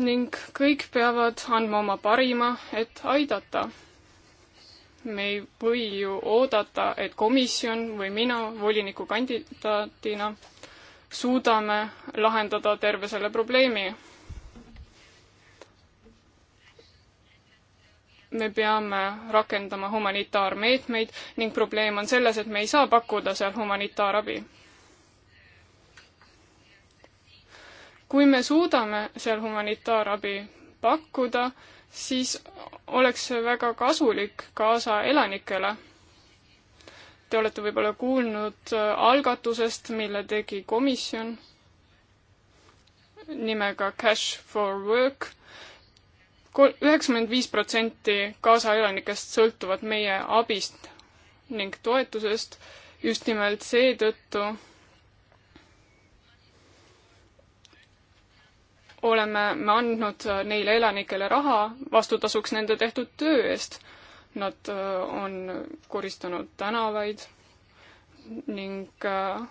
ning kõik peavad andma oma parima, et aidata. me ei või ju oodata, et komisjon või mina volinikukandidaadina suudame lahendada terve selle probleemi me peame rakendama humanitaarmeetmeid ning probleem on selles, et me ei saa pakkuda seal humanitaarabi. kui me suudame seal humanitaarabi pakkuda, siis oleks see väga kasulik kaasa elanikele. Te olete võib-olla kuulnud äh, algatusest, mille tegi komisjon nimega Cash for Work üheksakümmend viis protsenti Gaza elanikest sõltuvad meie abist ning toetusest just nimelt seetõttu oleme me andnud neile elanikele raha vastutasuks nende tehtud töö eest. Nad äh, on koristanud tänavaid ning äh,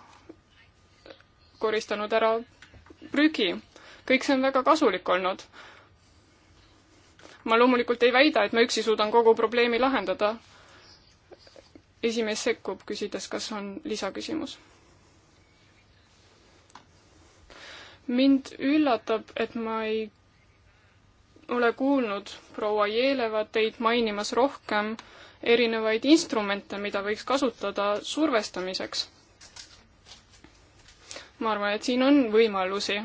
koristanud ära prügi. kõik see on väga kasulik olnud ma loomulikult ei väida, et ma üksi suudan kogu probleemi lahendada. esimees sekkub, küsides, kas on lisaküsimus. mind üllatab, et ma ei ole kuulnud proua Jeeleva teid mainimas rohkem erinevaid instrumente, mida võiks kasutada survestamiseks. ma arvan, et siin on võimalusi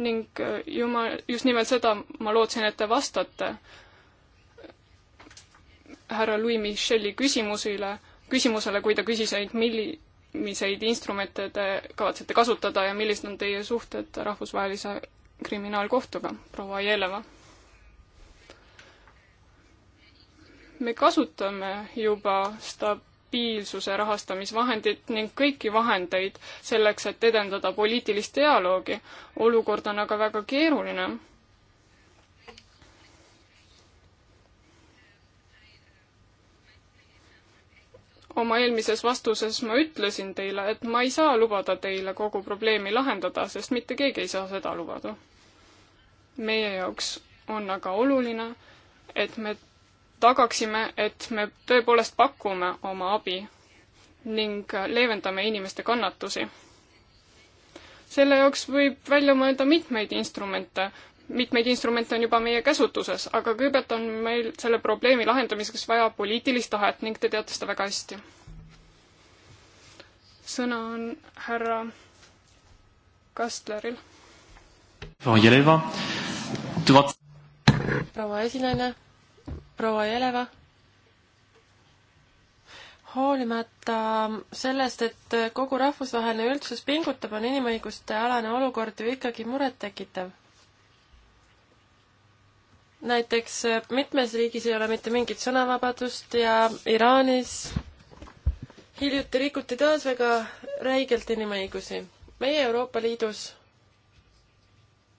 ning äh, jumal, just nimelt seda ma lootsin, et te vastate härra Louis Michel'i küsimusele, küsimusele, kui ta küsis, et milliseid instrumente te kavatsete kasutada ja millised on teie suhted rahvusvahelise kriminaalkohtuga, proua Jeleva? me kasutame juba stab-, stabiilsuse rahastamisvahendit ning kõiki vahendeid selleks, et edendada poliitilist dialoogi. olukord on aga väga keeruline. oma eelmises vastuses ma ütlesin teile, et ma ei saa lubada teile kogu probleemi lahendada, sest mitte keegi ei saa seda lubada. meie jaoks on aga oluline, et me tagaksime, et me tõepoolest pakume oma abi ning leevendame inimeste kannatusi. selle jaoks võib välja mõelda mitmeid instrumente, mitmeid instrumente on juba meie käsutuses, aga kõigepealt on meil selle probleemi lahendamiseks vaja poliitilist tahet ning te teate seda väga hästi. sõna on härra Kastleril. proua esinaine proua Jeleva. hoolimata sellest, et kogu rahvusvaheline üldsus pingutab, on inimõiguste alane olukord ju ikkagi murettekitav. näiteks mitmes riigis ei ole mitte mingit sõnavabadust ja Iraanis hiljuti rikuti taas väga räigelt inimõigusi. meie Euroopa Liidus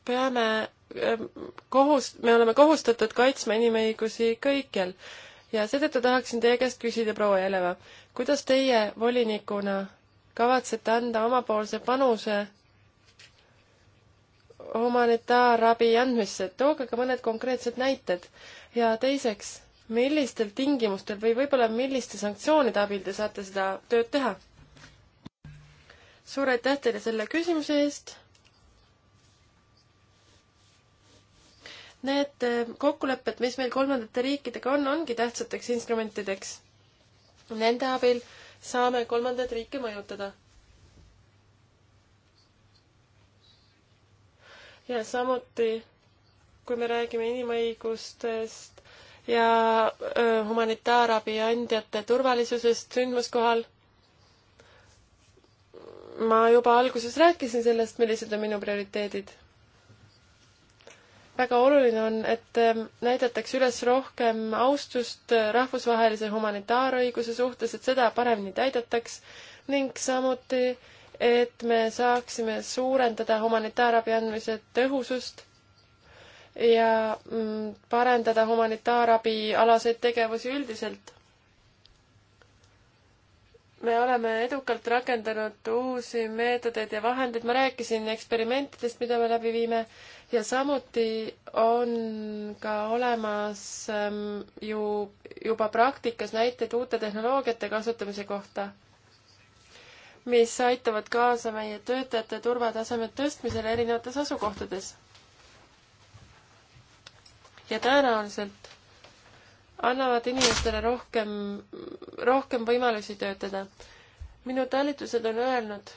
peame Ehm, kohus, me oleme kohustatud kaitsma inimõigusi kõikjal. ja seetõttu tahaksin teie käest küsida, proua Jeleva, kuidas teie volinikuna kavatsete anda omapoolse panuse humanitaarabi andmisse, tooge ka mõned konkreetsed näited. ja teiseks, millistel tingimustel või võib-olla milliste sanktsioonide abil te saate seda tööd teha? suur aitäh teile selle küsimuse eest Need äh, kokkulepped, mis meil kolmandate riikidega on, ongi tähtsateks instrumentideks. Nende abil saame kolmandaid riike mõjutada. ja samuti, kui me räägime inimõigustest ja humanitaarabi andjate turvalisusest sündmuskohal, ma juba alguses rääkisin sellest, millised on minu prioriteedid väga oluline on, et ähm, näidatakse üles rohkem austust äh, rahvusvahelise humanitaarõiguse suhtes, et seda paremini täidetaks ning samuti, et me saaksime suurendada humanitaarabi andmise tõhusust ja mm, parendada humanitaarabi alaseid tegevusi üldiselt me oleme edukalt rakendanud uusi meetodeid ja vahendeid, ma rääkisin eksperimentidest, mida me läbi viime, ja samuti on ka olemas ähm, ju juba praktikas näiteid uute tehnoloogiate kasutamise kohta, mis aitavad kaasa meie töötajate turvataseme tõstmisele erinevates asukohtades. ja tõenäoliselt annavad inimestele rohkem, rohkem võimalusi töötada. minu talitused on öelnud,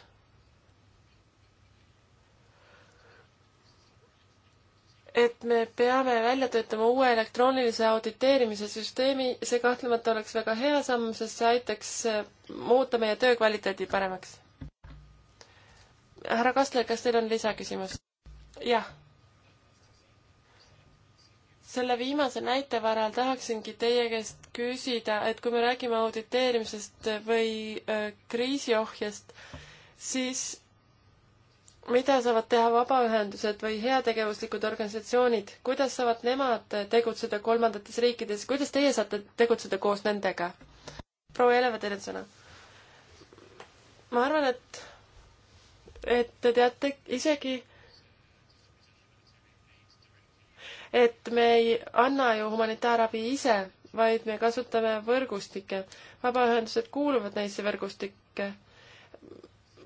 et me peame välja töötama uue elektroonilise auditeerimise süsteemi, see kahtlemata oleks väga hea samm, sest see aitaks äh, muuta meie töö kvaliteedi paremaks. härra Kastler, kas teil on lisaküsimus? jah selle viimase näite varal tahaksingi teie käest küsida, et kui me räägime auditeerimisest või kriisiohjest, siis mida saavad teha vabaühendused või heategevuslikud organisatsioonid, kuidas saavad nemad tegutseda kolmandates riikides, kuidas teie saate tegutseda koos nendega? proua Jeleva, teil on sõna. ma arvan, et, et te teate isegi et me ei anna ju humanitaarabi ise, vaid me kasutame võrgustikke. vabaühendused kuuluvad neisse võrgustikke,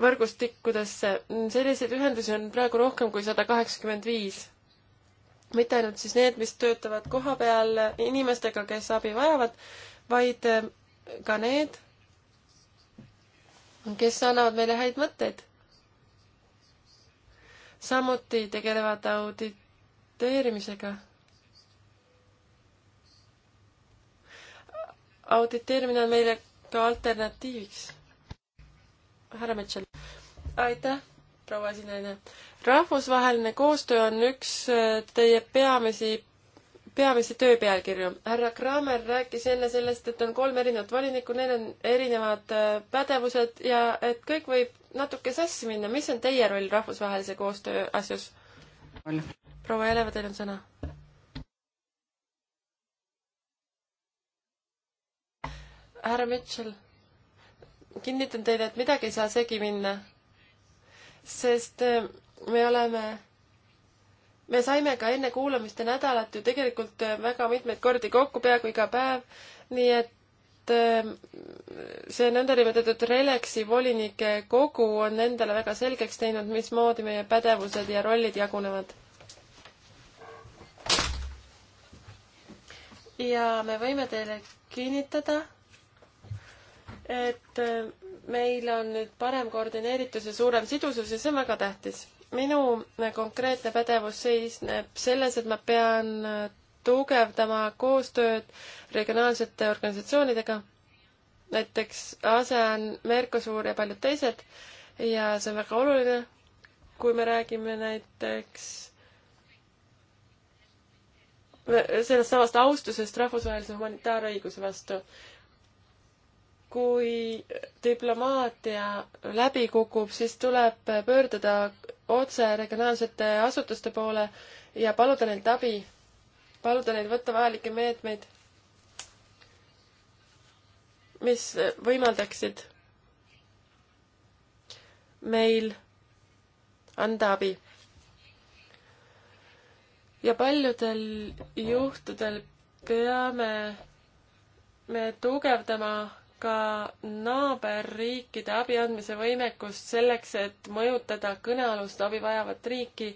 võrgustikkudesse. selliseid ühendusi on praegu rohkem kui sada kaheksakümmend viis. mitte ainult siis need, mis töötavad koha peal inimestega, kes abi vajavad, vaid eh, ka need, kes annavad meile häid mõtteid. samuti tegelevad audit auditeerimisega. auditeerimine on meile ka alternatiiviks. härra Metsal. aitäh, proua esinaine. rahvusvaheline koostöö on üks äh, teie peamisi peamisi töö pealkirju. härra Kramer rääkis enne sellest, et on kolm erinevat valinikku, neil on erinevad äh, pädevused ja et kõik võib natuke sassi minna. mis on teie roll rahvusvahelise koostöö asjus? proua Jeleva, teil on sõna. härra Mitchell, kinnitan teile, et midagi ei saa segi minna, sest äh, me oleme, me saime ka enne kuulamiste nädalat ju tegelikult äh, väga mitmeid kordi kokku, peaaegu iga päev, nii et äh, see nõndanimetatud Relexi volinike kogu on endale väga selgeks teinud, mismoodi meie pädevused ja rollid jagunevad ja me võime teile kinnitada, et äh, meil on nüüd parem koordineeritus ja suurem sidusus ja see on väga tähtis. minu äh, konkreetne pädevus seisneb selles, et ma pean äh, tugevdama koostööd regionaalsete organisatsioonidega, näiteks ASEAN, Mercosur ja paljud teised ja see on väga oluline, kui me räägime näiteks sellest samast austusest rahvusvahelise humanitaarõiguse vastu. kui diplomaatia läbi kukub, siis tuleb pöörduda otse regionaalsete asutuste poole ja paluda neilt abi, paluda neil võtta vajalikke meetmeid, mis võimaldaksid meil anda abi ja paljudel juhtudel peame me tugevdama ka naaberriikide abi andmise võimekust selleks, et mõjutada kõnealust abi vajavat riiki,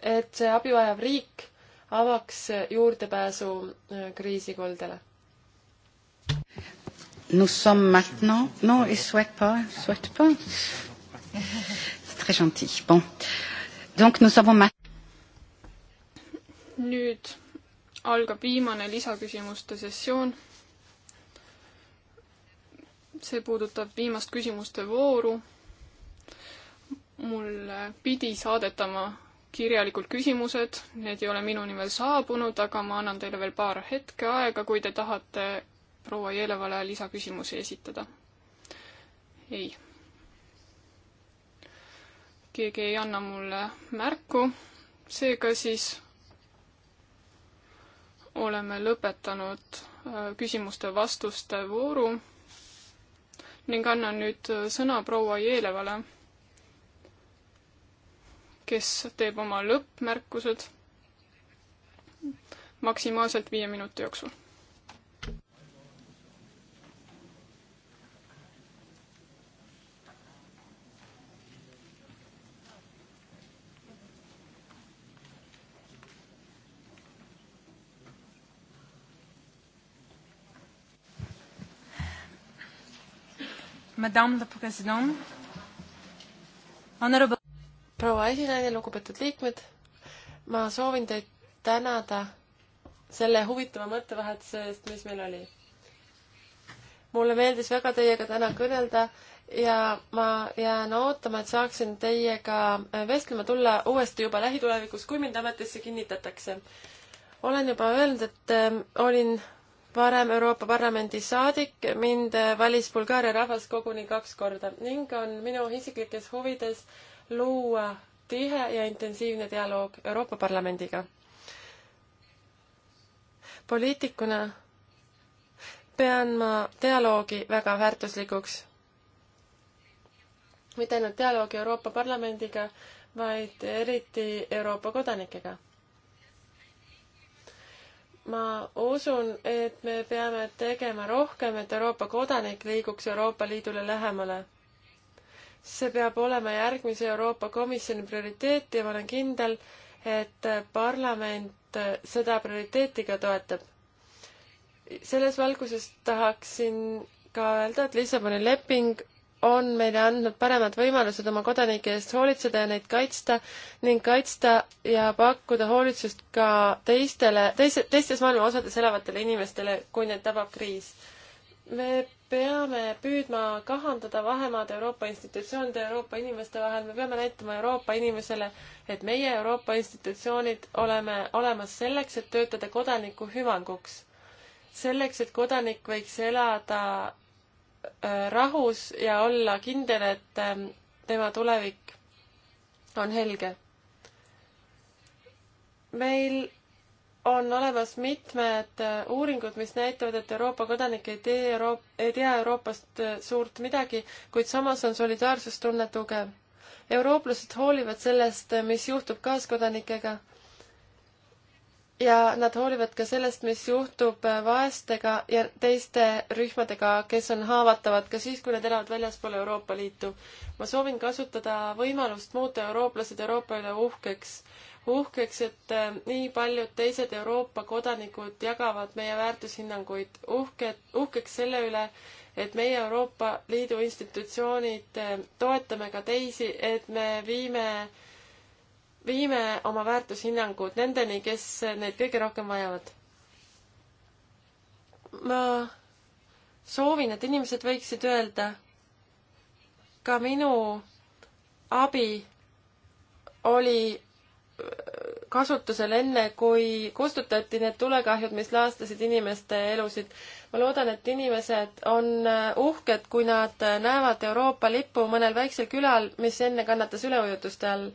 et see abi vajav riik avaks juurdepääsu äh, kriisikoldele. Nous sommes maintenant. Non, il souhaite pas. Il souhaite pas. C'est très gentil. Bon. Donc nous avons maintenant nüüd algab viimane lisaküsimuste sessioon. see puudutab viimast küsimuste vooru. mulle pidi saadetama kirjalikud küsimused, need ei ole minuni veel saabunud, aga ma annan teile veel paar hetke aega, kui te tahate proua Jelevale lisaküsimusi esitada. ei. keegi ei anna mulle märku, seega siis oleme lõpetanud äh, küsimuste-vastuste vooru ning annan nüüd äh, sõna proua Jeelevale, kes teeb oma lõppmärkused maksimaalselt viie minuti jooksul Madame la President. Honorable. proua esinaine, lugupeetud liikmed, ma soovin teid tänada selle huvitava mõttevahetuse eest, mis meil oli. mulle meeldis väga teiega täna kõnelda ja ma jään ootama, et saaksin teiega vestlema tulla uuesti juba lähitulevikus, kui mind ametisse kinnitatakse. olen juba öelnud, et ähm, olin varem Euroopa Parlamendi saadik, mind valis Bulgaaria rahvas koguni kaks korda ning on minu isiklikes huvides luua tihe ja intensiivne dialoog Euroopa Parlamendiga. poliitikuna pean ma dialoogi väga väärtuslikuks. mitte ainult dialoogi Euroopa Parlamendiga, vaid eriti Euroopa kodanikega ma usun, et me peame tegema rohkem, et Euroopa kodanik liiguks Euroopa Liidule lähemale. see peab olema järgmise Euroopa Komisjoni prioriteet ja ma olen kindel, et parlament seda prioriteeti ka toetab. selles valguses tahaksin ka öelda, et Lissaboni leping on meile andnud paremad võimalused oma kodanike eest hoolitseda ja neid kaitsta ning kaitsta ja pakkuda hoolitsust ka teistele, teise, teistes maailma osades elavatele inimestele, kui neid tabab kriis. me peame püüdma kahandada vahemaad Euroopa institutsioonide ja Euroopa inimeste vahel, me peame näitama Euroopa inimesele, et meie Euroopa institutsioonid oleme olemas selleks, et töötada kodaniku hüvanguks. selleks, et kodanik võiks elada Äh, rahus ja olla kindel, et ähm, tema tulevik on helge. meil on olemas mitmed äh, uuringud, mis näitavad, et Euroopa kodanik ei tee Euroop-, ei tea Euroopast äh, suurt midagi, kuid samas on solidaarsustunne tugev. eurooplased hoolivad sellest, mis juhtub kaaskodanikega ja nad hoolivad ka sellest, mis juhtub äh, vaestega ja teiste rühmadega, kes on haavatavad ka siis, kui nad elavad väljaspool Euroopa Liitu. ma soovin kasutada võimalust muuta eurooplased Euroopa üle uhkeks, uhkeks, et äh, nii paljud teised Euroopa kodanikud jagavad meie väärtushinnanguid, uhked, uhkeks selle üle, et meie Euroopa Liidu institutsioonid äh, toetame ka teisi, et me viime äh, viime oma väärtushinnangud nendeni, kes neid kõige rohkem vajavad. ma soovin, et inimesed võiksid öelda, ka minu abi oli kasutusel enne, kui kustutati need tulekahjud, mis laastasid inimeste elusid. ma loodan, et inimesed on uhked, kui nad näevad Euroopa lippu mõnel väiksel külal, mis enne kannatas üleujutuste all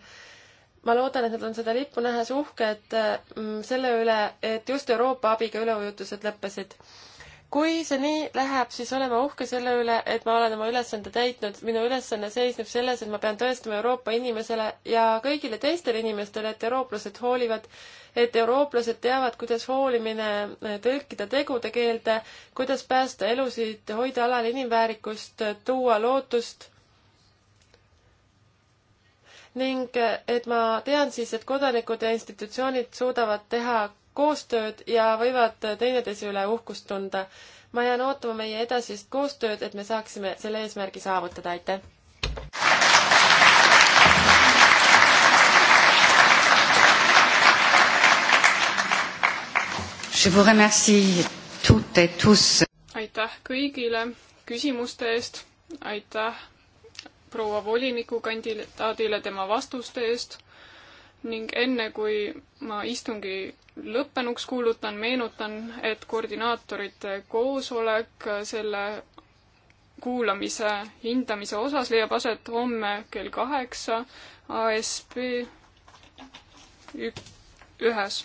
ma loodan, et nad on seda lippu nähes uhked mm, selle üle, et just Euroopa abiga üleujutused lõppesid. kui see nii läheb, siis olen ma uhke selle üle, et ma olen oma ülesande täitnud. minu ülesanne seisneb selles, et ma pean tõestama Euroopa inimesele ja kõigile teistele inimestele, et eurooplased hoolivad, et eurooplased teavad, kuidas hoolimine eh, tõlkida tegude keelde, kuidas päästa elusid, hoida alal inimväärikust, tuua lootust ning et ma tean siis, et kodanikud ja institutsioonid suudavad teha koostööd ja võivad teineteise üle uhkust tunda. ma jään ootama meie edasist koostööd, et me saaksime selle eesmärgi saavutada, aitäh! aitäh kõigile küsimuste eest, aitäh proua volinikukandidaadile tema vastuste eest ning enne, kui ma istungi lõppenuks kuulutan, meenutan, et koordinaatorite koosolek selle kuulamise hindamise osas leiab aset homme kell kaheksa ASP ühes